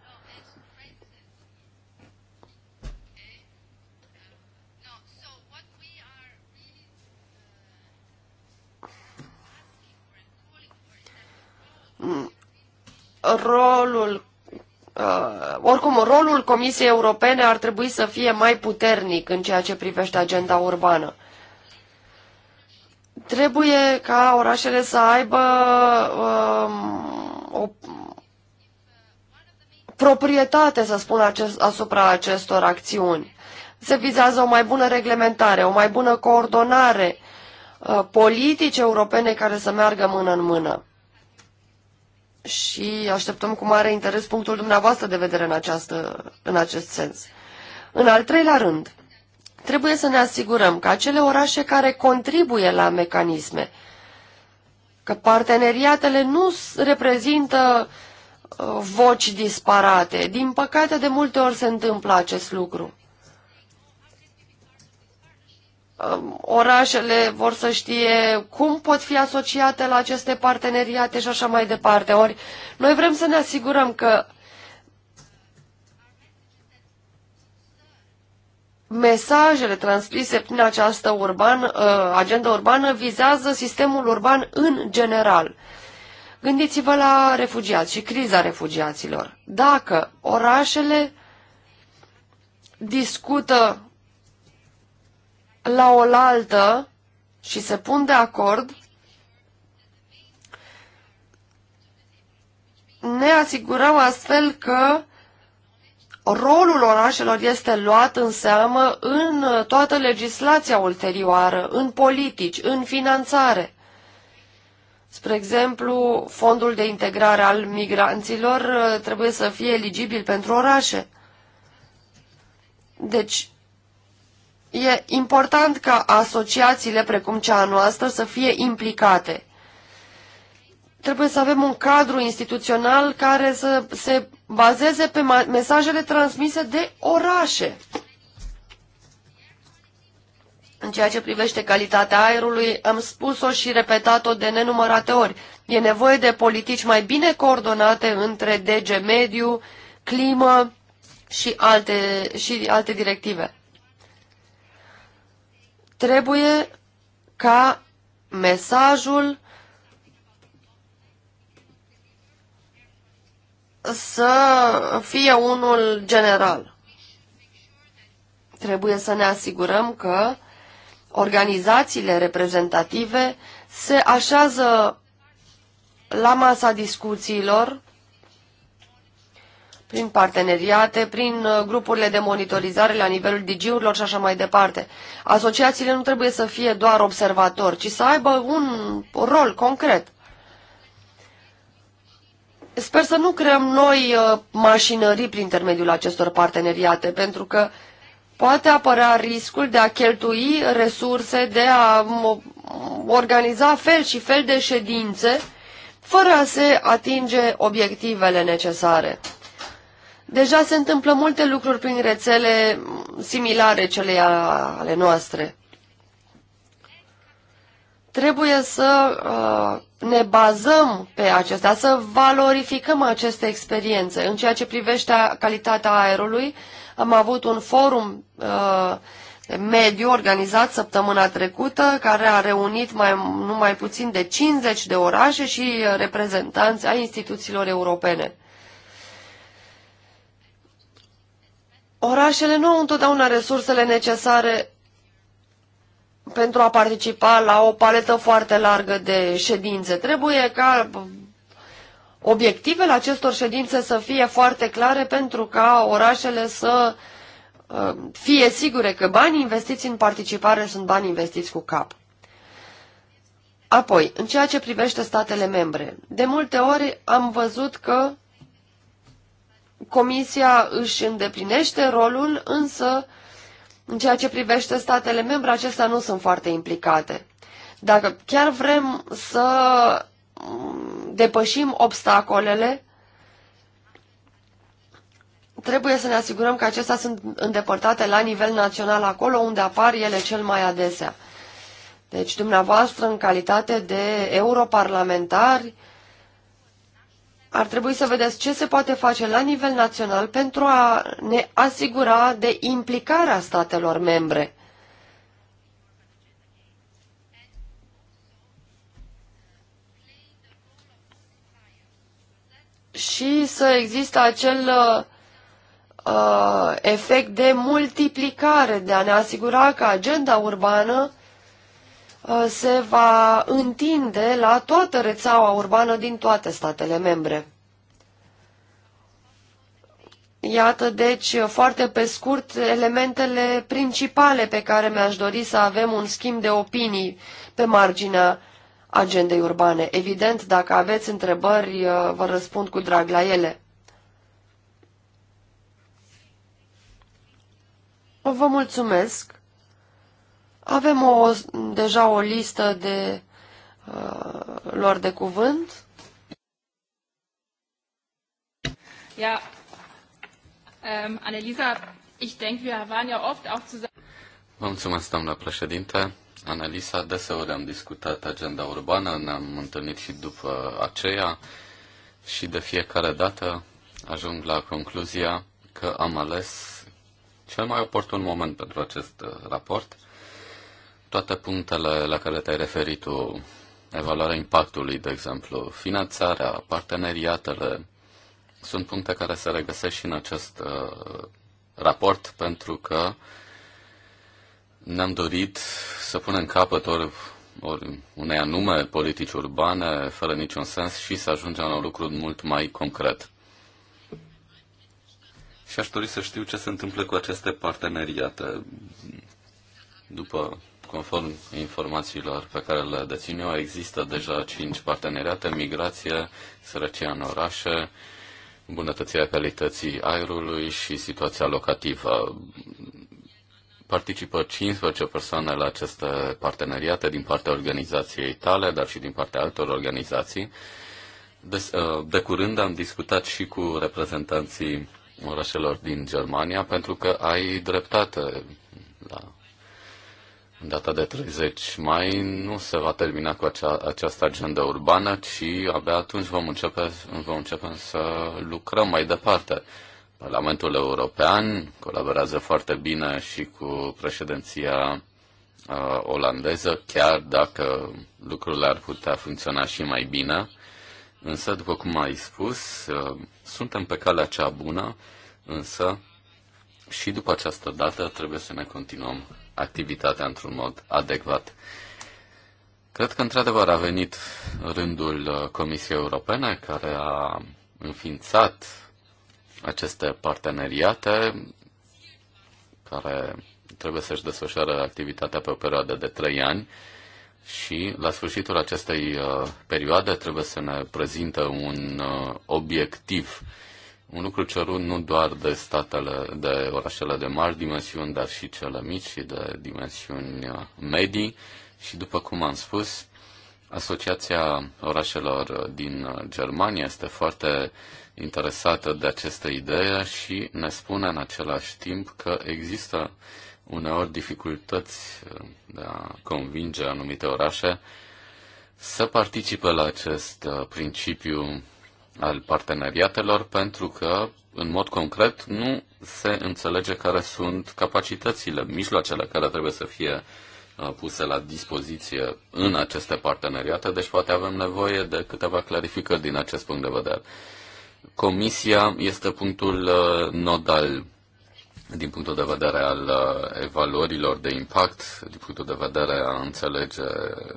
rolul Uh, oricum, rolul Comisiei Europene ar trebui să fie mai puternic în ceea ce privește agenda urbană. Trebuie ca orașele să aibă uh, o proprietate, să spun, acest, asupra acestor acțiuni. Se vizează o mai bună reglementare, o mai bună coordonare, uh, politici europene care să meargă mână în mână și așteptăm cu mare interes punctul dumneavoastră de vedere în, această, în acest sens. În al treilea rând, trebuie să ne asigurăm că acele orașe care contribuie la mecanisme, că parteneriatele nu reprezintă uh, voci disparate. Din păcate, de multe ori se întâmplă acest lucru. Um, orașele vor să știe cum pot fi asociate la aceste parteneriate și așa mai departe. Ori noi vrem să ne asigurăm că mesajele transmise prin această urban, uh, agenda urbană vizează sistemul urban în general. Gândiți-vă la refugiați și criza refugiaților. Dacă orașele discută la oaltă și se pun de acord, ne asigurăm astfel că rolul orașelor este luat în seamă în toată legislația ulterioară, în politici, în finanțare. Spre exemplu, fondul de integrare al migranților uh, trebuie să fie eligibil pentru orașe. Deci, E important ca asociațiile precum cea a noastră să fie implicate. Trebuie să avem un cadru instituțional care să se bazeze pe mesajele transmise de orașe. În ceea ce privește calitatea aerului, am spus-o și repetat-o de nenumărate ori. E nevoie de politici mai bine coordonate între DG Mediu, Climă și alte, și alte directive. Trebuie ca mesajul să fie unul general. Trebuie să ne asigurăm că organizațiile reprezentative se așează la masa discuțiilor prin parteneriate, prin uh, grupurile de monitorizare la nivelul digiurilor și așa mai departe. Asociațiile nu trebuie să fie doar observatori, ci să aibă un rol concret. Sper să nu creăm noi uh, mașinării prin intermediul acestor parteneriate, pentru că poate apărea riscul de a cheltui resurse, de a organiza fel și fel de ședințe, fără a se atinge obiectivele necesare. Deja se întâmplă multe lucruri prin rețele similare cele ale noastre. Trebuie să uh, ne bazăm pe acestea, să valorificăm aceste experiențe. În ceea ce privește calitatea aerului, am avut un forum uh, mediu organizat săptămâna trecută, care a reunit mai, numai puțin de 50 de orașe și uh, reprezentanți ai instituțiilor europene. Orașele nu au întotdeauna resursele necesare pentru a participa la o paletă foarte largă de ședințe. Trebuie ca obiectivele acestor ședințe să fie foarte clare pentru ca orașele să uh, fie sigure că banii investiți în participare sunt bani investiți cu cap. Apoi, în ceea ce privește statele membre, de multe ori am văzut că Comisia își îndeplinește rolul, însă în ceea ce privește statele membre, acestea nu sunt foarte implicate. Dacă chiar vrem să mm, depășim obstacolele, trebuie să ne asigurăm că acestea sunt îndepărtate la nivel național, acolo unde apar ele cel mai adesea. Deci, dumneavoastră, în calitate de europarlamentari, ar trebui să vedeți ce se poate face la nivel național pentru a ne asigura de implicarea statelor membre. Și să există acel uh, uh efect de multiplicare, de a ne asigura că agenda urbană Uh, se va întinde la toată rețeaua urbană din toate statele membre. Iată, deci, foarte pe scurt, elementele principale pe care mi-aș dori să avem un schimb de opinii pe marginea agendei urbane. Evident, dacă aveți întrebări, uh, vă răspund cu drag la ele. Vă mulțumesc. Avem o, deja o listă de uh, lor de cuvânt. Ja, um, ähm, Annelisa, ich denke, wir waren ja oft auch zusammen. mulțumesc, doamna președinte. Analisa, deseori am discutat agenda urbană, ne-am întâlnit și după aceea și de fiecare dată ajung la concluzia că am ales cel mai oportun moment pentru acest uh, raport toate punctele la care te-ai referit tu, evaluarea impactului, de exemplu, finanțarea, parteneriatele, sunt puncte care se regăsesc și în acest uh, raport, pentru că ne-am dorit să punem capăt ori, ori unei anume politici urbane, fără niciun sens, și să ajungem la un lucru mult mai concret. Și aș dori să știu ce se întâmplă cu aceste parteneriate. După Conform informațiilor pe care le dețin eu, există deja cinci parteneriate, migrație, sărăcia în orașe, îmbunătățirea calității aerului și situația locativă. Participă 15 persoane la aceste parteneriate din partea organizației tale, dar și din partea altor organizații. De, uh, de curând am discutat și cu reprezentanții orașelor din Germania, pentru că ai dreptate la în data de 30 mai nu se va termina cu acea, această agenda urbană, ci abia atunci vom începe, vom începe să lucrăm mai departe. Parlamentul European colaborează foarte bine și cu președinția uh, olandeză, chiar dacă lucrurile ar putea funcționa și mai bine. Însă, după cum ai spus, uh, suntem pe calea cea bună, însă și după această dată trebuie să ne continuăm activitatea într-un mod adecvat. Cred că, într-adevăr, a venit rândul uh, Comisiei Europene, care a înființat aceste parteneriate, care trebuie să-și desfășoare activitatea pe o perioadă de trei ani și la sfârșitul acestei uh, perioade trebuie să ne prezinte un uh, obiectiv un lucru cerut nu doar de statele, de orașele de mari dimensiuni, dar și cele mici și de dimensiuni uh, medii. Și după cum am spus, Asociația Orașelor din uh, Germania este foarte interesată de această idee și ne spune în același timp că există uneori dificultăți uh, de a convinge anumite orașe să participe la acest principiu al parteneriatelor pentru că, în mod concret, nu se înțelege care sunt capacitățile, mijloacele care trebuie să fie uh, puse la dispoziție în aceste parteneriate, deci poate avem nevoie de câteva clarificări din acest punct de vedere. Comisia este punctul uh, nodal din punctul de vedere al uh, evaluărilor de impact, din punctul de vedere a înțelege,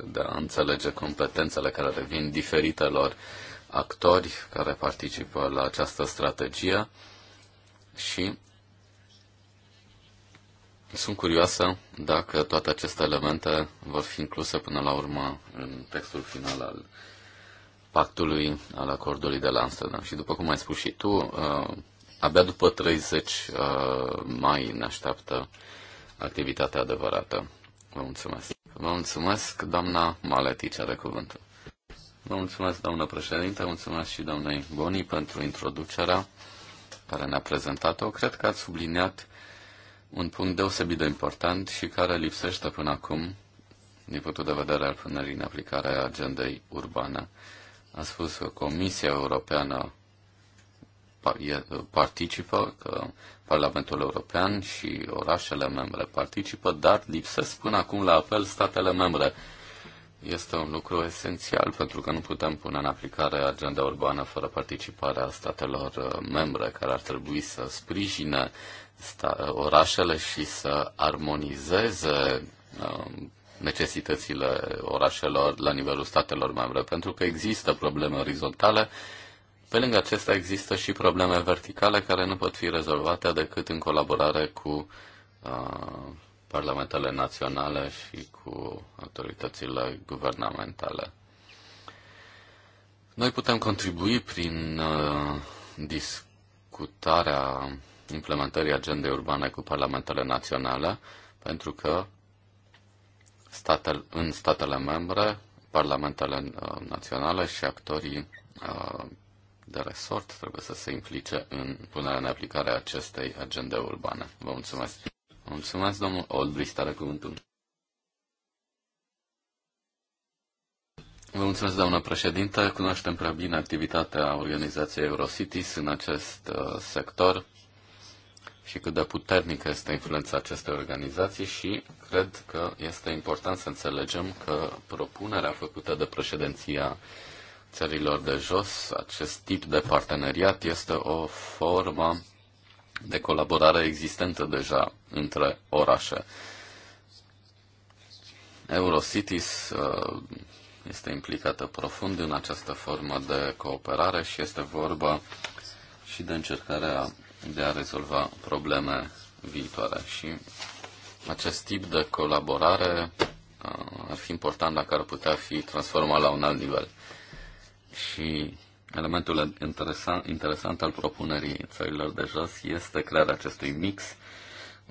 de a înțelege competențele care revin diferitelor uh, actori care participă la această strategie și sunt curioasă dacă toate aceste elemente vor fi incluse până la urmă în textul final al pactului, al acordului de la Amsterdam. Și după cum ai spus și tu, uh, abia după 30 uh, mai ne așteaptă activitatea adevărată. Vă mulțumesc. Vă mulțumesc, doamna Maletici de cuvântul. Vă mulțumesc, doamnă președinte, mulțumesc și doamnei Boni pentru introducerea care ne-a prezentat-o. Cred că ați subliniat un punct deosebit de important și care lipsește până acum din punctul de vedere al punerii în aplicare a agendei urbane. A spus că Comisia Europeană participă, că Parlamentul European și orașele membre participă, dar lipsesc până acum la apel statele membre este un lucru esențial, pentru că nu putem pune în aplicare agenda urbană fără participarea statelor uh, membre, care ar trebui să sprijine uh, orașele și să armonizeze uh, necesitățile orașelor la nivelul statelor membre, pentru că există probleme orizontale. Pe lângă acestea există și probleme verticale care nu pot fi rezolvate decât în colaborare cu uh, parlamentele naționale și cu autoritățile guvernamentale. Noi putem contribui prin uh, discutarea implementării agendei urbane cu parlamentele naționale, pentru că statele, în statele membre, parlamentele uh, naționale și actorii uh, de resort trebuie să se implice în punerea în aplicare a acestei agende urbane. Vă mulțumesc! Mulțumesc, domnul Oldrich, are cuvântul. Vă mulțumesc, doamnă președintă. Cunoaștem prea bine activitatea organizației Eurocities în acest uh, sector și cât de puternică este influența acestei organizații și cred că este important să înțelegem că propunerea făcută de președinția țărilor de jos, acest tip de parteneriat este o formă de colaborare existentă deja între orașe. Eurocities uh, este implicată profund în această formă de cooperare și este vorba și de încercarea de a rezolva probleme viitoare. Și acest tip de colaborare uh, ar fi important dacă ar putea fi transformat la un alt nivel. Și Elementul interesant, interesant al propunerii țărilor de jos este crearea acestui mix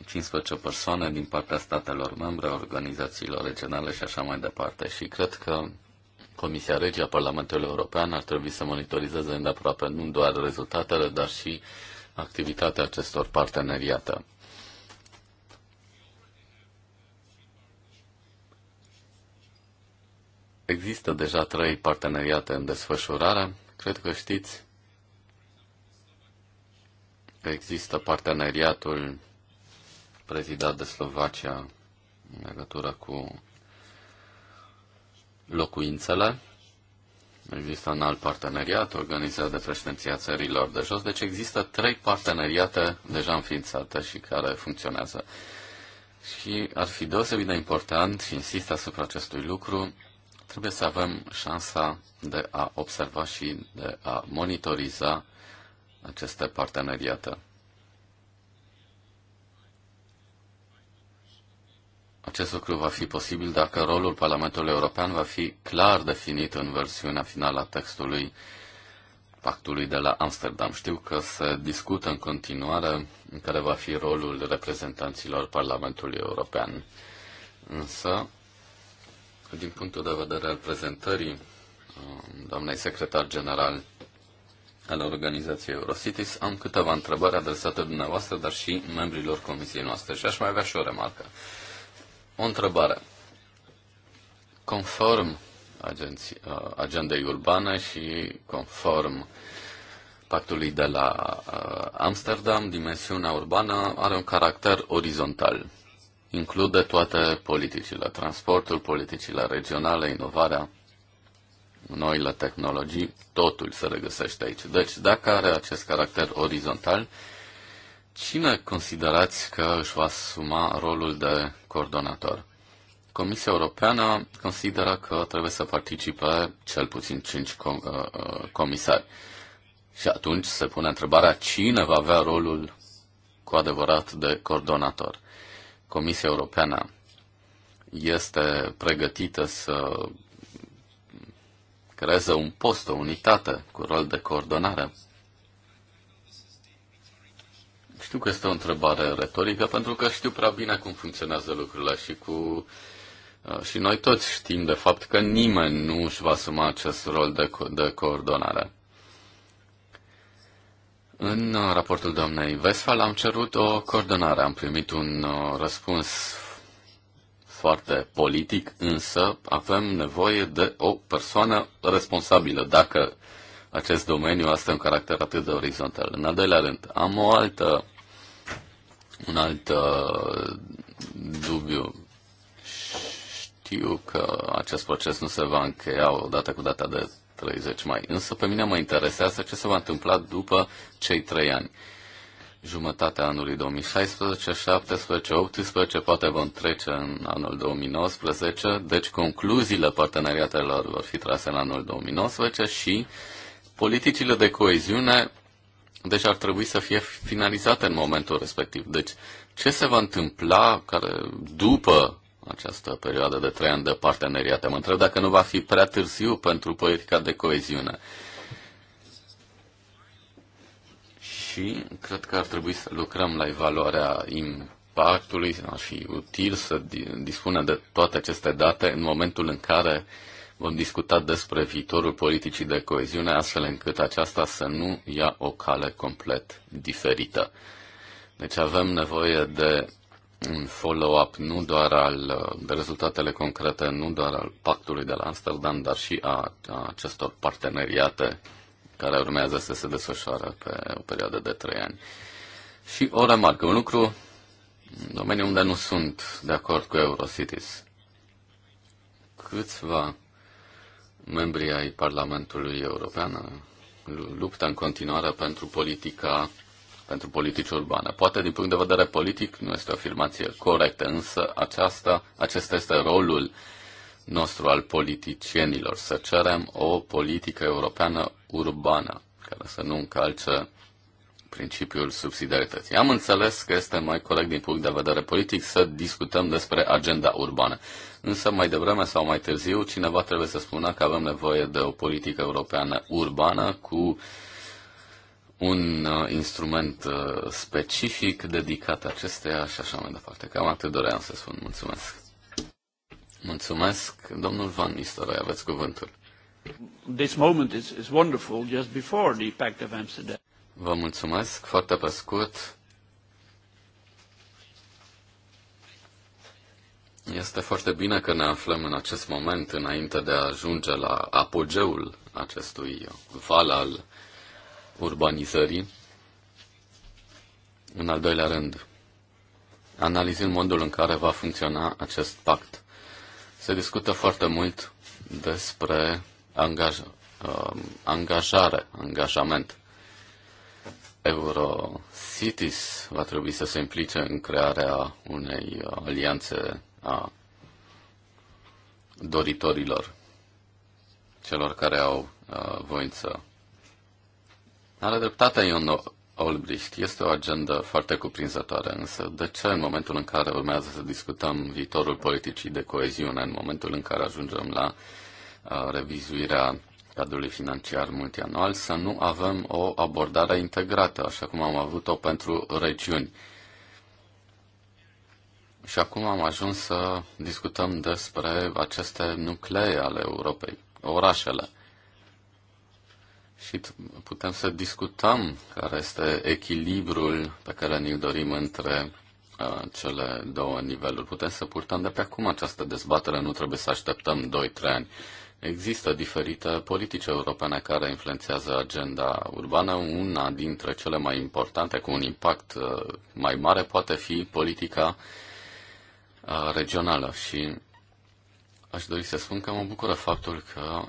15 persoane din partea statelor membre, organizațiilor regionale și așa mai departe. Și cred că Comisia Regia Parlamentului European ar trebui să monitorizeze îndeaproape nu doar rezultatele, dar și activitatea acestor parteneriate. Există deja trei parteneriate în desfășurare Cred că știți că există parteneriatul prezidat de Slovacia în legătură cu locuințele. Există un alt parteneriat organizat de președinția țărilor de jos, deci există trei parteneriate deja înființate și care funcționează. Și ar fi deosebit de important, și insist asupra acestui lucru, Trebuie să avem șansa de a observa și de a monitoriza aceste parteneriate. Acest lucru va fi posibil dacă rolul Parlamentului European va fi clar definit în versiunea finală a textului pactului de la Amsterdam. Știu că se discută în continuare în care va fi rolul reprezentanților Parlamentului European. Însă, din punctul de vedere al prezentării um, doamnei secretar general al organizației Eurocities, am câteva întrebări adresate dumneavoastră, dar și membrilor comisiei noastre. Și aș mai avea și o remarcă. O întrebare. Conform agenții, uh, agendei urbane și conform pactului de la uh, Amsterdam, dimensiunea urbană are un caracter orizontal include toate politicile, transportul, politicile regionale, inovarea, noile tehnologii, totul se regăsește aici. Deci, dacă are acest caracter orizontal, cine considerați că își va suma rolul de coordonator? Comisia Europeană consideră că trebuie să participe cel puțin 5 com- uh, uh, comisari. Și atunci se pune întrebarea cine va avea rolul cu adevărat de coordonator. Comisia Europeană este pregătită să creeze un post, o unitate cu rol de coordonare? Știu că este o întrebare retorică, pentru că știu prea bine cum funcționează lucrurile și cu uh, și noi toți știm de fapt că nimeni nu își va asuma acest rol de, co- de coordonare. În uh, raportul doamnei Vesfal am cerut o coordonare. Am primit un uh, răspuns foarte politic, însă avem nevoie de o persoană responsabilă. Dacă acest domeniu este un caracter atât de orizontal. În al doilea rând, am o altă, un alt uh, dubiu. Știu că acest proces nu se va încheia odată cu data de 30 mai. Însă pe mine mă interesează ce se va întâmpla după cei trei ani. Jumătatea anului 2016, 17, 18, poate vom trece în anul 2019, deci concluziile parteneriatelor vor fi trase în anul 2019 și politicile de coeziune deci ar trebui să fie finalizate în momentul respectiv. Deci ce se va întâmpla care, după această perioadă de trei ani de parteneriat. Mă întreb dacă nu va fi prea târziu pentru politica de coeziune. Și cred că ar trebui să lucrăm la evaluarea impactului. Ar fi util să dispunem de toate aceste date în momentul în care vom discuta despre viitorul politicii de coeziune, astfel încât aceasta să nu ia o cale complet diferită. Deci avem nevoie de un follow-up nu doar al de rezultatele concrete, nu doar al pactului de la Amsterdam, dar și a, a acestor parteneriate care urmează să se desfășoare pe o perioadă de trei ani. Și o remarcă, un lucru, în domeniul unde nu sunt de acord cu Eurocities. Câțiva membrii ai Parlamentului European uh, luptă în continuare pentru politica pentru politici urbane. Poate din punct de vedere politic nu este o afirmație corectă, însă aceasta, acesta este rolul nostru al politicienilor, să cerem o politică europeană urbană, care să nu încalce principiul subsidiarității. Am înțeles că este mai corect din punct de vedere politic să discutăm despre agenda urbană. Însă mai devreme sau mai târziu cineva trebuie să spună că avem nevoie de o politică europeană urbană cu un uh, instrument uh, specific dedicat acesteia și așa mai departe. Cam atât doream să spun. Mulțumesc. Mulțumesc. Domnul Van Nistelrooy, aveți cuvântul. This moment is, is wonderful just before the Pact of Amsterdam. Vă mulțumesc. Foarte pe scurt. Este foarte bine că ne aflăm în acest moment înainte de a ajunge la apogeul acestui val al urbanizării. În al doilea rând, analizând modul în care va funcționa acest pact. Se discută foarte mult despre angaj, uh, angajare, angajament. Eurocities va trebui să se implice în crearea unei uh, alianțe a doritorilor, celor care au uh, voință are dreptate Ion Olbricht. Este o agendă foarte cuprinzătoare, însă de ce în momentul în care urmează să discutăm viitorul politicii de coeziune, în momentul în care ajungem la uh, revizuirea cadrului financiar multianual, să nu avem o abordare integrată, așa cum am avut-o pentru regiuni. Și acum am ajuns să discutăm despre aceste nuclee ale Europei, orașele și putem să discutăm care este echilibrul pe care ne-l dorim între uh, cele două niveluri. Putem să purtăm de pe acum această dezbatere, nu trebuie să așteptăm 2-3 ani. Există diferite politici europene care influențează agenda urbană. Una dintre cele mai importante, cu un impact uh, mai mare, poate fi politica uh, regională. Și aș dori să spun că mă bucură faptul că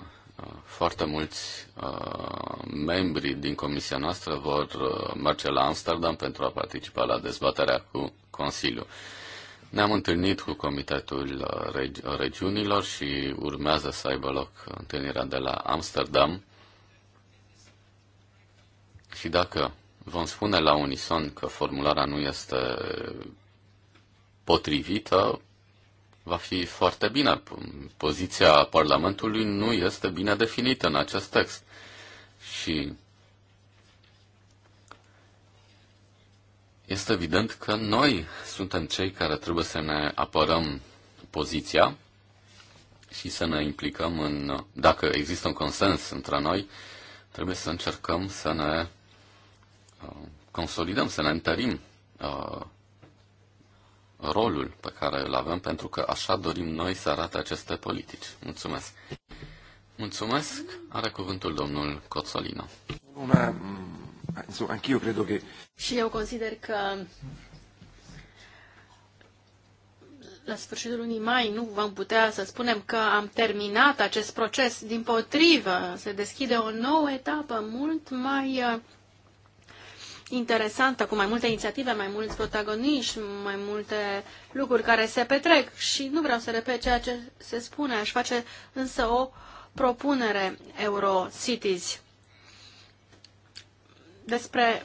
foarte mulți uh, membri din comisia noastră vor uh, merge la Amsterdam pentru a participa la dezbaterea cu Consiliul. Ne-am întâlnit cu Comitetul uh, Regi Regiunilor și urmează să aibă loc întâlnirea de la Amsterdam. Și dacă vom spune la unison că formularea nu este potrivită, va fi foarte bine. Poziția Parlamentului nu este bine definită în acest text. Și este evident că noi suntem cei care trebuie să ne apărăm poziția și să ne implicăm în, dacă există un consens între noi, trebuie să încercăm să ne uh, consolidăm, să ne întărim uh, rolul pe care îl avem, pentru că așa dorim noi să arate aceste politici. Mulțumesc! Mulțumesc! Are cuvântul domnul Cozzolino. Mm, Și eu consider că la sfârșitul lunii mai nu vom putea să spunem că am terminat acest proces. Din potrivă, se deschide o nouă etapă mult mai uh, interesantă, cu mai multe inițiative, mai mulți protagoniști, mai multe lucruri care se petrec și nu vreau să repet ceea ce se spune, aș face însă o propunere Eurocities despre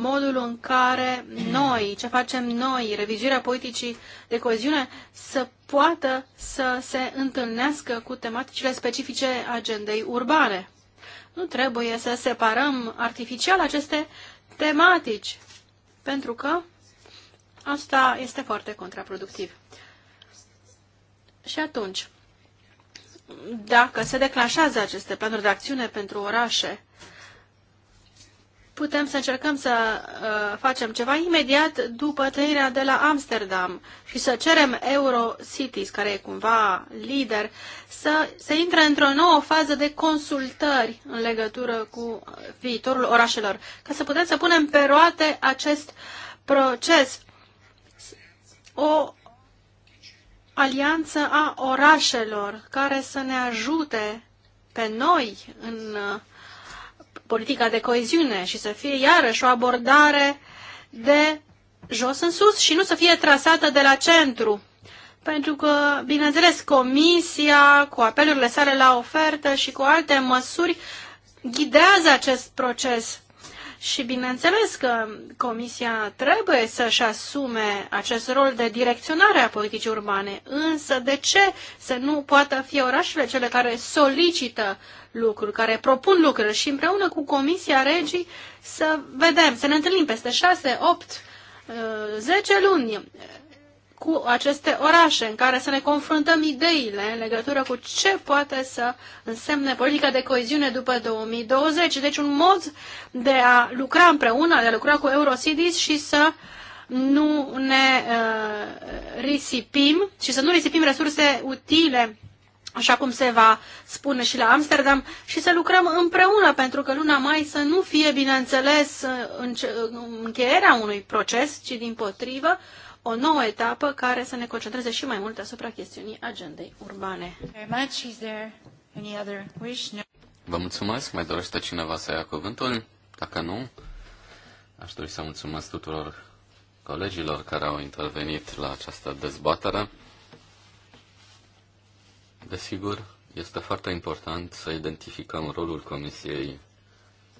modul în care noi, ce facem noi, revizuirea politicii de coziune, să poată să se întâlnească cu tematicile specifice agendei urbane. Nu trebuie să separăm artificial aceste tematici, pentru că asta este foarte contraproductiv. Și atunci, dacă se declanșează aceste planuri de acțiune pentru orașe, putem să încercăm să uh, facem ceva imediat după tăierea de la Amsterdam și să cerem Eurocities, care e cumva lider, să, să intre într-o nouă fază de consultări în legătură cu viitorul orașelor, ca să putem să punem pe roate acest proces. O alianță a orașelor care să ne ajute pe noi în uh, politica de coeziune și să fie iarăși o abordare de jos în sus și nu să fie trasată de la centru. Pentru că, bineînțeles, comisia, cu apelurile sale la ofertă și cu alte măsuri, ghidează acest proces. Și bineînțeles că Comisia trebuie să-și asume acest rol de direcționare a politicii urbane, însă de ce să nu poată fi orașele cele care solicită lucruri, care propun lucruri și împreună cu Comisia Regii să vedem, să ne întâlnim peste 6, 8, 10 luni cu aceste orașe în care să ne confruntăm ideile în legătură cu ce poate să însemne politica de coeziune după 2020. Deci un mod de a lucra împreună, de a lucra cu Eurocities și să nu ne uh, risipim și să nu risipim resurse utile așa cum se va spune și la Amsterdam, și să lucrăm împreună, pentru că luna mai să nu fie, bineînțeles, încheierea unui proces, ci din potrivă, uh, o nouă etapă care să ne concentreze și mai mult asupra chestiunii agendei urbane. Vă mulțumesc. Mai dorește cineva să ia cuvântul? Dacă nu, aș dori să mulțumesc tuturor colegilor care au intervenit la această dezbatere. Desigur, este foarte important să identificăm rolul Comisiei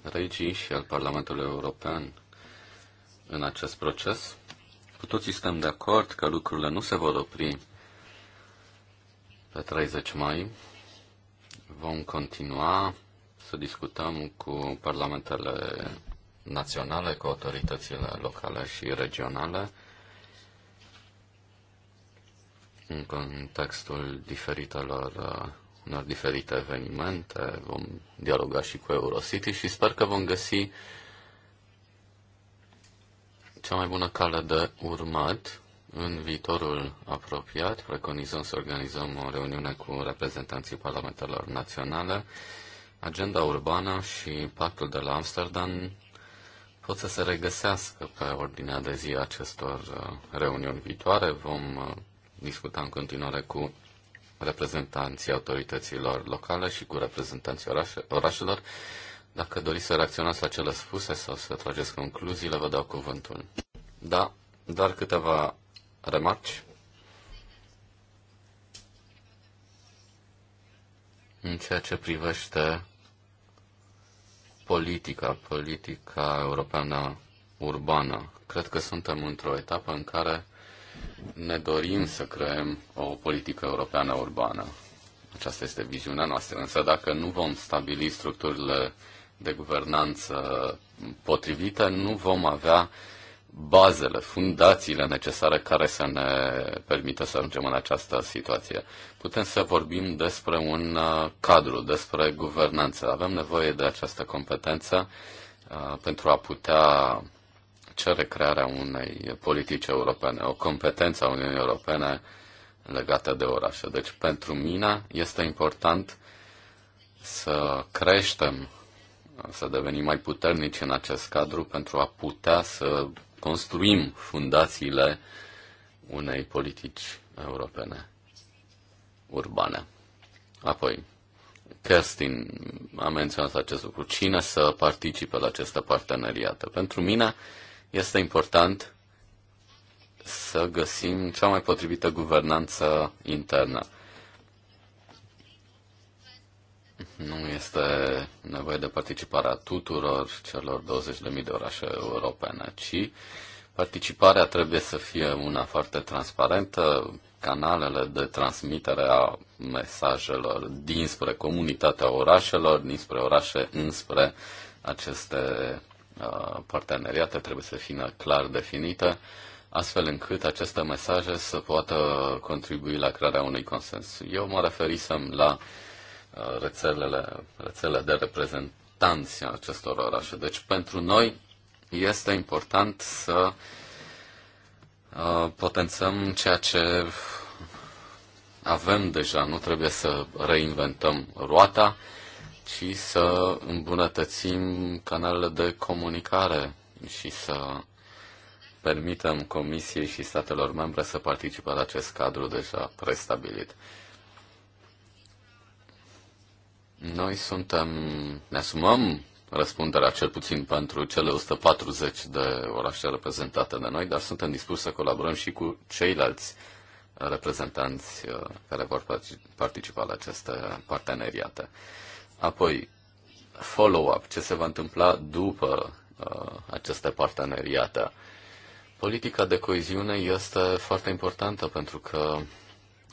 Regii și al Parlamentului European în acest proces. Cu toții suntem de acord că lucrurile nu se vor opri pe 30 mai. Vom continua să discutăm cu parlamentele naționale, cu autoritățile locale și regionale în contextul diferitelor uh, unor diferite evenimente, vom dialoga și cu Eurocity și sper că vom găsi cea mai bună cale de urmat în viitorul apropiat. Preconizăm să organizăm o reuniune cu reprezentanții parlamentelor naționale. Agenda urbană și pactul de la Amsterdam pot să se regăsească pe ordinea de zi acestor uh, reuniuni viitoare. Vom uh, discuta în continuare cu reprezentanții autorităților locale și cu reprezentanții orașelor dacă doriți să reacționați la cele spuse sau să trageți concluziile, vă dau cuvântul. Da, dar câteva remarci. În ceea ce privește politica, politica europeană urbană, cred că suntem într-o etapă în care ne dorim să creăm o politică europeană urbană. Aceasta este viziunea noastră, însă dacă nu vom stabili structurile de guvernanță potrivite, nu vom avea bazele, fundațiile necesare care să ne permită să ajungem în această situație. Putem să vorbim despre un uh, cadru, despre guvernanță. Avem nevoie de această competență uh, pentru a putea cere crearea unei politici europene, o competență a Uniunii Europene legată de orașe. Deci, pentru mine este important să creștem să devenim mai puternici în acest cadru pentru a putea să construim fundațiile unei politici europene urbane. Apoi, Kerstin a menționat acest lucru. Cine să participe la aceste parteneriate? Pentru mine este important să găsim cea mai potrivită guvernanță internă. Nu este nevoie de participarea tuturor celor 20.000 de orașe europene, ci participarea trebuie să fie una foarte transparentă, canalele de transmitere a mesajelor dinspre comunitatea orașelor, dinspre orașe, înspre aceste uh, parteneriate trebuie să fie clar definite, astfel încât aceste mesaje să poată contribui la crearea unui consens. Eu mă referisem la uh, rețelele, rețele de reprezentanți a acestor orașe. Deci pentru noi este important să uh, potențăm ceea ce avem deja, nu trebuie să reinventăm roata, ci să îmbunătățim canalele de comunicare și să permitem Comisiei și statelor membre să participe la acest cadru deja prestabilit. Noi suntem, ne asumăm răspunderea cel puțin pentru cele 140 de orașe reprezentate de noi, dar suntem dispuși să colaborăm și cu ceilalți reprezentanți uh, care vor participa la aceste parteneriate. Apoi, follow-up, ce se va întâmpla după uh, aceste parteneriate. Politica de coeziune este foarte importantă pentru că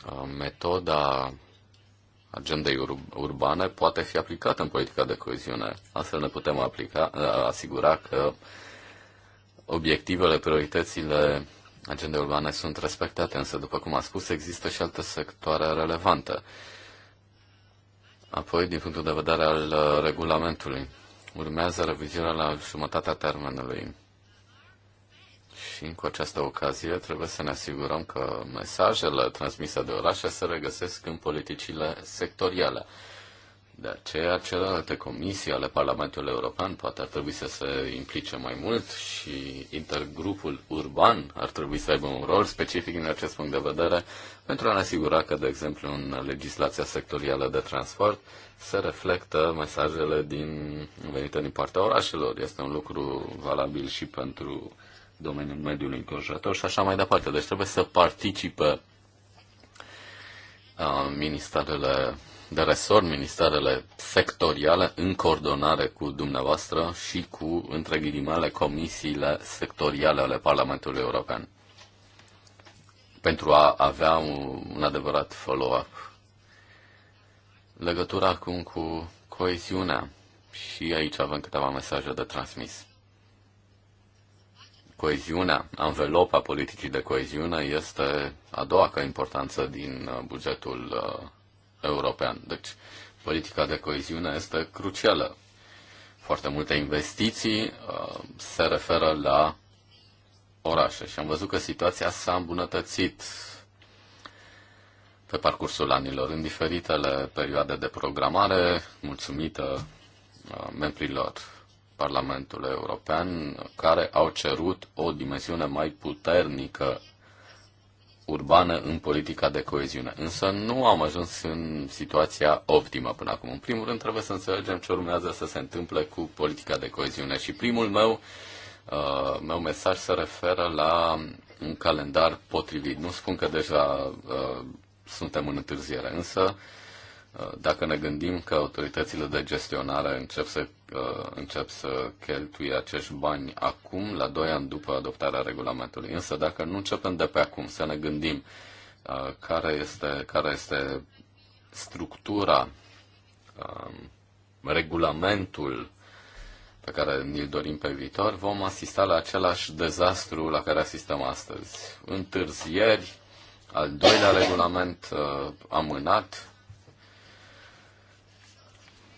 uh, metoda agendei ur- urbane poate fi aplicată în politica de coeziune. Astfel ne putem aplica, uh, asigura că obiectivele, prioritățile agendei urbane sunt respectate, însă, după cum am spus, există și alte sectoare relevante. Apoi, din punctul de vedere al uh, regulamentului, urmează revizuirea la jumătatea termenului și cu această ocazie trebuie să ne asigurăm că mesajele transmise de orașe se regăsesc în politicile sectoriale. De aceea, celelalte comisii ale Parlamentului European poate ar trebui să se implice mai mult și intergrupul urban ar trebui să aibă un rol specific în acest punct de vedere pentru a ne asigura că, de exemplu, în legislația sectorială de transport se reflectă mesajele din, venite din partea orașelor. Este un lucru valabil și pentru domeniul mediului înconjurător și așa mai departe. Deci trebuie să participe uh, ministerele de resort, ministerele sectoriale, în coordonare cu dumneavoastră și cu, între ghilimele, comisiile sectoriale ale Parlamentului European pentru a avea un, un adevărat follow-up. Legătura acum cu coeziunea și aici avem câteva mesaje de transmis coeziunea, anvelopa politicii de coeziune este a doua ca importanță din uh, bugetul uh, european. Deci, politica de coeziune este crucială. Foarte multe investiții uh, se referă la orașe și am văzut că situația s-a îmbunătățit pe parcursul anilor, în diferitele perioade de programare, mulțumită membrilor Parlamentul European care au cerut o dimensiune mai puternică urbană în politica de coeziune. Însă nu am ajuns în situația optimă până acum. În primul rând trebuie să înțelegem ce urmează să se întâmple cu politica de coeziune și primul meu, uh, meu mesaj se referă la un calendar potrivit. Nu spun că deja uh, suntem în întârziere, însă uh, dacă ne gândim că autoritățile de gestionare încep să Uh, încep să cheltuie acești bani acum, la 2 ani după adoptarea regulamentului. Însă dacă nu începem de pe acum să ne gândim uh, care este, care este structura, um, regulamentul pe care ni-l dorim pe viitor, vom asista la același dezastru la care asistăm astăzi. Întârzieri, al doilea regulament uh, amânat,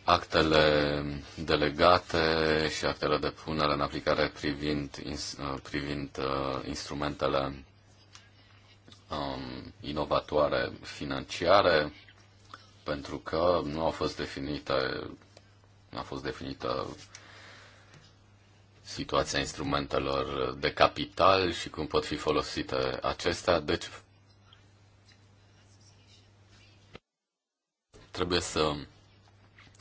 actele delegate și actele de punere în aplicare privind, uh, privind uh, instrumentele um, inovatoare financiare, pentru că nu au fost definite, nu a fost definită situația instrumentelor de capital și cum pot fi folosite acestea. Deci trebuie să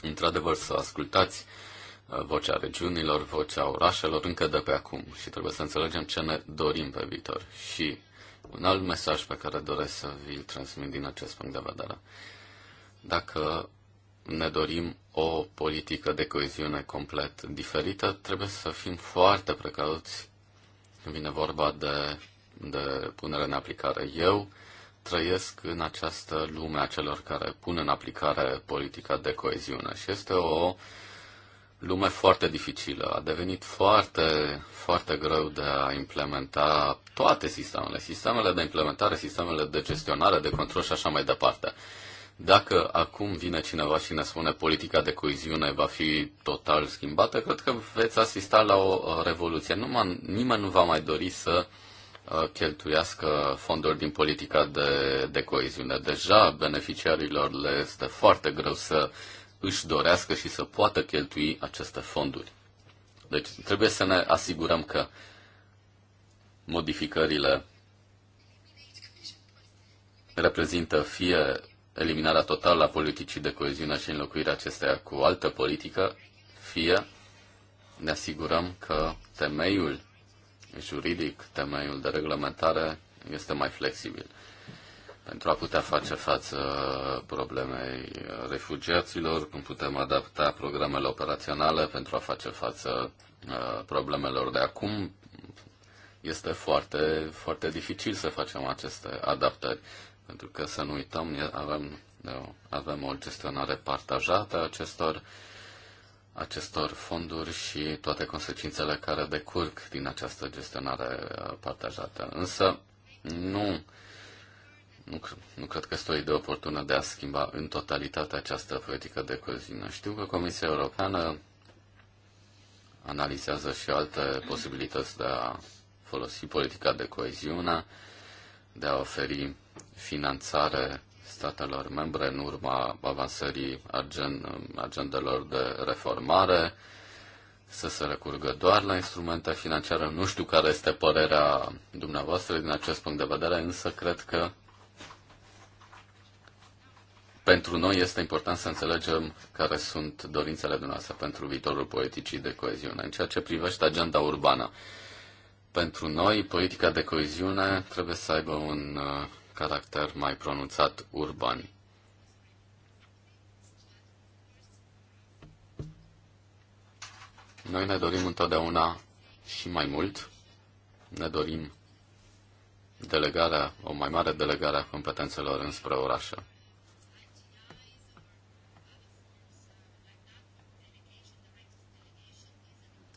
într-adevăr, să ascultați uh, vocea regiunilor, vocea orașelor încă de pe acum și trebuie să înțelegem ce ne dorim pe viitor. Și un alt mesaj pe care doresc să vi-l transmit din acest punct de vedere. Dacă ne dorim o politică de coeziune complet diferită, trebuie să fim foarte precauți când vine vorba de, de punere în aplicare. Eu trăiesc în această lume a celor care pun în aplicare politica de coeziune și este o lume foarte dificilă. A devenit foarte, foarte greu de a implementa toate sistemele, sistemele de implementare, sistemele de gestionare, de control și așa mai departe. Dacă acum vine cineva și ne spune politica de coeziune va fi total schimbată, cred că veți asista la o revoluție. Numai, nimeni nu va mai dori să uh, Uh, cheltuiască fonduri din politica de, de coeziune. Deja beneficiarilor le este foarte greu să își dorească și să poată cheltui aceste fonduri. Deci trebuie să ne asigurăm că modificările reprezintă fie eliminarea totală a politicii de coeziune și înlocuirea acesteia cu altă politică, fie ne asigurăm că temeiul juridic, temeiul de reglementare este mai flexibil pentru a putea face față problemei refugiaților, cum putem adapta programele operaționale pentru a face față uh, problemelor de acum. Este foarte, foarte dificil să facem aceste adaptări, pentru că să nu uităm, avem, avem o gestionare partajată a acestor uh, acestor fonduri și toate consecințele care decurg din această gestionare uh, partajată. Însă nu, nu, nu cred că este o idee oportună de a schimba în totalitate această politică de coeziune. Știu că Comisia Europeană analizează și alte posibilități de a folosi politica de coeziune, de a oferi finanțare statelor membre în urma avansării agendelor de reformare, să se recurgă doar la instrumente financiare. Nu știu care este părerea dumneavoastră din acest punct de vedere, însă cred că pentru noi este important să înțelegem care sunt dorințele dumneavoastră pentru viitorul politicii de coeziune. În ceea ce privește agenda urbană, pentru noi politica de coeziune trebuie să aibă un uh, caracter mai pronunțat urban. Noi ne dorim întotdeauna și mai mult. Ne dorim delegarea, o mai mare delegare a competențelor înspre orașă.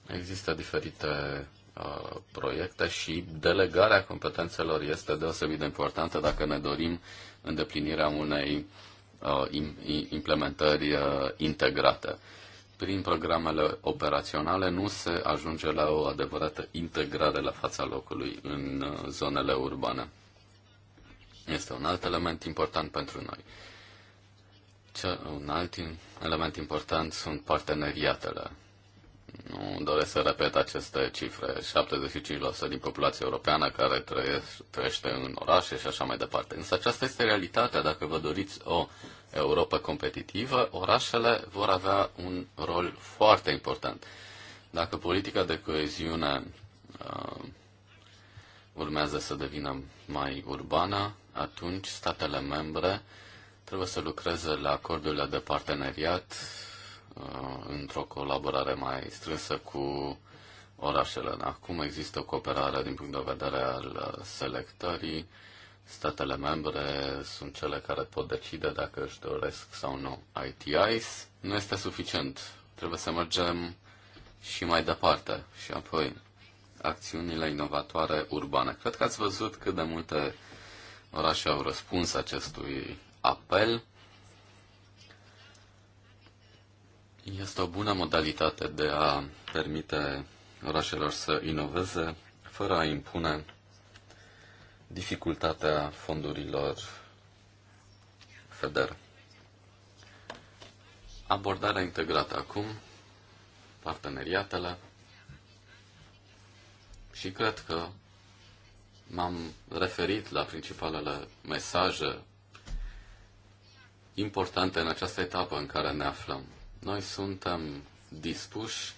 Există diferite Uh, proiecte și delegarea competențelor este deosebit de importantă dacă ne dorim îndeplinirea unei uh, implementări uh, integrate. Prin programele operaționale nu se ajunge la o adevărată integrare la fața locului în zonele urbane. Este un alt element important pentru noi. Ce, un alt element important sunt parteneriatele nu doresc să repet aceste cifre. 75% din populația europeană care trăiește în orașe și așa mai departe. Însă aceasta este realitatea. Dacă vă doriți o Europa competitivă, orașele vor avea un rol foarte important. Dacă politica de coeziune uh, urmează să devină mai urbană, atunci statele membre trebuie să lucreze la acordurile de parteneriat Uh, într-o colaborare mai strânsă cu orașele. Acum există o cooperare din punct de vedere al uh, selectării. Statele membre sunt cele care pot decide dacă își doresc sau nu ITIs. Nu este suficient. Trebuie să mergem și mai departe. Și apoi, acțiunile inovatoare urbane. Cred că ați văzut cât de multe orașe au răspuns acestui apel. Este o bună modalitate de a permite orașelor să inoveze fără a impune dificultatea fondurilor FEDER. Abordarea integrată acum, parteneriatele și cred că m-am referit la principalele mesaje importante în această etapă în care ne aflăm. Noi suntem dispuși,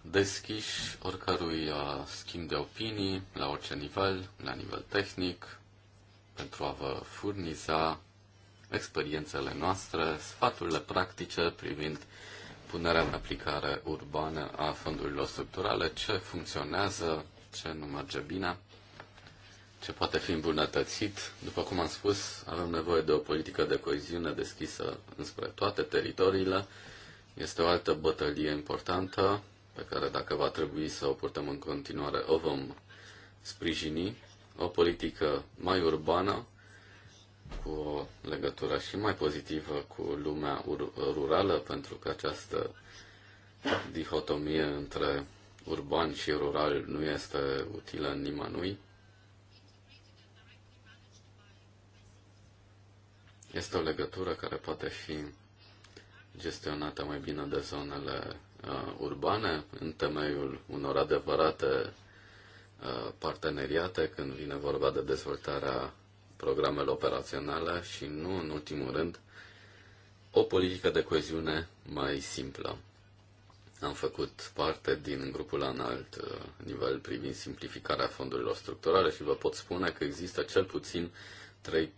deschiși oricărui uh, schimb de opinii, la orice nivel, la nivel tehnic, pentru a vă furniza experiențele noastre, sfaturile practice privind punerea în aplicare urbană a fondurilor structurale, ce funcționează, ce nu merge bine ce poate fi îmbunătățit. După cum am spus, avem nevoie de o politică de coeziune deschisă înspre toate teritoriile. Este o altă bătălie importantă pe care dacă va trebui să o purtăm în continuare, o vom sprijini. O politică mai urbană, cu o legătură și mai pozitivă cu lumea rurală, pentru că această dihotomie între urban și rural nu este utilă nimănui. Este o legătură care poate fi gestionată mai bine de zonele uh, urbane, în temeiul unor adevărate uh, parteneriate când vine vorba de dezvoltarea programelor operaționale și nu în ultimul rând o politică de coeziune mai simplă. Am făcut parte din grupul la înalt uh, nivel privind simplificarea fondurilor structurale și vă pot spune că există cel puțin 3-4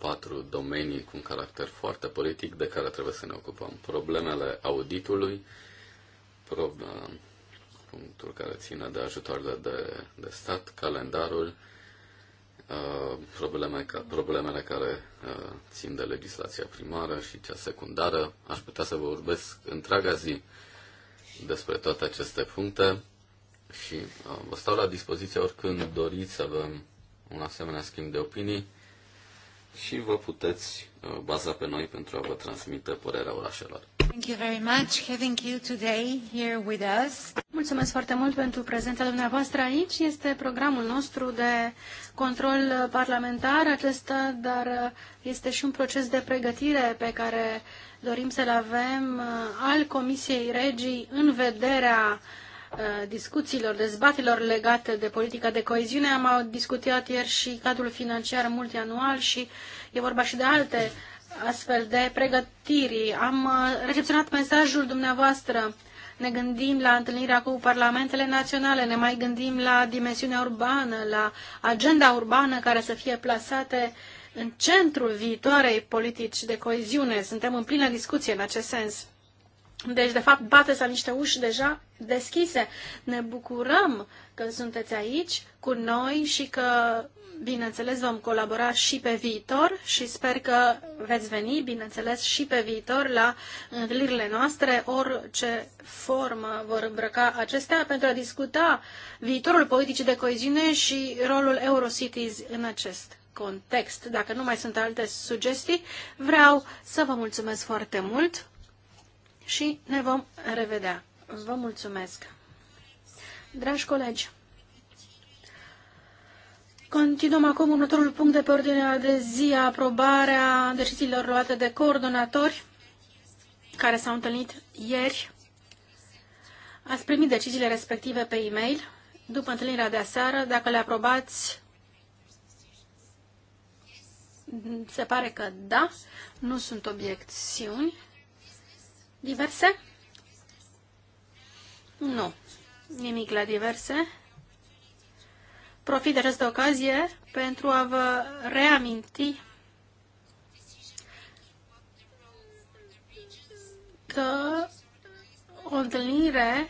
domenii cu un caracter foarte politic de care trebuie să ne ocupăm. Problemele auditului, punctul care ține de ajutoarele de, de stat, calendarul, uh, probleme, problemele care uh, țin de legislația primară și cea secundară. Aș putea să vă vorbesc întreaga zi despre toate aceste puncte și uh, vă stau la dispoziție oricând doriți să avem un asemenea schimb de opinii și vă puteți uh, baza pe noi pentru a vă transmite părerea orașelor. Thank you very much having you today here with us. Mulțumesc foarte mult pentru prezența dumneavoastră aici. Este programul nostru de control parlamentar acesta, dar uh, este și un proces de pregătire pe care dorim să-l avem uh, al Comisiei Regii în vederea uh, Uh, discuțiilor, dezbatilor legate de politica de coeziune. Am discutat ieri și cadrul financiar multianual și e vorba și de alte astfel de pregătiri. Am uh, recepționat mesajul dumneavoastră. Ne gândim la întâlnirea cu parlamentele naționale, ne mai gândim la dimensiunea urbană, la agenda urbană care să fie plasate în centrul viitoarei politici de coeziune. Suntem în plină discuție în acest sens. Deci, de fapt, bateți la niște uși deja deschise. Ne bucurăm că sunteți aici cu noi și că, bineînțeles, vom colabora și pe viitor și sper că veți veni, bineînțeles, și pe viitor la întâlnirile noastre, orice formă vor îmbrăca acestea, pentru a discuta viitorul politicii de coeziune și rolul Eurocities în acest context. Dacă nu mai sunt alte sugestii, vreau să vă mulțumesc foarte mult și ne vom revedea. Vă mulțumesc! Dragi colegi, continuăm acum următorul punct de pe ordinea de zi, aprobarea deciziilor luate de coordonatori care s-au întâlnit ieri. Ați primit deciziile respective pe e-mail după întâlnirea de aseară. Dacă le aprobați, se pare că da, nu sunt obiecțiuni. Diverse? Nu. Nimic la diverse. Profit de această ocazie pentru a vă reaminti că o întâlnire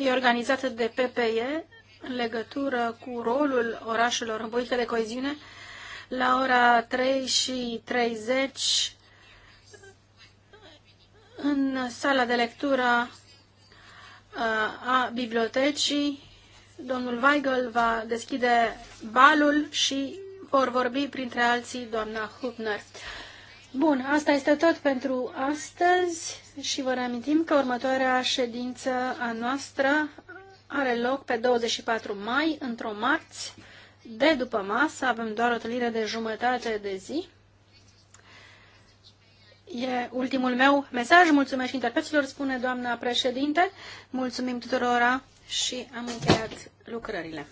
e organizată de PPE în legătură cu rolul orașelor în politică de coeziune la ora 3 și 30 în sala de lectură uh, a bibliotecii. Domnul Weigel va deschide balul și vor vorbi, printre alții, doamna Hubner. Bun, asta este tot pentru astăzi și vă reamintim că următoarea ședință a noastră are loc pe 24 mai, într-o marți, de după masă, avem doar o întâlnire de jumătate de zi. E ultimul meu mesaj. Mulțumesc interpreților, spune doamna președinte. Mulțumim tuturora și am încheiat lucrările.